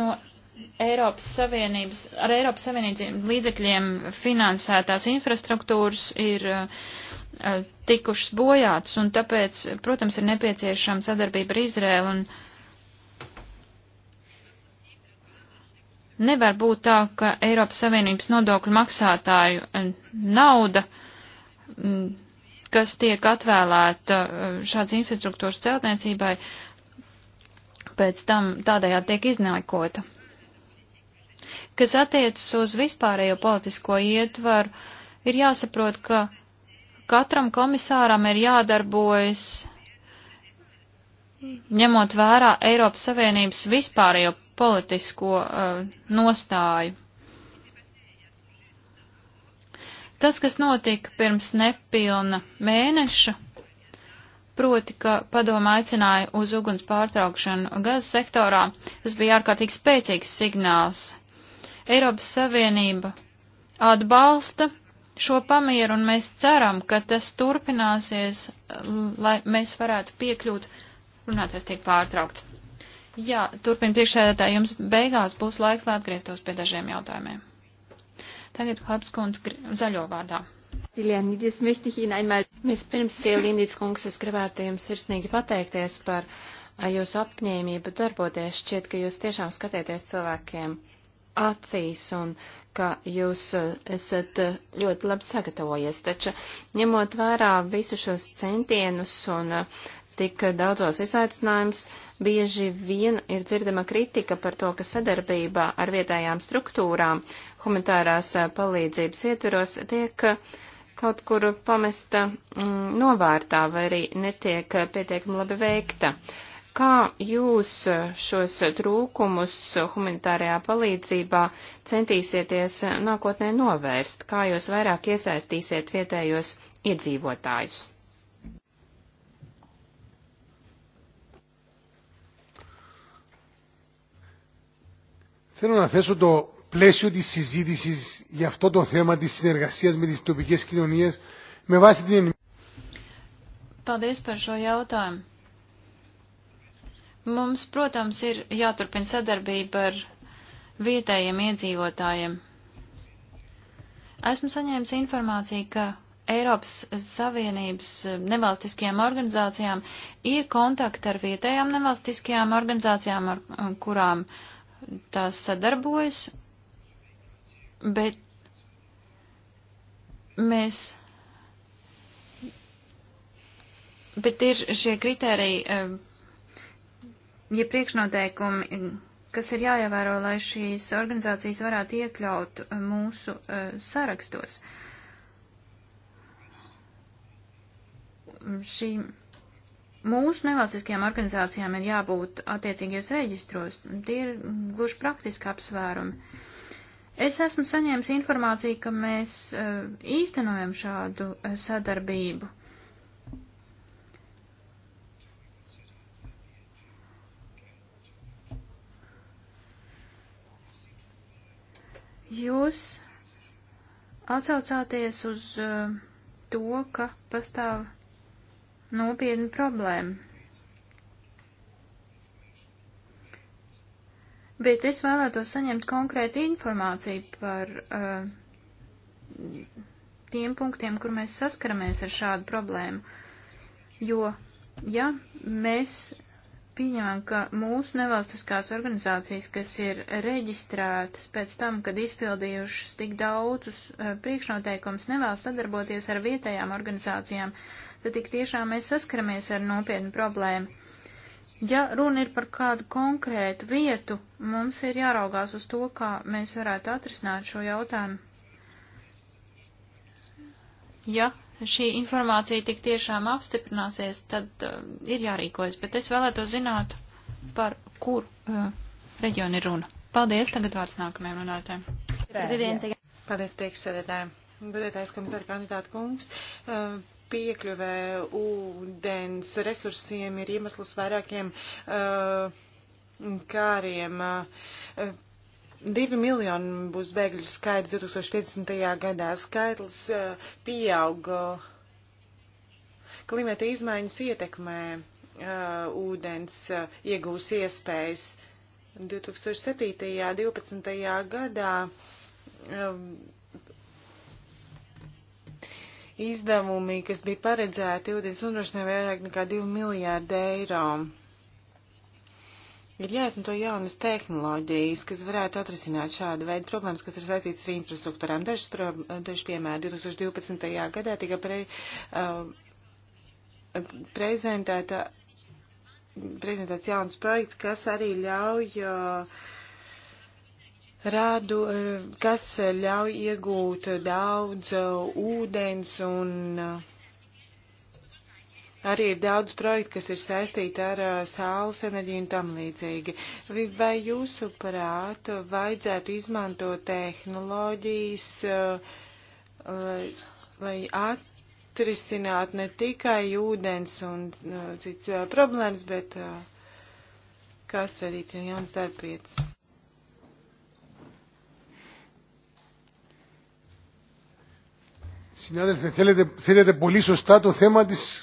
[SPEAKER 1] no Eiropas Savienības, ar Eiropas Savienības līdzekļiem finansētās infrastruktūras ir uh, tikušas bojātas, un tāpēc, protams, ir nepieciešama sadarbība ar Izrēlu, un nevar būt tā, ka Eiropas Savienības nodokļu maksātāju eh, nauda, mm, kas tiek atvēlēta eh, šādas infrastruktūras celtniecībai, pēc tam tādējādi tiek iznaikota. Kas attiecas uz vispārējo politisko ietvaru, ir jāsaprot, ka katram komisāram ir jādarbojas ņemot vērā Eiropas Savienības vispārējo politisko uh, nostāju. Tas, kas notika pirms nepilna mēneša, proti, ka padoma aicināja uz uguns pārtraukšanu gazas sektorā, tas bija ārkārtīgi spēcīgs signāls Eiropas Savienība atbalsta šo pamieru un mēs ceram, ka tas turpināsies, lai mēs varētu piekļūt, runātais tiek pārtraukts. Jā, turpin priekšsēdētāji, jums beigās būs laiks, lai atgrieztos pie dažiem jautājumiem. Tagad Habskunds zaļo vārdā. Viljānīdis, möchte ich Ihnen einmal.
[SPEAKER 3] Vispirms, Sielīnītis kungs, es gribētu jums sirsnīgi pateikties par jūsu apņēmību darboties. Šķiet, ka jūs tiešām skatieties cilvēkiem acīs un ka jūs e, esat e, ļoti labi sagatavojies, taču ņemot vērā visu šos centienus un e, tik daudzos izaicinājumus, bieži vien ir dzirdama kritika par to, ka sadarbība ar vietējām struktūrām humanitārās palīdzības ietveros tiek kaut kur pamesta mm, novārtā vai arī netiek pietiekami labi veikta. Uh, Kā jūs šos trūkumus humanitārajā palīdzībā centīsieties nākotnē novērst? Kā jūs vairāk iesaistīsiet vietējos iedzīvotājus?
[SPEAKER 2] Θέλω να θέσω το πλαίσιο της συζήτησης για αυτό το θέμα της συνεργασίας με τις τοπικές κοινωνίες με βάση την...
[SPEAKER 1] Paldies par šo jautājumu. Mums, protams, ir jāturpina sadarbība ar vietējiem iedzīvotājiem. Esmu saņēmis informāciju, ka Eiropas Savienības nevalstiskajām organizācijām ir kontakti ar vietējām nevalstiskajām organizācijām, ar kurām tās sadarbojas, bet mēs. Bet ir šie kriteriji eh, ja priekšnoteikumi, kas ir jāievēro, lai šīs organizācijas varētu iekļaut uh, mūsu uh, sarakstos. Šī mūsu nevalstiskajām organizācijām ir jābūt attiecīgajos reģistros. Tie ir gluži praktiski apsvērumi. Es esmu saņēmis informāciju, ka mēs uh, īstenojam šādu uh, sadarbību. Jūs atsaucāties uz eh, to, ka pastāv nopietna problēma. Bet es vēlētos saņemt konkrētu informāciju par uh, tiem punktiem, kur mēs saskaramies ar šādu problēmu. Jo, ja mēs pieņēma, ka mūsu nevalstiskās organizācijas, kas ir reģistrētas pēc tam, kad izpildījušas tik daudzus eh, priekšnoteikumus, nevēlas sadarboties ar vietējām organizācijām, tad tik tiešām mēs saskaramies ar nopietnu problēmu. Ja runa ir par kādu konkrētu vietu, mums ir jāraugās uz to, kā mēs varētu atrisināt šo jautājumu. Ja šī informācija tik tiešām apstiprināsies, tad uh, ir jārīkojas, bet es vēlētos zināt, par kur uh, reģionu ir runa. Paldies, tagad vārds nākamajam runātājiem. Prezidenti.
[SPEAKER 4] Paldies, priekšsēdētājiem. Budētājs komisāra kandidāta kungs. Uh, piekļuvē ūdens resursiem ir iemesls vairākiem uh, kāriem. Uh, Divi miljoni būs bēgļu skaits 2050. gadā. Skaitlis uh, eh, pieauga. Eh, klimata izmaiņas ietekmē uh, ūdens uh, iegūs iespējas. 2007. 12. gadā um, izdevumi, kas bija paredzēti ūdens nodrošināja vairāk nekā 2 miljārdu eiro. Ir jāizmanto jaunas tehnoloģijas, kas varētu atrisināt šādu veidu problēmas, kas ir saistītas ar infrastruktūrām. Dažs, dažs piemēri 2012. gadā tika pre, uh, prezentēta, prezentēts jauns projekts, kas arī ļauj uh, rādu, uh, kas ļauj iegūt daudz uh, ūdens un uh, Arī ir daudz projektu, kas ir saistīti ar saules enerģiju un tam līdzīgi. Vai jūsuprāt, vajadzētu izmantot tehnoloģijas, lai atrisināt ne tikai ūdens un cits problēmas, bet kas radītu jaunas darbvietas?
[SPEAKER 2] Συνάδελφε, θέλετε, θέλετε πολύ σωστά το θέμα της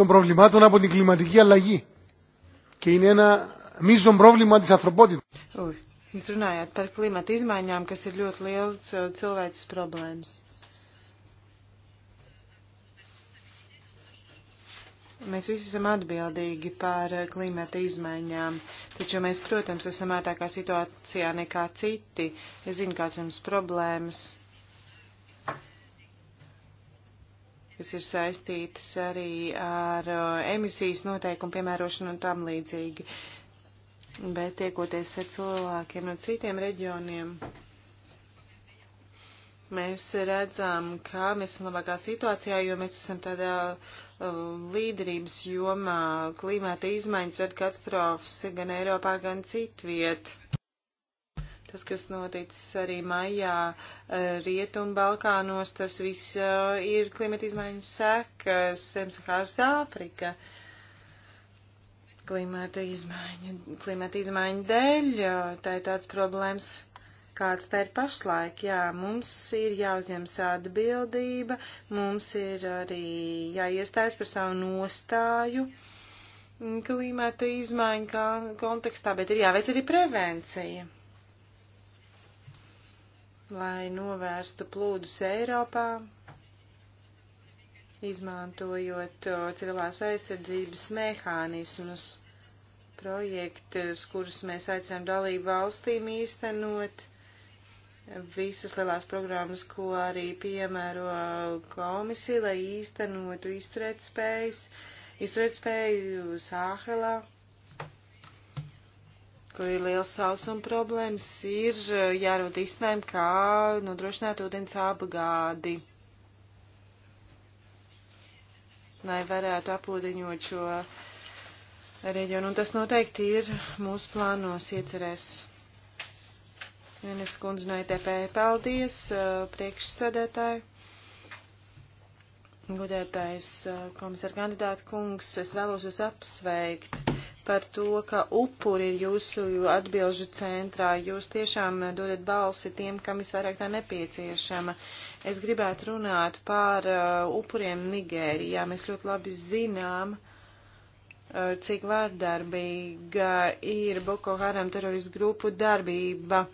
[SPEAKER 2] των προβλημάτων από την κλιματική αλλαγή. Και είναι ένα μείζον πρόβλημα της ανθρωπότητας.
[SPEAKER 4] Jūs runājāt par klimata izmaiņām, kas ir ļoti liels eh, cilvēks problēmas. Mēs visi esam atbildīgi par eh, klimata izmaiņām, taču mēs, protams, esam ētākā situācijā nekā citi. Es zinu, kāds jums problēmas. kas ir saistītas arī ar uh, emisijas noteikumu piemērošanu un tam līdzīgi. Bet tiekoties ar cilvēkiem no citiem reģioniem, mēs redzam, ka mēs esam labākā situācijā, jo mēs esam tādā uh, līderības jomā klimata izmaiņas rada katastrofas gan Eiropā, gan citviet. Tas, kas noticis arī maijā eh, Rietumbalkānos, tas viss eh, ir klimata izmaiņu sekas, Zemsahāras Āfrika. Klimata izmaiņu, klimata izmaiņu dēļ, eh, tā ir tāds problēmas, kāds tā ir pašlaik. Jā, mums ir jāuzņems atbildība, mums ir arī jāiestājas par savu nostāju klimata izmaiņu kontekstā, bet ir jāveic arī prevencija lai novērstu plūdus Eiropā, izmantojot civilās aizsardzības mehānismus, projektus, kurus mēs aicinām dalību valstīm īstenot, visas lielās programmas, ko arī piemēro komisija, lai īstenotu izturēt spējas, izturēt spēju Sāhelā kur ir liels sausuma problēmas, ir eh, jārod izsnēm, kā nodrošināt ūdens apgādi, lai varētu apūdeņot šo reģionu. Un tas noteikti ir mūsu plānos iecerēs. Vienes kundze no ETP, paldies, eh, priekšsēdētāji. Gudētais eh, komisāra kandidāta kungs, es vēlos jūs apsveikt par to, ka upuri ir jūsu atbilžu centrā. Jūs tiešām dodat balsi tiem, kam visvairāk tā nepieciešama. Es gribētu runāt par uh, upuriem Nigērijā. Mēs ļoti labi zinām, uh, cik vārdarbīga ir Boko Haram teroristu grupu darbība.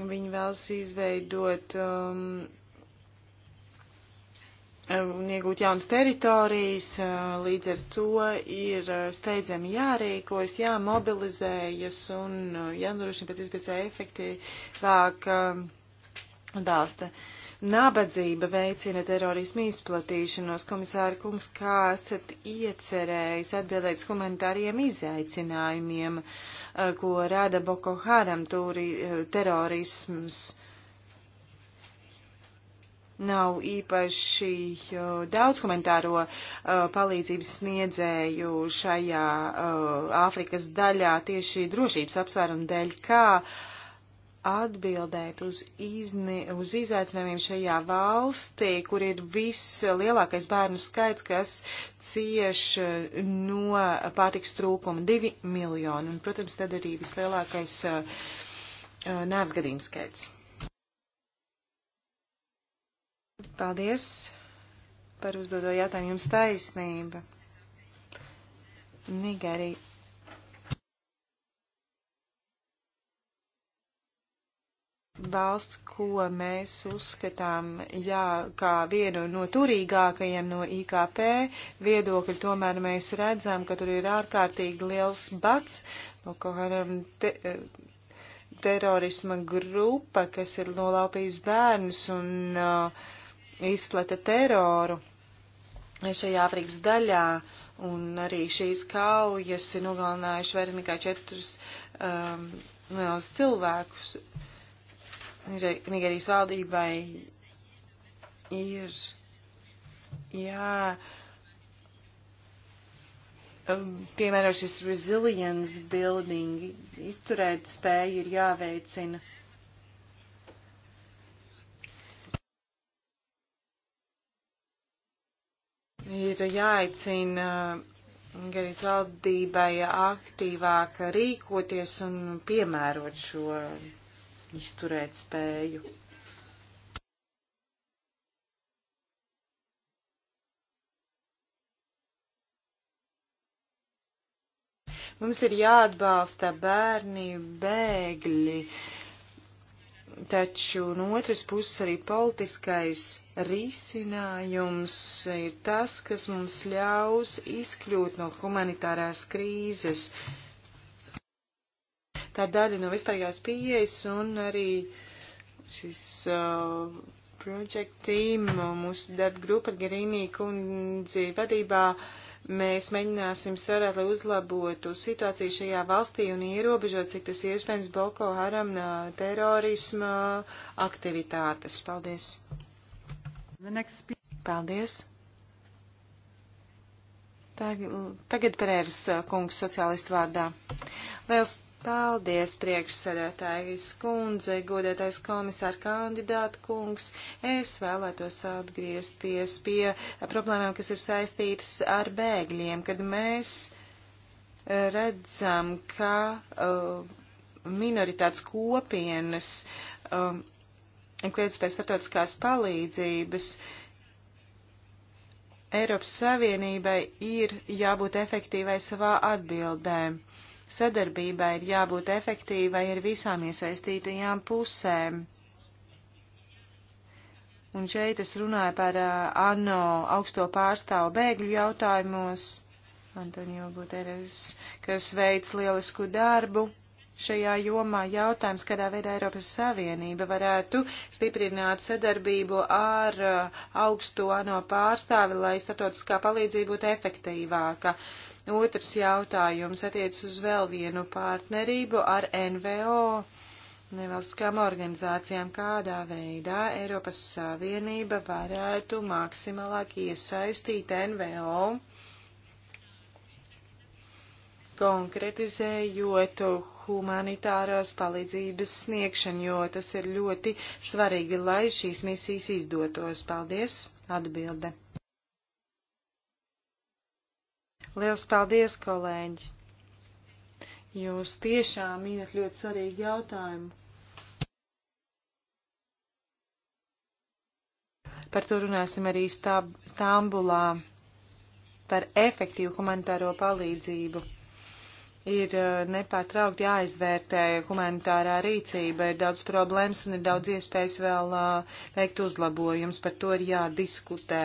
[SPEAKER 4] Viņi vēlas izveidot um, un um, iegūt jaunas teritorijas, uh, līdz ar to ir uh, steidzami jārīkojas, jāmobilizējas un uh, jānodrošina pēc iespējas efektīvāk dāsta. Um, Nabadzība veicina terorismu izplatīšanos. Komisāra kungs, kā esat iecerējis atbildēt uz humanitāriem izaicinājumiem, ko rada Boko Haram turi, terorisms? Nav īpaši daudz komentāro uh, palīdzības sniedzēju šajā uh, Āfrikas daļā tieši drošības apsvērumu dēļ, kā atbildēt uz, izni, uz izaicinājumiem šajā valstī, kur ir vislielākais bērnu skaits, kas cieš uh, no pārtiks trūkuma - divi miljoni. Un, protams, tad arī vislielākais nāves gadījums skaits. Paldies par uzdodo jautājumu. Jums taisnība. Nigerija. Valsts, ko mēs uzskatām jā, kā vienu no turīgākajiem no IKP viedokļa, tomēr mēs redzam, ka tur ir ārkārtīgi liels bats no nu, kaut kādam te, eh, terorisma grupa, kas ir nolaupījis bērnus un uh, izplata teroru šajā Āfrikas daļā, un arī šīs kaujas ir nogalinājuši vairāk nekā četrus um, lielus cilvēkus. Nigērijas valdībai ir, jā, um, piemēram, šis resilience building, izturēt spēju ir jāveicina. Uh, ir jāaicina Ungarijas valdībai aktīvāk rīkoties un piemērot šo izturēt spēju. Mums ir jāatbalsta bērni, bēgļi. Uh, Taču no otras puses arī politiskais risinājums ir tas, kas mums ļaus izkļūt no humanitārās krīzes. Tā daļa no vispārējās pieejas un arī šis uh, project team, mūsu darba grupa Garīnī kundzi vadībā uh, Mēs mēģināsim strādāt, lai uzlabotu situāciju šajā valstī un ierobežot, cik tas iespējams, Boko Haram terorisma aktivitātes. Paldies! Paldies! Tagad, tagad Pērēras kungs sociālistu vārdā. Liels Paldies, priekšsēdētājs kundze, godētais komisāra kandidāta kungs. Es vēlētos atgriezties pie problēmām, kas ir saistītas ar bēgļiem, kad mēs eh, redzam, ka uh, minoritātes kopienas um, eh, kliedz pēc startautiskās palīdzības. Eiropas Savienībai ir jābūt efektīvai savā atbildēm. Uh, Sadarbībai ir jābūt efektīvai ar visām iesaistītajām pusēm. Un šeit es runāju par uh, ANO augsto pārstāvu bēgļu jautājumos, Antonio Guterres, kas veic lielisku darbu. Šajā jomā jautājums, kādā veidā Eiropas Savienība varētu stiprināt sadarbību ar uh, augsto ANO pārstāvi, lai statotiskā palīdzība būtu efektīvāka. Uh, Otrs jautājums attiec uz vēl vienu partnerību ar NVO nevalstiskām organizācijām, kādā veidā Eiropas Savienība varētu maksimālāk iesaistīt NVO, konkretizējot humanitāros palīdzības sniegšanu, jo tas ir ļoti svarīgi, lai šīs misijas izdotos. Paldies! Atbilde. Liels paldies, kolēģi! Jūs tiešām minat ļoti svarīgu jautājumu. Par to runāsim arī Stab Stambulā, par efektīvu humanitāro palīdzību. Ir uh, nepārtraukti jāizvērtē humanitārā rīcība, ir daudz problēmas un ir daudz iespējas vēl uh, veikt uzlabojumus, par to ir jādiskutē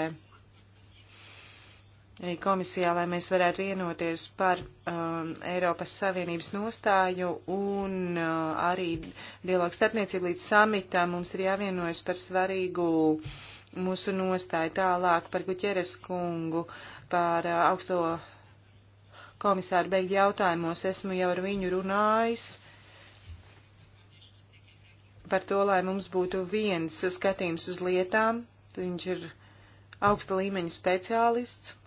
[SPEAKER 4] komisijā, lai mēs varētu vienoties par um, Eiropas Savienības nostāju un uh, arī dialogu starpniecību līdz samitā mums ir jāvienojas par svarīgu mūsu nostāju tālāk par Guķeres kungu, par uh, augsto komisāru beigļu jautājumos. Esmu jau ar viņu runājis par to, lai mums būtu viens skatījums uz lietām. Viņš ir augsta līmeņa speciālists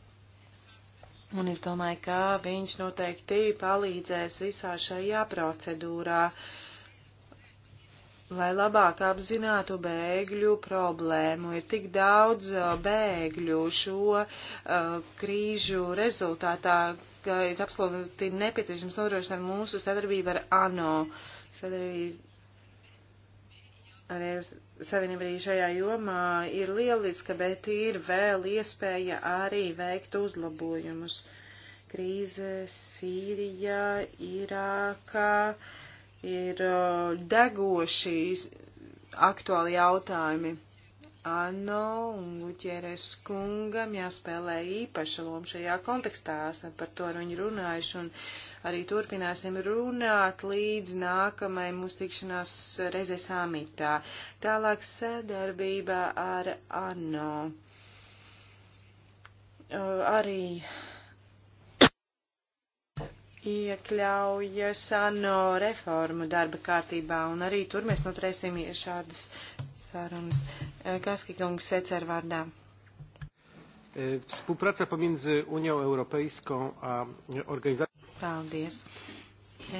[SPEAKER 4] Un es domāju, ka viņš noteikti palīdzēs visā šajā procedūrā, lai labāk apzinātu bēgļu problēmu. Ir tik daudz uh, bēgļu šo uh, krīžu rezultātā, ka ir absolūti nepieciešams nodrošināt mūsu sadarbību ar ANO. Sadarbības ar Savienību arī šajā jomā ir lieliska, bet ir vēl iespēja arī veikt uzlabojumus. Krīze Sīrijā, Irākā ir degoši aktuāli jautājumi. Ano un Guķieres kungam jāspēlē īpaša loma šajā kontekstā, esam par to ar viņu runājuši, un arī turpināsim runāt līdz nākamai mūsu tikšanās reizē samitā. Tālāk sadarbība ar ANO. Arī iekļaujas ANO reformu darba kārtībā, un arī tur mēs noturēsim šādas sarunas. Kaskikungs secer vārdā.
[SPEAKER 2] Współpraca pomiędzy Unią Europejską a organizacją Paldies.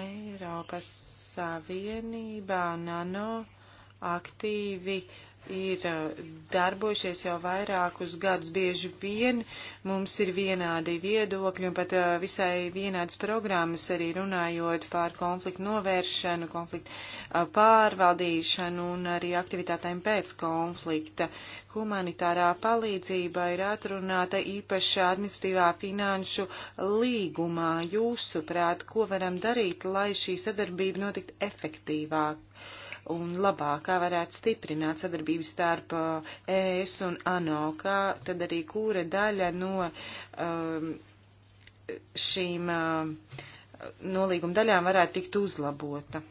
[SPEAKER 4] Eiropas Savienībā nano aktīvi uh, ir darbojušies jau vairākus gadus. Bieži vien mums ir vienādi viedokļi un pat visai vienādas programmas arī runājot pār konfliktu novēršanu, konfliktu pārvaldīšanu un arī aktivitātēm pēc konflikta. Humanitārā palīdzība ir atrunāta īpašā administratīvā finanšu līgumā. Jūsuprāt, ko varam darīt, lai šī sadarbība notikt efektīvāk? un labākā varētu stiprināt sadarbību starp uh, ES un ANO, kā tad arī kura daļa no um, šīm um, nolīguma daļām varētu tikt uzlabota.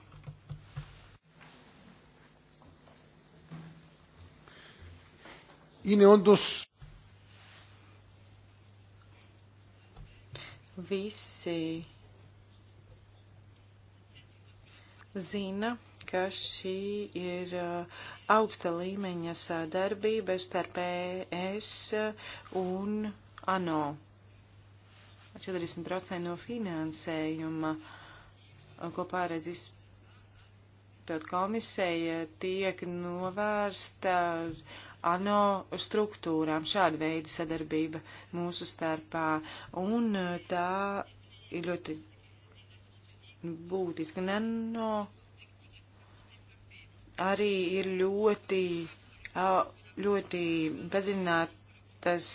[SPEAKER 2] Είναι όντως
[SPEAKER 4] visi zina, ka šī ir uh, augsta līmeņa sadarbība starp ES un ANO. 40% no finansējuma, uh, ko pārēdz izpildīt komisija, tiek novērsta ANO struktūrām, šāda veida sadarbība mūsu starpā, un uh, tā ir ļoti būtiska. ANO arī ir ļoti, ļoti padziļinātas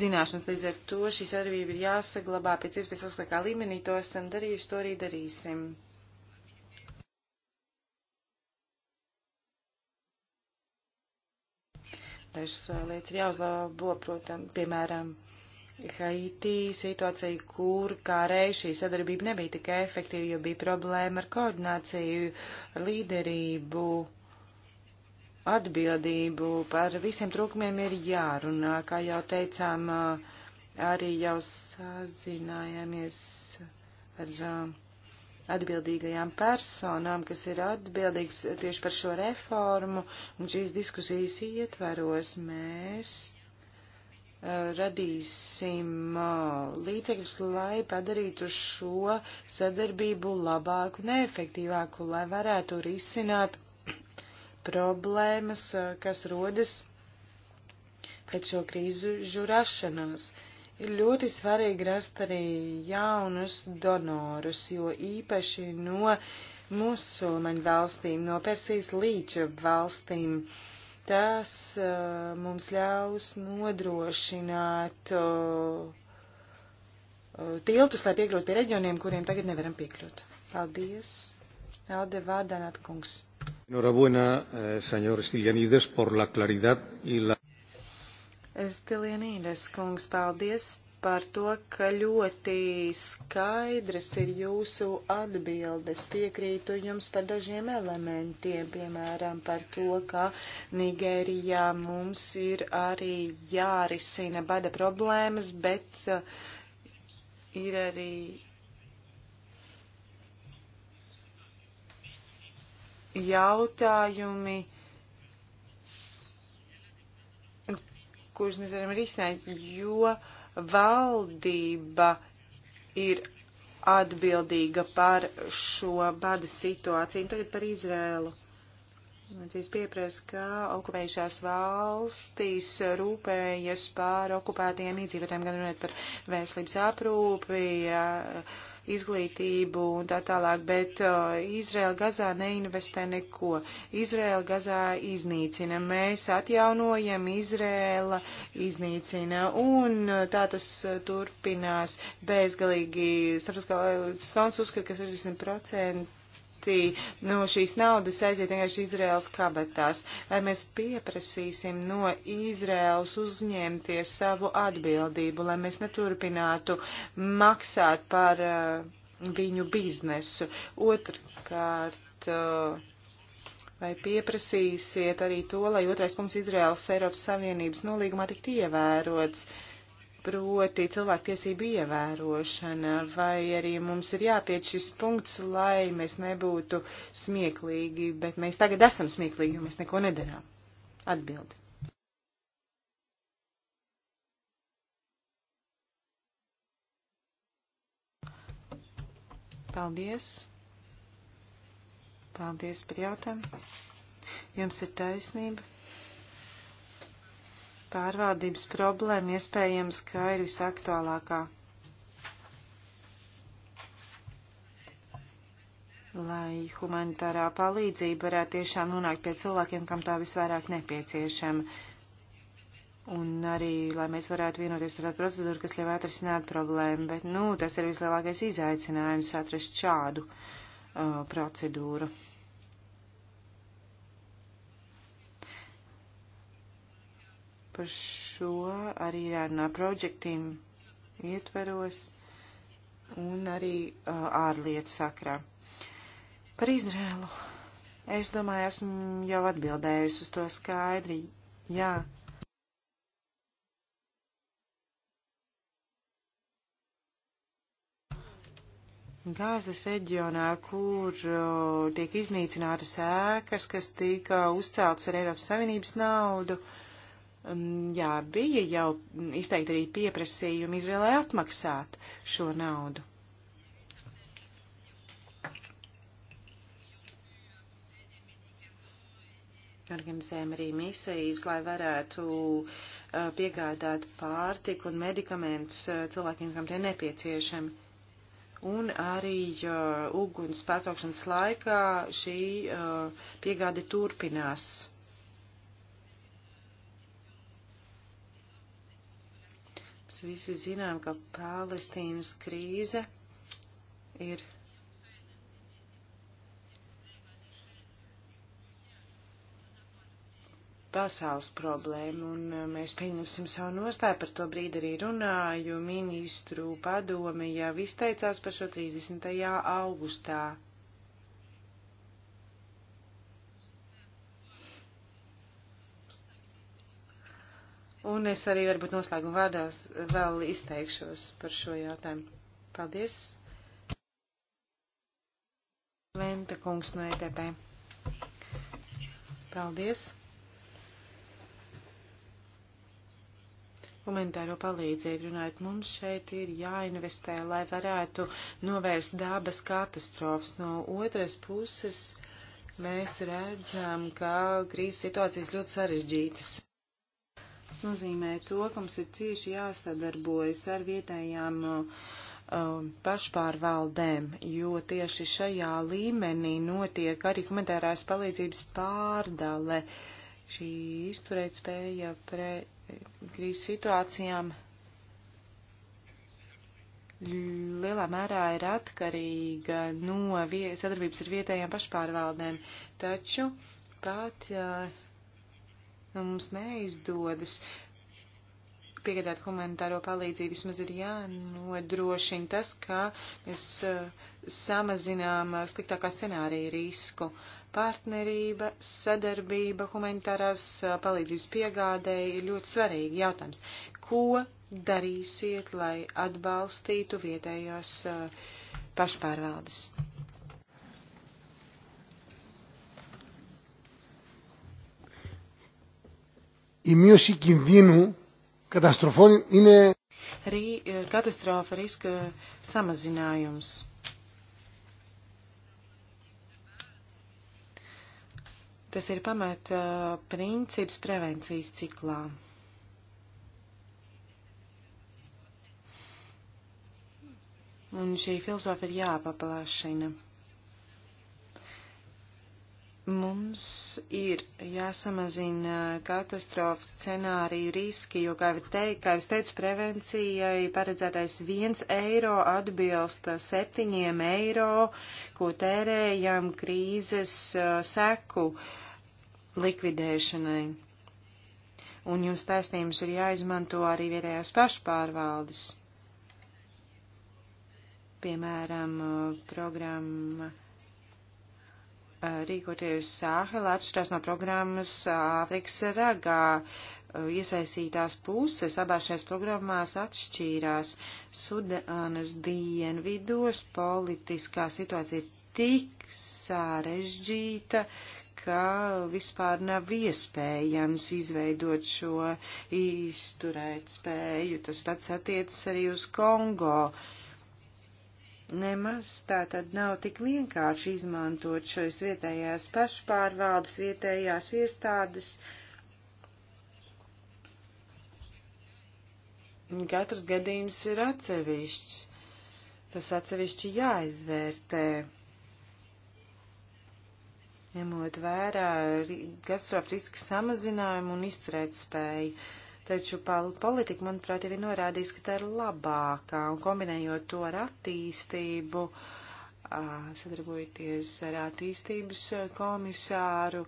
[SPEAKER 4] zināšanas. Līdz ar to šī sadarbība ir jāsaglabā pēc iespējas augstākā līmenī. To esam darījuši, to arī darīsim. Dažas lietas ir jāuzlabo, protams, piemēram, Haiti situācija, kur kā reiz šī sadarbība nebija tik efektīva, jo bija problēma ar koordināciju, ar līderību, atbildību. Par visiem trūkumiem ir jārunā, kā jau teicām, arī jau sazinājāmies ar uh, atbildīgajām personām, kas ir atbildīgs tieši par šo reformu, un šīs diskusijas ietveros mēs radīsim uh, līdzekļus, lai padarītu šo sadarbību labāku, neefektīvāku, lai varētu risināt problēmas, uh, kas rodas pēc šo krīžu rašanās. Ir ļoti svarīgi rast arī jaunus donorus, jo īpaši no musulmaņu valstīm, no Persijas līča valstīm. Uh, Tas uh, mums ļaus nodrošināt uh, tiltus, lai piekļūtu pie reģioniem, kuriem tagad nevaram piekļūt. Paldies. Alde Vādanāt kungs.
[SPEAKER 2] Enhorabuena, senor Stiljanides, por la claridad y la.
[SPEAKER 4] Stiljanides kungs, paldies par to, ka ļoti skaidras ir jūsu atbildes. Piekrītu jums par dažiem elementiem, piemēram, par to, ka Nigērijā mums ir arī jārisina bada problēmas, bet uh, ir arī. Jautājumi. kurus mēs varam risināt, jo uh, valdība ir atbildīga par šo bada situāciju. Un tagad par Izrēlu. Mēs pieprasa, ka okupējušās valstīs rūpējas par okupētajiem iedzīvotājiem, gan runāt par veselības aprūpi, izglītību un tā tālāk, bet uh, Izraela Gazā neinvestē neko. Izraela Gazā iznīcina, mēs atjaunojam, Izraela iznīcina un uh, tā tas uh, turpinās bezgalīgi. Starptautiskā valsts uh, fonds uzskata, ka 60% pati no nu, šīs naudas aiziet vienkārši Izraels kabatās, vai mēs pieprasīsim no Izraels uzņemties savu atbildību, lai mēs neturpinātu maksāt par uh, viņu biznesu. Otrkārt, uh, vai pieprasīsiet arī to, lai otrais punkts Izraels Eiropas Savienības nolīgumā tiktu ievērots? Uh, proti cilvēktiesību ievērošana, vai arī mums ir jātiek šis punkts, lai mēs nebūtu smieklīgi, bet mēs tagad esam smieklīgi, jo mēs neko nedarām. Atbildi. Paldies. Paldies par jautājumu. Jums ir taisnība pārvaldības problēma iespējams, ka ir visaktuālākā. lai humanitārā palīdzība varētu tiešām nonākt pie cilvēkiem, kam tā visvairāk nepieciešama. Un arī, lai mēs varētu vienoties par tādu procedūru, kas ļauj atrisināt problēmu, bet, nu, tas ir vislielākais izaicinājums atrast šādu uh, procedūru. par šo arī jārunā projektiem ietveros un arī uh, ārlietu sakrā. Par Izrēlu. Es domāju, esmu jau atbildējusi uz to skaidri. Jā, Gāzes reģionā, kur tiek iznīcinātas ēkas, kas tika uzceltas ar Eiropas Savienības naudu, Um, jā, bija jau izteikti arī pieprasījumi Izrēlē atmaksāt šo naudu. Organizējam arī misijas, lai varētu uh, piegādāt pārtiku un medikamentus uh, cilvēkiem, kam tie nepieciešami. Un arī uh, uguns pārtraukšanas laikā šī uh, piegāde turpinās. Mēs visi zinām, ka Palestīnas krīze ir pasaules problēma, un uh, mēs pieņemsim savu nostāju par to brīdi arī runāju. Ministru padome jau izteicās par šo 30. augustā. Un es arī varbūt noslēguma vārdās vēl izteikšos par šo jautājumu. Paldies! Venta kungs no ETP. Paldies! Komentāro palīdzību runājot, mums šeit ir jāinvestē, lai varētu novērst dabas katastrofas. No otras puses, mēs redzam, ka krīzes situācijas ļoti sarežģītas. Tas nozīmē to, ka mums ir cieši jāsadarbojas ar vietējām um, pašpārvaldēm, jo tieši šajā līmenī notiek arī humanitārās palīdzības pārdale. Šī izturētspēja pre krīzes situācijām lielā mērā ir atkarīga no sadarbības ar vietējām pašpārvaldēm, taču pat uh, Nu, mums neizdodas piegādāt humanitāro palīdzību, vismaz ir jānodrošina tas, ka mēs eh, samazinām eh, sliktākā scenārija risku. Partnerība, sadarbība, humanitārās eh, palīdzības piegādēji ir ļoti svarīgi jautājums. Ko darīsiet, lai atbalstītu vietējās pašpārvaldes?
[SPEAKER 2] η μείωση κινδύνου καταστροφών είναι.
[SPEAKER 4] Arī katastrofa riska samazinājums. Tas ir pamat princips prevencijas ciklā. Un šī filozofija ir jāpaplašina. Mums ir jāsamazina katastrofu scenāriju riski, jo, kā jau teicu, kā jau teicu, prevencijai paredzētais viens eiro atbilst septiņiem eiro, ko tērējam krīzes seku likvidēšanai. Un jums taisnības ir jāizmanto arī vietējās pašpārvaldes. Piemēram, programma rīkoties Sāhela atšķirās no programmas Āfrikas ragā. Iesaistītās puses abās šajās programmās atšķīrās. Sudānas dienvidos politiskā situācija ir tik sarežģīta, ka vispār nav iespējams izveidot šo izturēt spēju. Tas pats attiecas arī uz Kongo. Uh, Nemaz tā tad nav tik vienkārši izmantot šais vietējās pašpārvaldes, vietējās iestādes. Katrs gadījums ir atsevišķs. Tas atsevišķi jāizvērtē ņemot vērā gastrofriska samazinājumu un izturēt spēju. Taču politika, manuprāt, ir norādījusi, ka tā ir labākā, un kombinējot to ar attīstību, sadarbojoties ar attīstības komisāru,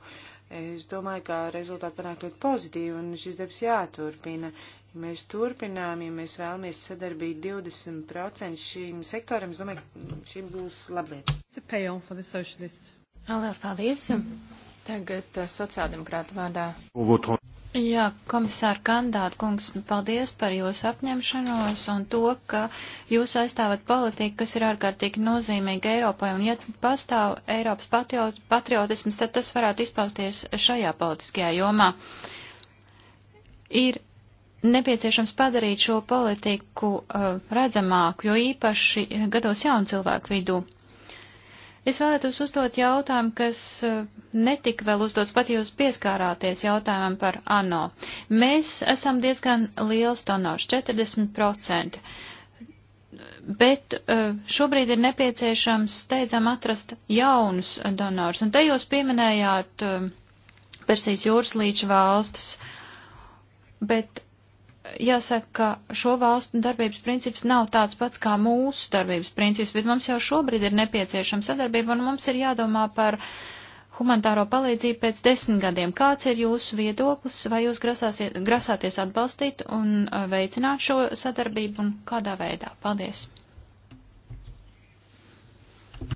[SPEAKER 4] es domāju, ka rezultāti panāk ļoti pozitīvi, un šis darbs jāturpina. Ja mēs turpinām, ja mēs vēlamies sadarbīt 20% šīm sektoram, es domāju, šī būs lablieta.
[SPEAKER 1] Lielas paldies! Tagad sociāldemokrāta
[SPEAKER 2] vārdā.
[SPEAKER 1] Jā, komisāra kandāta kungs, paldies par jūsu apņemšanos un to, ka jūs aizstāvat politiku, kas ir ārkārtīgi nozīmīga Eiropai, un ja pastāv Eiropas patriotisms, tad tas varētu izpausties šajā politiskajā jomā. Ir nepieciešams padarīt šo politiku uh, redzamāku, jo īpaši gados jaunu cilvēku vidū. Es vēlētos uzdot jautājumu, kas eh, netika vēl uzdots, pat jūs pieskārāties jautājumam par ANO. Mēs esam diezgan liels donors, 40%, bet eh, šobrīd ir nepieciešams steidzam atrast jaunus donors. Un te jūs pieminējāt eh, Persijas jūras līča valstis, bet jāsaka, ka šo valstu darbības princips nav tāds pats kā mūsu darbības princips, bet mums jau šobrīd ir nepieciešama sadarbība un mums ir jādomā par humanitāro palīdzību pēc desmit gadiem. Kāds ir jūsu viedoklis, vai jūs grasāties atbalstīt un uh, veicināt šo sadarbību un kādā veidā? Paldies!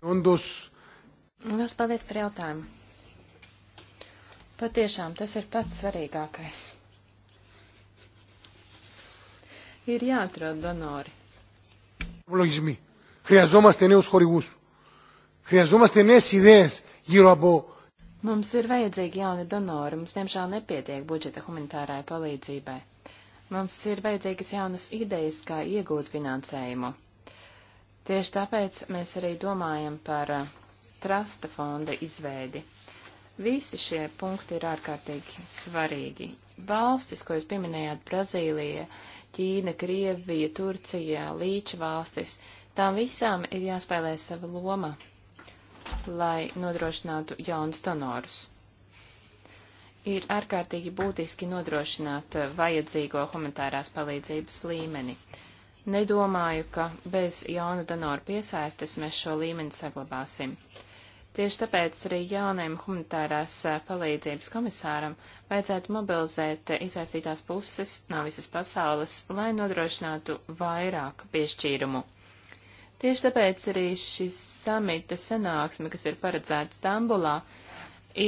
[SPEAKER 2] Undus. Lielas paldies par jautājumu.
[SPEAKER 1] Patiešām
[SPEAKER 3] tas ir pats svarīgākais. Ir jāatrod donori.
[SPEAKER 2] Λογισμοί. Χρειαζόμαστε νέους χορηγούς. Χρειαζόμαστε νέες ιδέες γύρω από...
[SPEAKER 3] Mums ir vajadzīgi jauni donori, mums diemžēl nepietiek budžeta humanitārai palīdzībai. Mums ir vajadzīgas jaunas idejas, kā iegūt finansējumu. Tieši tāpēc mēs arī domājam par eh, trasta fonda izveidi. Visi šie punkti ir ārkārtīgi svarīgi. Valstis, ko jūs pieminējāt, Brazīlija, Ķīna, Krievija, Turcija, līča valstis, tām visām ir jāspēlē sava loma, lai nodrošinātu jaunus donorus. Ir ārkārtīgi būtiski nodrošināt vajadzīgo humanitārās palīdzības līmeni. Nedomāju, ka bez jaunu donoru piesaistes mēs šo līmeni saglabāsim. Tieši tāpēc arī jaunajam humanitārās palīdzības komisāram vajadzētu mobilizēt izvērstītās puses no visas pasaules, lai nodrošinātu vairāk piešķīrumu. Tieši tāpēc arī šis samita sanāksme, kas ir paredzēta Stambulā,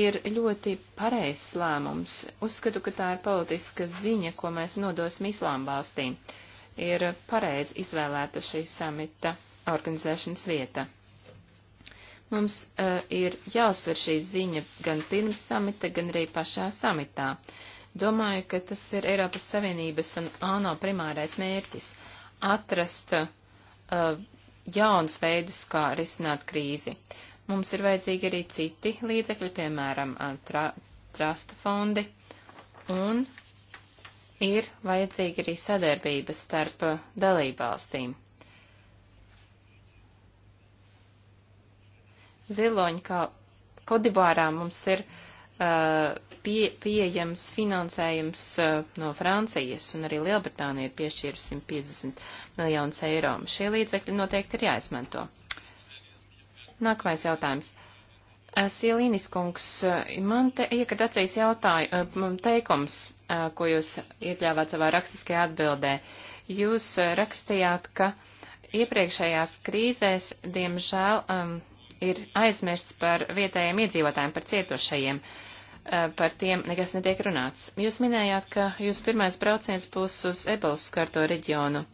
[SPEAKER 3] ir ļoti pareizs lēmums. Uzskatu, ka tā ir politiska ziņa, ko mēs nodosim islām valstīm. Ir pareizi izvēlēta šī samita organizēšanas vieta. Mums uh, ir jāuzsver šī ziņa gan pirms samita, gan arī pašā samitā. Domāju, ka tas ir Eiropas Savienības un ANO primārais mērķis - atrast uh, jaunus veidus, kā risināt krīzi. Mums ir vajadzīgi arī citi līdzekļi, piemēram, eh, tra trasta fondi, un ir vajadzīga arī sadarbība starp dalībvalstīm. ziloņi, kā Kodibārā mums ir uh, pie, pieejams finansējums uh, no Francijas, un arī Lielbritānija ir piešķīrusi 150 miljonus eiro. Šie līdzekļi noteikti ir jāizmanto. Nākamais jautājums. Uh, Sielīnis kungs, uh, man te iekad acīs jautāja, uh, teikums, ko jūs iekļāvāt savā rakstiskajā atbildē. Jūs rakstījāt, ka iepriekšējās krīzēs, diemžēl, um, ir aizmirsts par vietējiem iedzīvotājiem, par cietošajiem, eh, par tiem nekas netiek runāts. Jūs minējāt, ka jūs pirmais brauciens būs uz Ebolas skarto reģionu.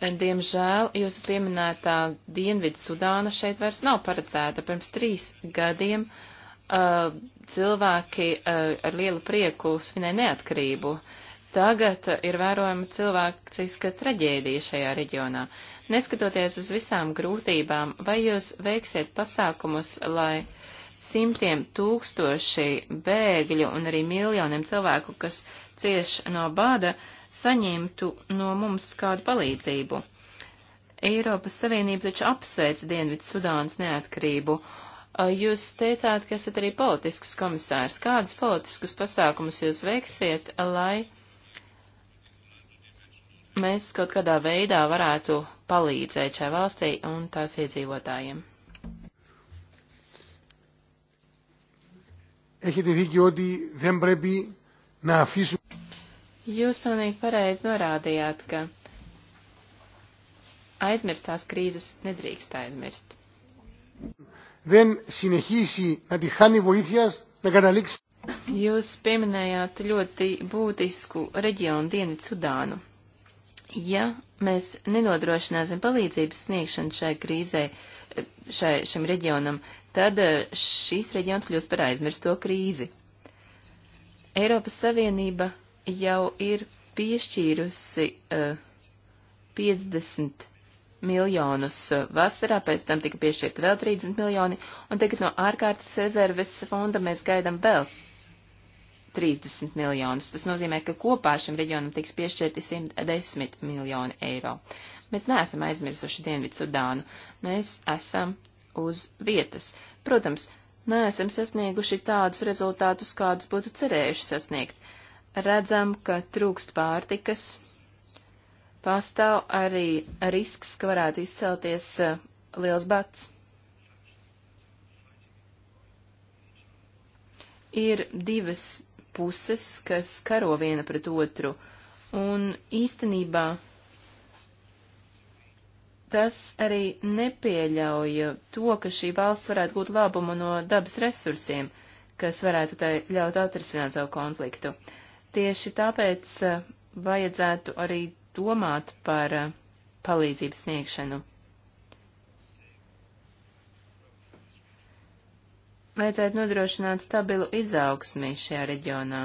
[SPEAKER 3] Diemžēl jūsu pieminētā Dienvidu Sudāna šeit vairs nav paredzēta. Pirms trīs gadiem uh, cilvēki uh, ar lielu prieku svinēja neatkarību. Tagad ir vērojama cilvēciska traģēdija šajā reģionā. Uh, Neskatoties uz visām grūtībām, vai jūs veiksiet pasākumus, lai simtiem tūkstoši bēgļu un arī miljoniem cilvēku, kas cieš no bada, saņemtu no mums kādu palīdzību? Eiropas Savienība taču apsveic Dienvidu Sudānas neatkarību. Jūs teicāt, ka esat arī politisks komisārs. Kādus politiskus pasākumus jūs veiksiet, lai mēs kaut kādā veidā varētu palīdzēt šai valstī un tās iedzīvotājiem.
[SPEAKER 2] Έχετε δίκιο ότι δεν πρέπει να αφήσουμε.
[SPEAKER 3] Jūs pilnīgi pareizi norādījāt, ka aizmirstās krīzes nedrīkst aizmirst.
[SPEAKER 2] Δεν συνεχίσει να τη χάνει βοήθειας να καταλήξει.
[SPEAKER 3] Jūs pieminējāt ļoti būtisku reģionu Dienvidu Sudānu ja mēs nenodrošināsim palīdzības sniegšanu šai krīzē, šai, šim reģionam, tad eh, šīs reģions kļūs par aizmirsto krīzi. Eiropas Savienība jau ir piešķīrusi uh, eh, 50 miljonus vasarā, pēc tam tika piešķirta vēl 30 miljoni, un tagad no ārkārtas rezerves fonda mēs gaidām vēl 30 miljonus. Tas nozīmē, ka kopā šim reģionam tiks piešķirti 110 miljoni eiro. Mēs neesam aizmirsuši Dienvidu Sudānu. Mēs esam uz vietas. Protams, neesam sasnieguši tādus rezultātus, kādus būtu cerējuši sasniegt. Redzam, ka trūkst pārtikas. Pastāv arī risks, ka varētu izcelties uh, liels bats. Ir divas puses, kas karo viena pret otru. Un īstenībā tas arī nepieļauj to, ka šī valsts varētu gūt labumu no dabas resursiem, kas varētu tai ļaut atrisināt savu konfliktu. Tieši tāpēc eh, vajadzētu arī domāt par eh, palīdzības sniegšanu. vajadzētu nodrošināt stabilu izaugsmi šajā reģionā.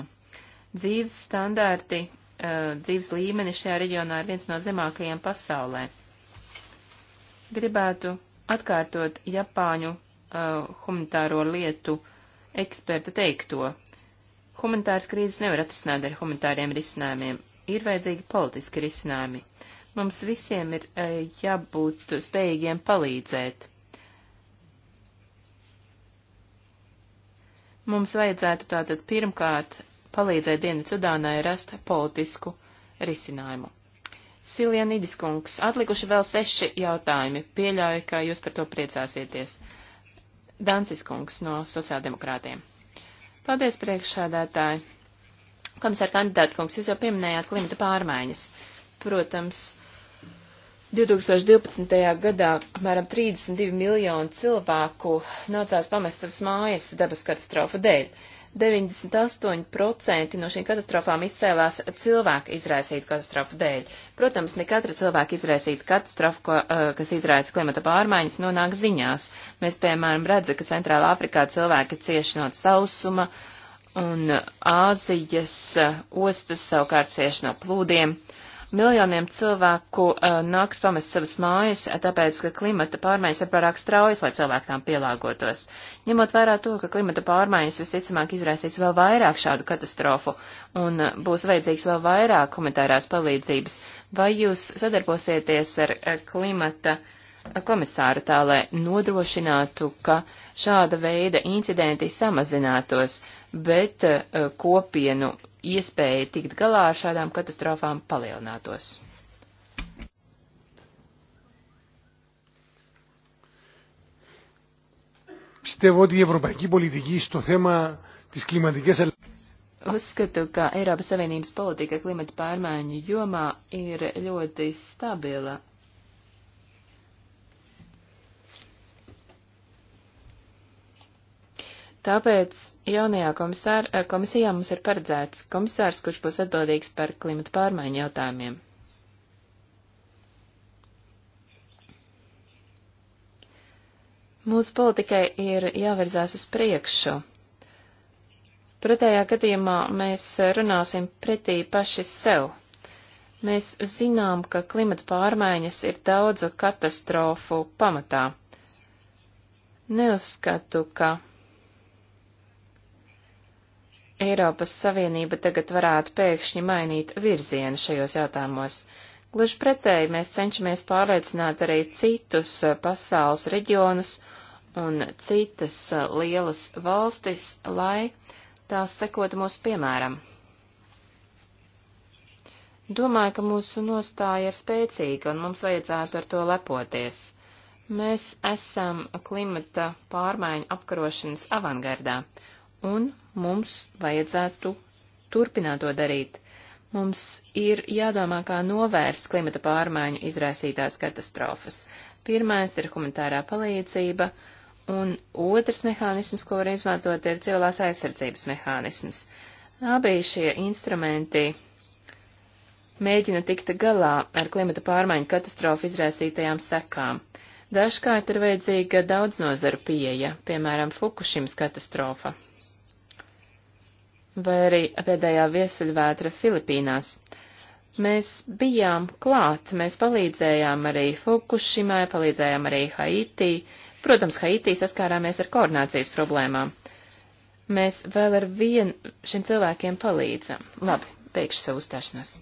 [SPEAKER 3] Dzīves standarti, eh, dzīves līmeni šajā reģionā ir viens no zemākajiem pasaulē. Gribētu atkārtot Japāņu uh, humanitāro lietu eksperta teikto. Humanitāras krīzes nevar atrisināt ar humanitāriem risinājumiem. Ir vajadzīgi politiski risinājumi. Mums visiem ir uh, jābūt spējīgiem palīdzēt Mums vajadzētu tātad pirmkārt palīdzēt Dienvidzudānai rast politisku risinājumu. Silija Nidiskungs, atlikuši vēl seši jautājumi. Pieļauju, ka jūs par to priecāsieties. Danciskungs no sociāldemokrātiem. Paldies, priekšsādātāji. Komisāra kandidāta kungs, jūs jau pieminējāt klimata pārmaiņas. Protams, 2012. gadā apmēram 32 miljonu cilvēku nācās pamest savas mājas dabas katastrofu dēļ. 98% no šīm katastrofām izcēlās cilvēku izraisītu katastrofu dēļ. Protams, ne katra cilvēka izraisīta katastrofa, ko, eh, kas izraisa klimata pārmaiņas, nonāk ziņās. Mēs, piemēram, redzam, ka Centrālā Afrikā cilvēki cieši no sausuma un Āzijas eh, ostas savukārt cieši no plūdiem. Uh, Miljoniem cilvēku uh, nāks pamest savas mājas, uh, tāpēc, ka klimata pārmaiņas ir pārāk straujas, lai cilvēki tām pielāgotos. Ņemot vērā to, ka klimata pārmaiņas visticamāk izraisīs vēl vairāk šādu katastrofu un uh, būs vajadzīgs vēl vairāk humanitārās palīdzības, vai jūs sadarbosieties ar uh, klimata komisāru tā, lai nodrošinātu, ka šāda veida incidenti samazinātos, bet uh, kopienu iespēja tikt galā ar šādām katastrofām palielinātos.
[SPEAKER 2] Πιστεύω ότι η ευρωπαϊκή πολιτική στο θέμα της κλιματικής αλλαγής.
[SPEAKER 3] Uzskatu, ka Eiropas Savienības politika klimata pārmaiņu jomā ir ļoti stabila Tāpēc jaunajā komisār, eh, komisijā mums ir paredzēts komisārs, kurš būs atbildīgs par klimata pārmaiņu jautājumiem. Mūsu politikai ir jāvirzās uz priekšu. Pretējā gadījumā mēs runāsim pretī paši sev. Mēs zinām, ka klimata pārmaiņas ir daudzu katastrofu pamatā. Neuzskatu, ka Eiropas Savienība tagad varētu pēkšņi mainīt virzienu šajos jautājumos. Gluži pretēji mēs cenšamies pārliecināt arī citus eh, pasaules reģionus un citas eh, lielas valstis, lai tās sekotu mūsu piemēram. Domāju, ka mūsu nostāja ir spēcīga un mums vajadzētu ar to lepoties. Mēs esam klimata pārmaiņu apkarošanas avangardā un mums vajadzētu turpināt to darīt. Mums ir jādomā, kā novērst klimata pārmaiņu izraisītās katastrofas. Pirmais ir humanitārā palīdzība, un otrs mehānisms, ko var izmantot, ir civilās aizsardzības mehānisms. Abi šie instrumenti mēģina tikt galā ar klimata pārmaiņu katastrofu izraisītajām sekām. Dažkārt ir vajadzīga daudz nozaru pieeja, piemēram, Fukušims katastrofa vai arī pēdējā viesuļvētra Filipīnās. Mēs bijām klāt, mēs palīdzējām arī Fukushimai, palīdzējām arī Haitī. Protams, Haitī saskārāmies ar koordinācijas problēmām. Mēs vēl ar vienu šiem cilvēkiem palīdzam. Labi, beigšu savu uzstāšanos.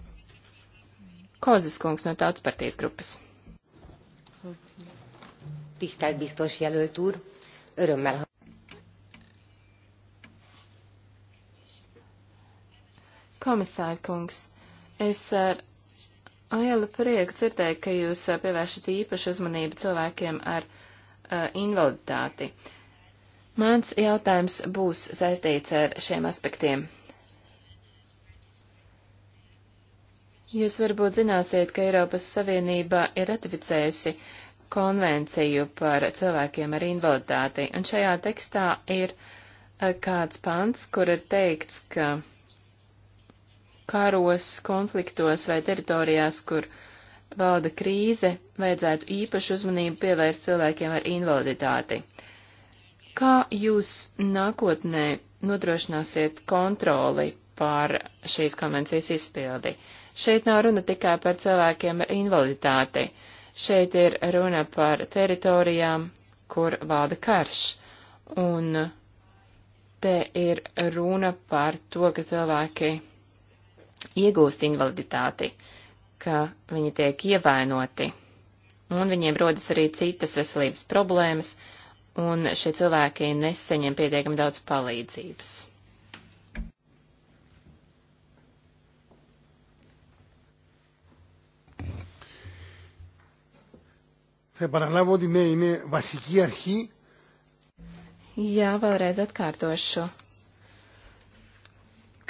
[SPEAKER 3] Kozis kungs no Tautas partijas grupas. Tisztelt biztos jelölt úr, örömmel Komisārkungs, es ar lielu prieku dzirdēju, ka jūs eh, pievēršat īpašu uzmanību cilvēkiem ar uh, invaliditāti. Mans jautājums būs saistīts ar šiem aspektiem. Jūs varbūt zināsiet, ka Eiropas Savienība ir ratificējusi konvenciju par cilvēkiem ar invaliditāti, un šajā tekstā ir eh, kāds pants, kur ir teikts, ka karos, konfliktos vai teritorijās, kur valda krīze, vajadzētu īpašu uzmanību pievērst cilvēkiem ar invaliditāti. Kā jūs nākotnē nodrošināsiet kontroli pār šīs konvencijas izpildi? Šeit nav runa tikai par cilvēkiem ar invaliditāti. Šeit ir runa par teritorijām, kur valda karš. Un te ir runa par to, ka cilvēki iegūst invaliditāti, ka viņi tiek ievainoti, un viņiem rodas arī citas veselības problēmas, un šie cilvēki nesaņem pietiekami daudz palīdzības.
[SPEAKER 2] Θα επαναλάβω ότι ναι, είναι βασική αρχή.
[SPEAKER 3] Jā, vēlreiz atkārtošu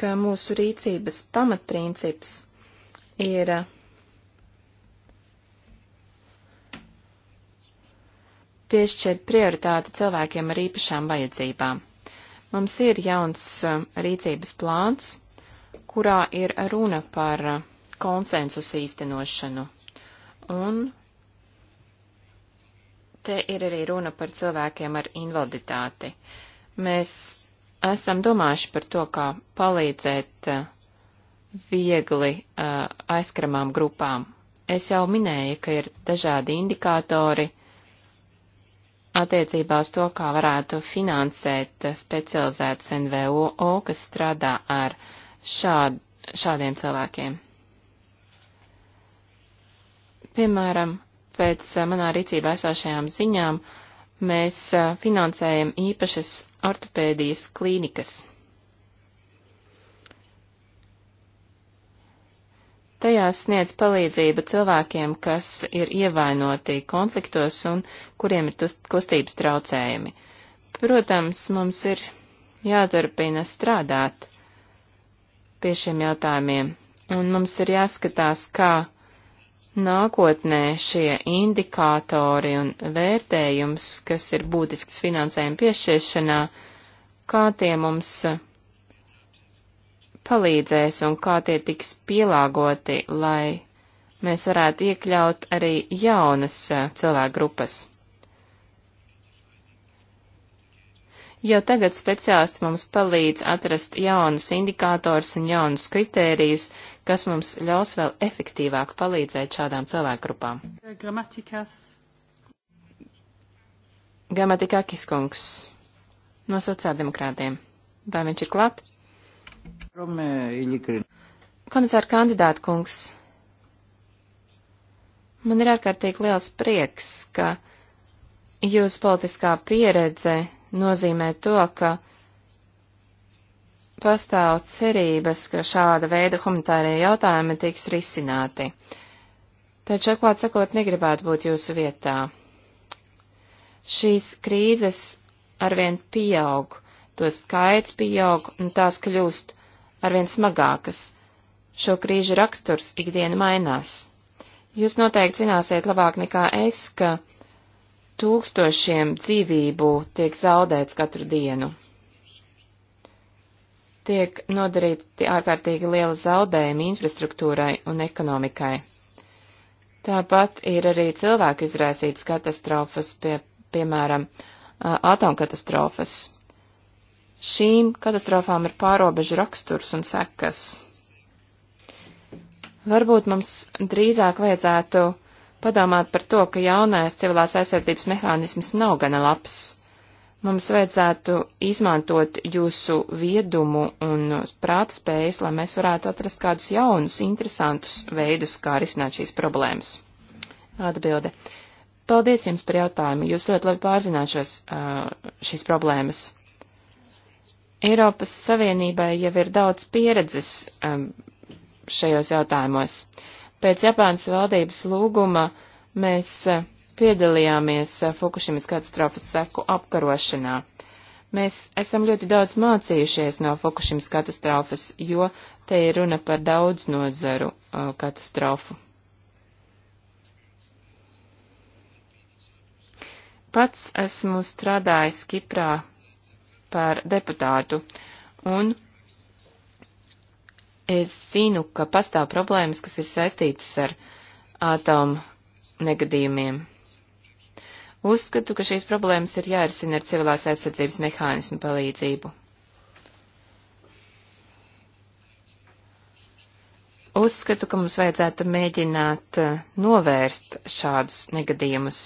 [SPEAKER 3] ka mūsu rīcības pamatprincips ir piešķirt prioritāti cilvēkiem ar īpašām vajadzībām. Mums ir jauns eh, rīcības plāns, kurā ir runa par eh, konsensus īstenošanu. Un te ir arī runa par cilvēkiem ar invaliditāti. Mēs esam domājuši par to, kā palīdzēt eh, viegli eh, aizskramām grupām. Es jau minēju, ka ir dažādi indikātori attiecībā uz to, kā varētu finansēt eh, specializētas NVO, kas strādā ar šād, šādiem cilvēkiem. Piemēram, pēc manā rīcībā esošajām ziņām mēs finansējam īpašas ortopēdijas klīnikas. Tajās sniedz palīdzību cilvēkiem, kas ir ievainoti konfliktos un kuriem ir kustības traucējumi. Protams, mums ir jāturpina strādāt pie šiem jautājumiem, un mums ir jāskatās, kā nākotnē šie indikātori un vērtējums, kas ir būtisks finansējuma piešķiršanā, kā tie mums palīdzēs un kā tie tiks pielāgoti, lai mēs varētu iekļaut arī jaunas cilvēku grupas. Jau tagad speciālisti mums palīdz atrast jaunus indikātors un jaunus kritērijus, kas mums ļaus vēl efektīvāk palīdzēt šādām cilvēkgrupām.
[SPEAKER 1] Gramatikas.
[SPEAKER 3] Gramatikakis kungs no sociāldemokrātiem. Vai viņš ir klāt? Komisāra kandidāta kungs. Man ir ārkārtīgi liels prieks, ka jūsu politiskā pieredze nozīmē to, ka pastāv cerības, ka šāda veida humanitārie jautājumi tiks risināti. Taču, atklāt sakot, negribētu būt jūsu vietā. Šīs krīzes arvien pieaug, to skaits pieaug un tās kļūst arvien smagākas. Šo krīžu raksturs ikdiena mainās. Jūs noteikti zināsiet labāk nekā es, ka tūkstošiem dzīvību tiek zaudēts katru dienu tiek nodarīti ārkārtīgi liela zaudējuma infrastruktūrai un ekonomikai. Tāpat ir arī cilvēku izraisītas katastrofas, pie, piemēram, atomkatastrofas. Šīm katastrofām ir pārobežu raksturs un sekas. Varbūt mums drīzāk vajadzētu padomāt par to, ka jaunais civilās aizsardzības mehānisms nav gana labs. Mums vajadzētu izmantot jūsu viedumu un prātspējas, lai mēs varētu atrast kādus jaunus, interesantus veidus, kā risināt šīs problēmas. Atbilde. Paldies jums par jautājumu. Jūs ļoti labi pārzināt šos, šīs problēmas. Eiropas Savienībai jau ir daudz pieredzes šajos jautājumos. Pēc Japānas valdības lūguma mēs piedalījāmies eh, Fukushimas katastrofas seku apkarošanā. Mēs esam ļoti daudz mācījušies no Fukushimas katastrofas, jo te ir runa par daudz nozaru uh, katastrofu. Pats esmu strādājis Kiprā par deputātu, un es zinu, ka pastāv problēmas, kas ir saistītas ar ātomu negadījumiem. Uzskatu, ka šīs problēmas ir jārisina ar civilās aizsardzības mehānismu palīdzību. Uzskatu, ka mums vajadzētu mēģināt eh, novērst šādus negadījumus.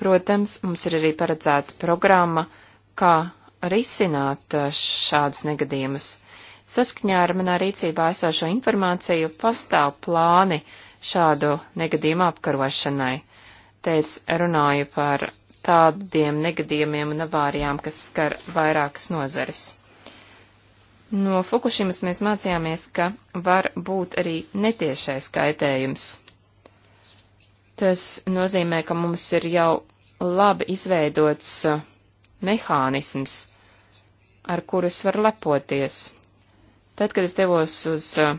[SPEAKER 3] Protams, mums ir arī paredzēta programma, kā risināt eh, šādus negadījumus. Saskaņā ar manā rīcībā esošo informāciju pastāv plāni šādu negadījumu apkarošanai. Te es runāju par tādiem negadījumiem un avārijām, kas skar vairākas nozares. No Fukushimas mēs mācījāmies, ka var būt arī netiešais kaitējums. Tas nozīmē, ka mums ir jau labi izveidots uh, mehānisms, ar kurus var lepoties. Tad, kad es devos uz uh,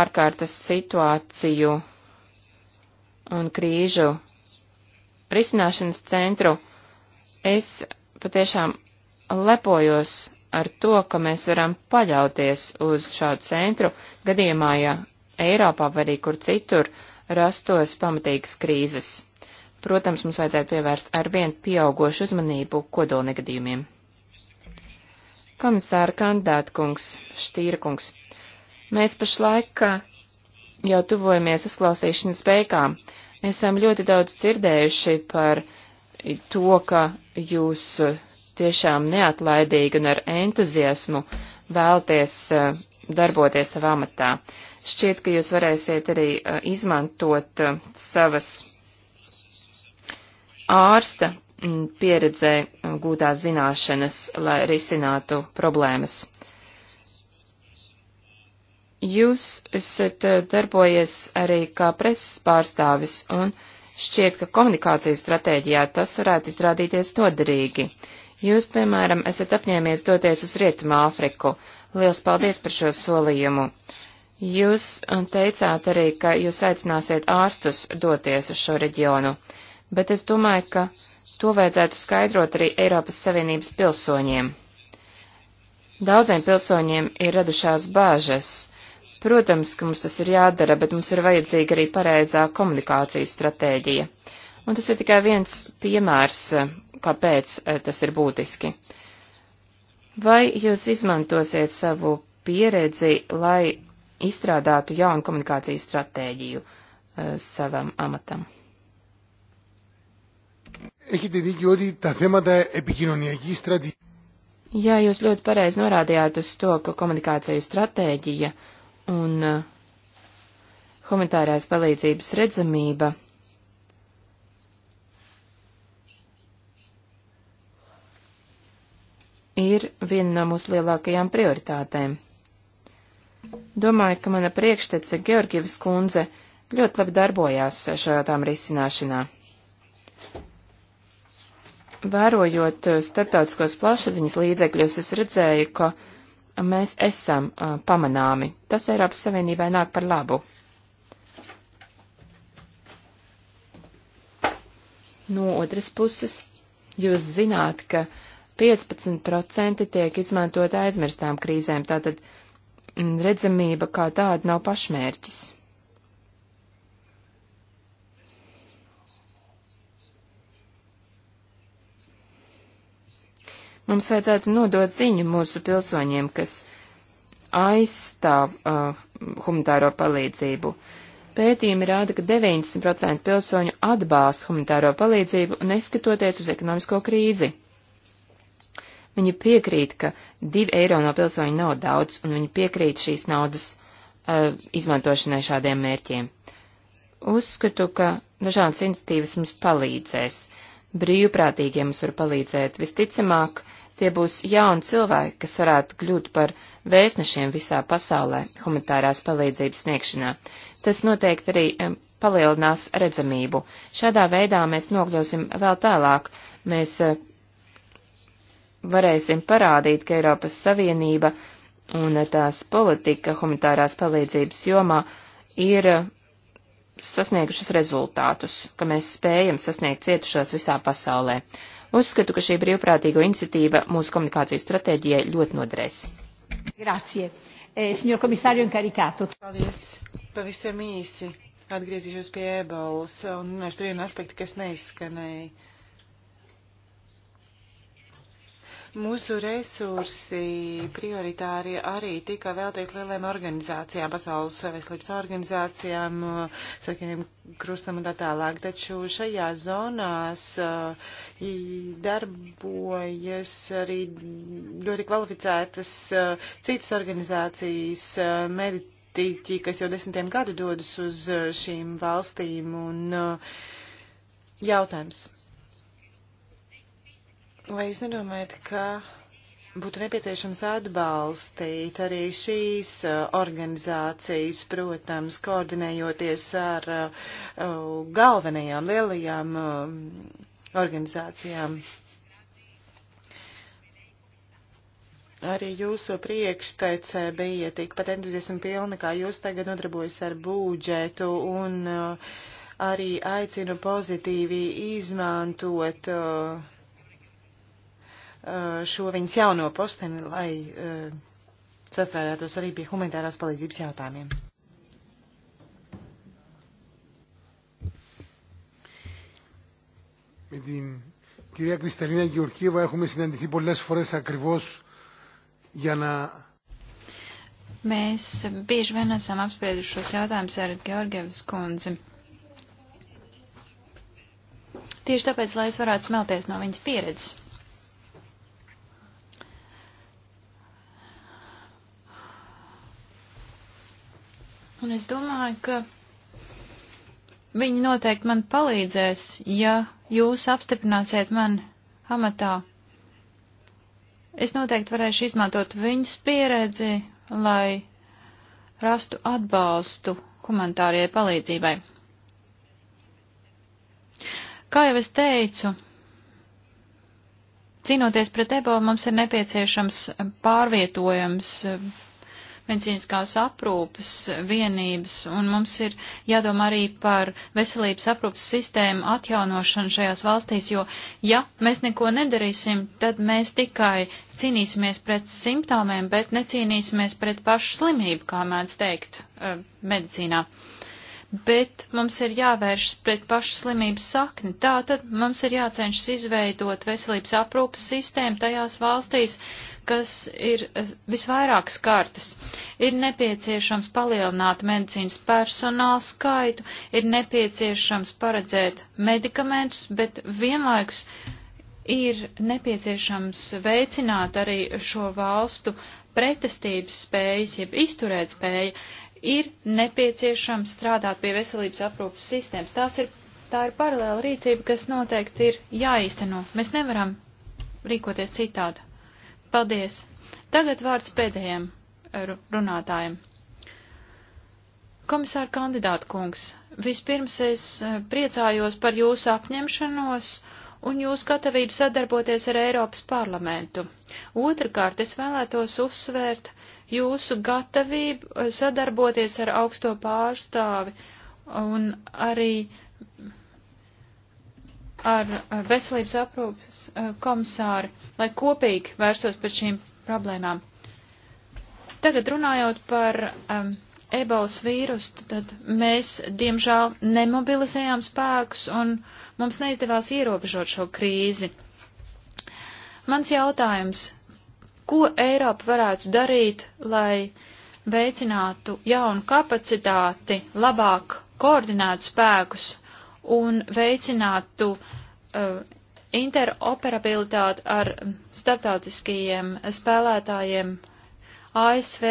[SPEAKER 3] ārkārtas situāciju un krīžu risināšanas centru, es patiešām lepojos ar to, ka mēs varam paļauties uz šādu centru gadījumā, ja Eiropā vai arī kur citur rastos pamatīgas krīzes. Protams, mums vajadzētu pievērst arvien pieaugošu uzmanību kodolnegadījumiem. Komisāra kandidātkungs, štīrkungs, mēs pašlaik jau tuvojamies uzklausīšanas beigām. Esam ļoti daudz dzirdējuši par to, ka jūs uh, tiešām neatlaidīgi un ar entuziasmu vēlties uh, darboties savā matā. Šķiet, ka jūs varēsiet arī uh, izmantot savas ārsta mm, pieredzē gūtās zināšanas, lai risinātu problēmas. Jūs esat eh, darbojies arī kā preses pārstāvis, un šķiet, ka komunikācijas stratēģijā tas varētu izrādīties noderīgi. Jūs, piemēram, esat apņēmies doties uz Rietumu Āfriku. Liels paldies par šo solījumu. Jūs teicāt arī, ka jūs aicināsiet ārstus doties uz šo reģionu, bet es domāju, ka to vajadzētu skaidrot arī Eiropas Savienības pilsoņiem. Daudziem pilsoņiem ir radušās bāžas Protams, ka mums tas ir jādara, bet mums ir vajadzīga arī pareizā komunikācijas stratēģija. Un tas ir tikai viens piemērs, kāpēc e, tas ir būtiski. Vai jūs izmantosiet savu pieredzi, lai izstrādātu jaunu komunikācijas stratēģiju e, savam amatam?
[SPEAKER 2] Έχετε δίκιο ότι τα θέματα επικοινωνιακής στρατηγικής.
[SPEAKER 3] Jā, jūs ļoti pareizi norādījāt uz to, ka komunikācijas stratēģija uh, un uh, humanitārās palīdzības redzamība ir viena no mūsu lielākajām prioritātēm. Domāju, ka mana priekštece Georgievas kundze ļoti labi darbojās šajā tām risināšanā. Vērojot uh, starptautiskos plašsaziņas līdzekļus, es redzēju, ka mēs esam uh, pamanāmi. Tas Eiropas Savienībai nāk par labu. No otras puses, jūs zināt, ka 15% tiek izmantot aizmirstām krīzēm, tātad mm, redzamība kā tāda nav pašmērķis. Mums vajadzētu nodot ziņu mūsu pilsoņiem, kas aizstāv uh, humanitāro palīdzību. Pētījumi rāda, ka 90% pilsoņu atbalsta humanitāro palīdzību, neskatoties uz ekonomisko krīzi. Viņi piekrīt, ka 2 eiro no pilsoņa nav daudz, un viņi piekrīt šīs naudas uh, izmantošanai šādiem mērķiem. Uzskatu, ka dažādas institīvas mums palīdzēs. Brīvprātīgie mums var palīdzēt. Visticamāk, uh, Tie būs jauni cilvēki, kas varētu kļūt par vēstnešiem visā pasaulē humanitārās palīdzības sniegšanā. Tas noteikti arī palielinās redzamību. Šādā veidā mēs nokļūsim vēl tālāk. Mēs eh, varēsim parādīt, ka Eiropas Savienība un eh, tās politika humanitārās palīdzības jomā ir eh, sasniegušas rezultātus, ka mēs spējam sasniegt cietušos visā pasaulē. Uzskatu, ka šī brīvprātīgo iniciatīva mūsu komunikācijas stratēģijai ļoti noderēs. Grācie. E, eh, signor komisārio inkarikātu. Paldies.
[SPEAKER 4] Pavisam īsi atgriezīšos pie ebolas un runāšu par vienu aspektu, kas neizskanēja Mūsu resursi prioritāri arī tika veltīti lieliem organizācijām, pasaules veselības organizācijām, sakiem krustam un tā tālāk. Taču šajā zonās uh, darbojas arī ļoti kvalificētas uh, citas organizācijas uh, meditīķi, kas jau desmitiem gadu dodas uz šīm valstīm. Un jautājums Vai jūs nedomājat, ka būtu nepieciešams atbalstīt arī šīs uh, organizācijas, protams, koordinējoties ar uh, galvenajām lielajām uh, organizācijām? Arī jūsu priekštece bija tikpat entuziasma pilna, kā jūs tagad nodarbojas ar būdžetu un arī aicinu pozitīvi izmantot uh, Eh, šo viņas jauno posteni, lai eh, sastrādātos arī pie humanitārās palīdzības jautājumiem.
[SPEAKER 2] Με την κυρία Κρυσταλίνα Γεωργίευα έχουμε συναντηθεί πολλές φορές ακριβώς για να...
[SPEAKER 1] Mēs bieži vien esam apsprieduši šos jautājumus ar Georgievas kundzi. Tieši tāpēc, lai es varētu smelties no viņas pieredzes. Un es domāju, ka viņi noteikti man palīdzēs, ja jūs apstiprināsiet man amatā. Es noteikti varēšu izmantot viņas pieredzi, lai rastu atbalstu humanitārijai palīdzībai. Kā jau es teicu, cīnoties pret ebo, mums ir nepieciešams pārvietojams medicīniskās aprūpas vienības, un mums ir jādomā arī par veselības aprūpas sistēmu atjaunošanu šajās valstīs, jo ja mēs neko nedarīsim, tad mēs tikai cīnīsimies pret simptomiem, bet necīnīsimies pret pašu slimību, kā mēdz teikt, eh, medicīnā bet mums ir jāvēršas pret pašu slimības sakni. Tā tad mums ir jācenšas izveidot veselības aprūpas sistēmu tajās valstīs, kas ir visvairāk skartas. Ir nepieciešams palielināt medicīnas personāla skaitu, ir nepieciešams paredzēt medikamentus, bet vienlaikus ir nepieciešams veicināt arī šo valstu pretestības spējas, jeb izturēt spēju, ir nepieciešams strādāt pie veselības aprūpas sistēmas. Tās ir, tā ir paralēla rīcība, kas noteikti ir jāīsteno. Mēs nevaram rīkoties citādi. Paldies! Tagad vārds pēdējiem runātājiem. Komisāra kandidāta kungs, vispirms es eh, priecājos par jūsu apņemšanos un jūsu gatavību sadarboties ar Eiropas parlamentu. Otrakārt, es vēlētos uzsvērt jūsu gatavību eh, sadarboties ar augsto pārstāvi un arī ar veselības aprūpas eh, komisāru, lai kopīgi vērstos par šīm problēmām. Tagad runājot par um, ebolas vīrusu, tad mēs, diemžēl, nemobilizējām spēkus un mums neizdevās ierobežot šo krīzi. Mans jautājums, ko Eiropa varētu darīt, lai veicinātu jaunu kapacitāti, labāk koordinētu spēkus un veicinātu uh, interoperabilitāti ar starptautiskajiem spēlētājiem ASV,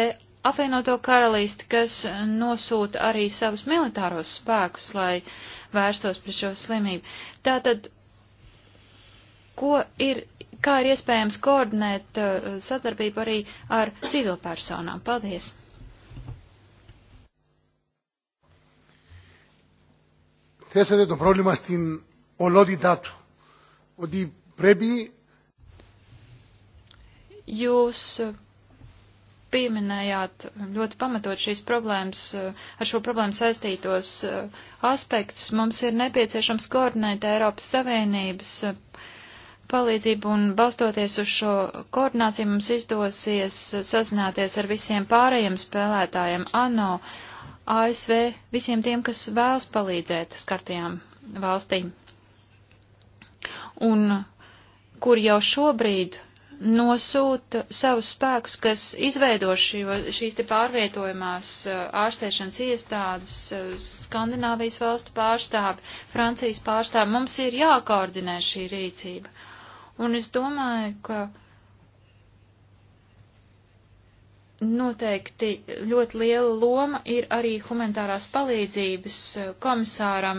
[SPEAKER 1] apvienoto karalisti, kas nosūta arī savus militāros spēkus, lai vērstos pret šo slimību. Tātad, ko ir, kā ir iespējams koordinēt uh, sadarbību arī ar civilpersonām? Paldies!
[SPEAKER 2] θέσατε το πρόβλημα στην ολότητά του. Ότι πρέπει... Jūs
[SPEAKER 1] pieminējāt ļoti pamatot šīs problēmas, ar šo problēmu saistītos aspektus. Mums ir nepieciešams koordinēt Eiropas Savienības e, palīdzību un balstoties uz šo koordināciju mums izdosies sazināties ar visiem pārējiem spēlētājiem ANO. Uh, ASV visiem tiem, kas vēlas palīdzēt skartajām valstīm. Un kur jau šobrīd nosūta savus spēkus, kas izveido šo, šīs te pārvietojumās ārstēšanas iestādes, Skandināvijas valstu pārstāvi, Francijas pārstāvi. Mums ir jākoordinē šī rīcība. Un es domāju, ka Noteikti ļoti liela loma ir arī humanitārās palīdzības eh, komisāram,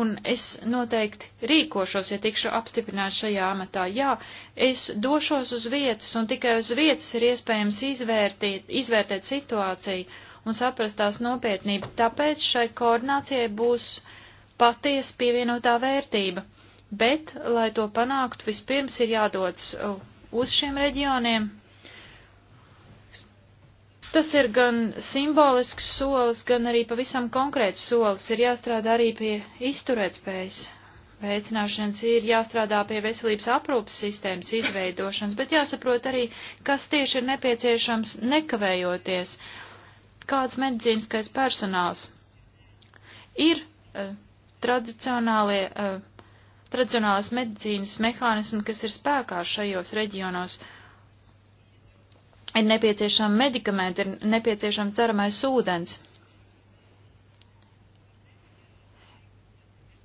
[SPEAKER 1] un es noteikti rīkošos, ja tikšu apstiprināts šajā amatā. Jā, es došos uz vietas, un tikai uz vietas ir iespējams izvērtīt, izvērtēt situāciju un saprast tās nopietnību, tāpēc šai koordinācijai būs patiesa pievienotā vērtība. Bet, lai to panāktu, vispirms ir jādodas uh, uz šiem reģioniem, Tas ir gan simbolisks solis, gan arī pavisam konkrēts solis. Ir jāstrādā arī pie izturētspējas veicināšanas, ir jāstrādā pie veselības aprūpas sistēmas izveidošanas, bet jāsaprot arī, kas tieši ir nepieciešams nekavējoties, kāds medicīniskais personāls. Ir uh, tradicionālie, uh, tradicionālās medicīnas mehānismi, kas ir spēkā šajos reģionos. Uh, ir nepieciešami medikamenti, ir nepieciešams ceramais ūdens.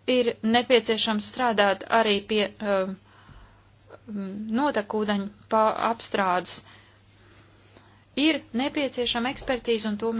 [SPEAKER 1] Ir nepieciešams strādāt arī pie uh, notekūdeņu apstrādes. Ir nepieciešama ekspertīze, un to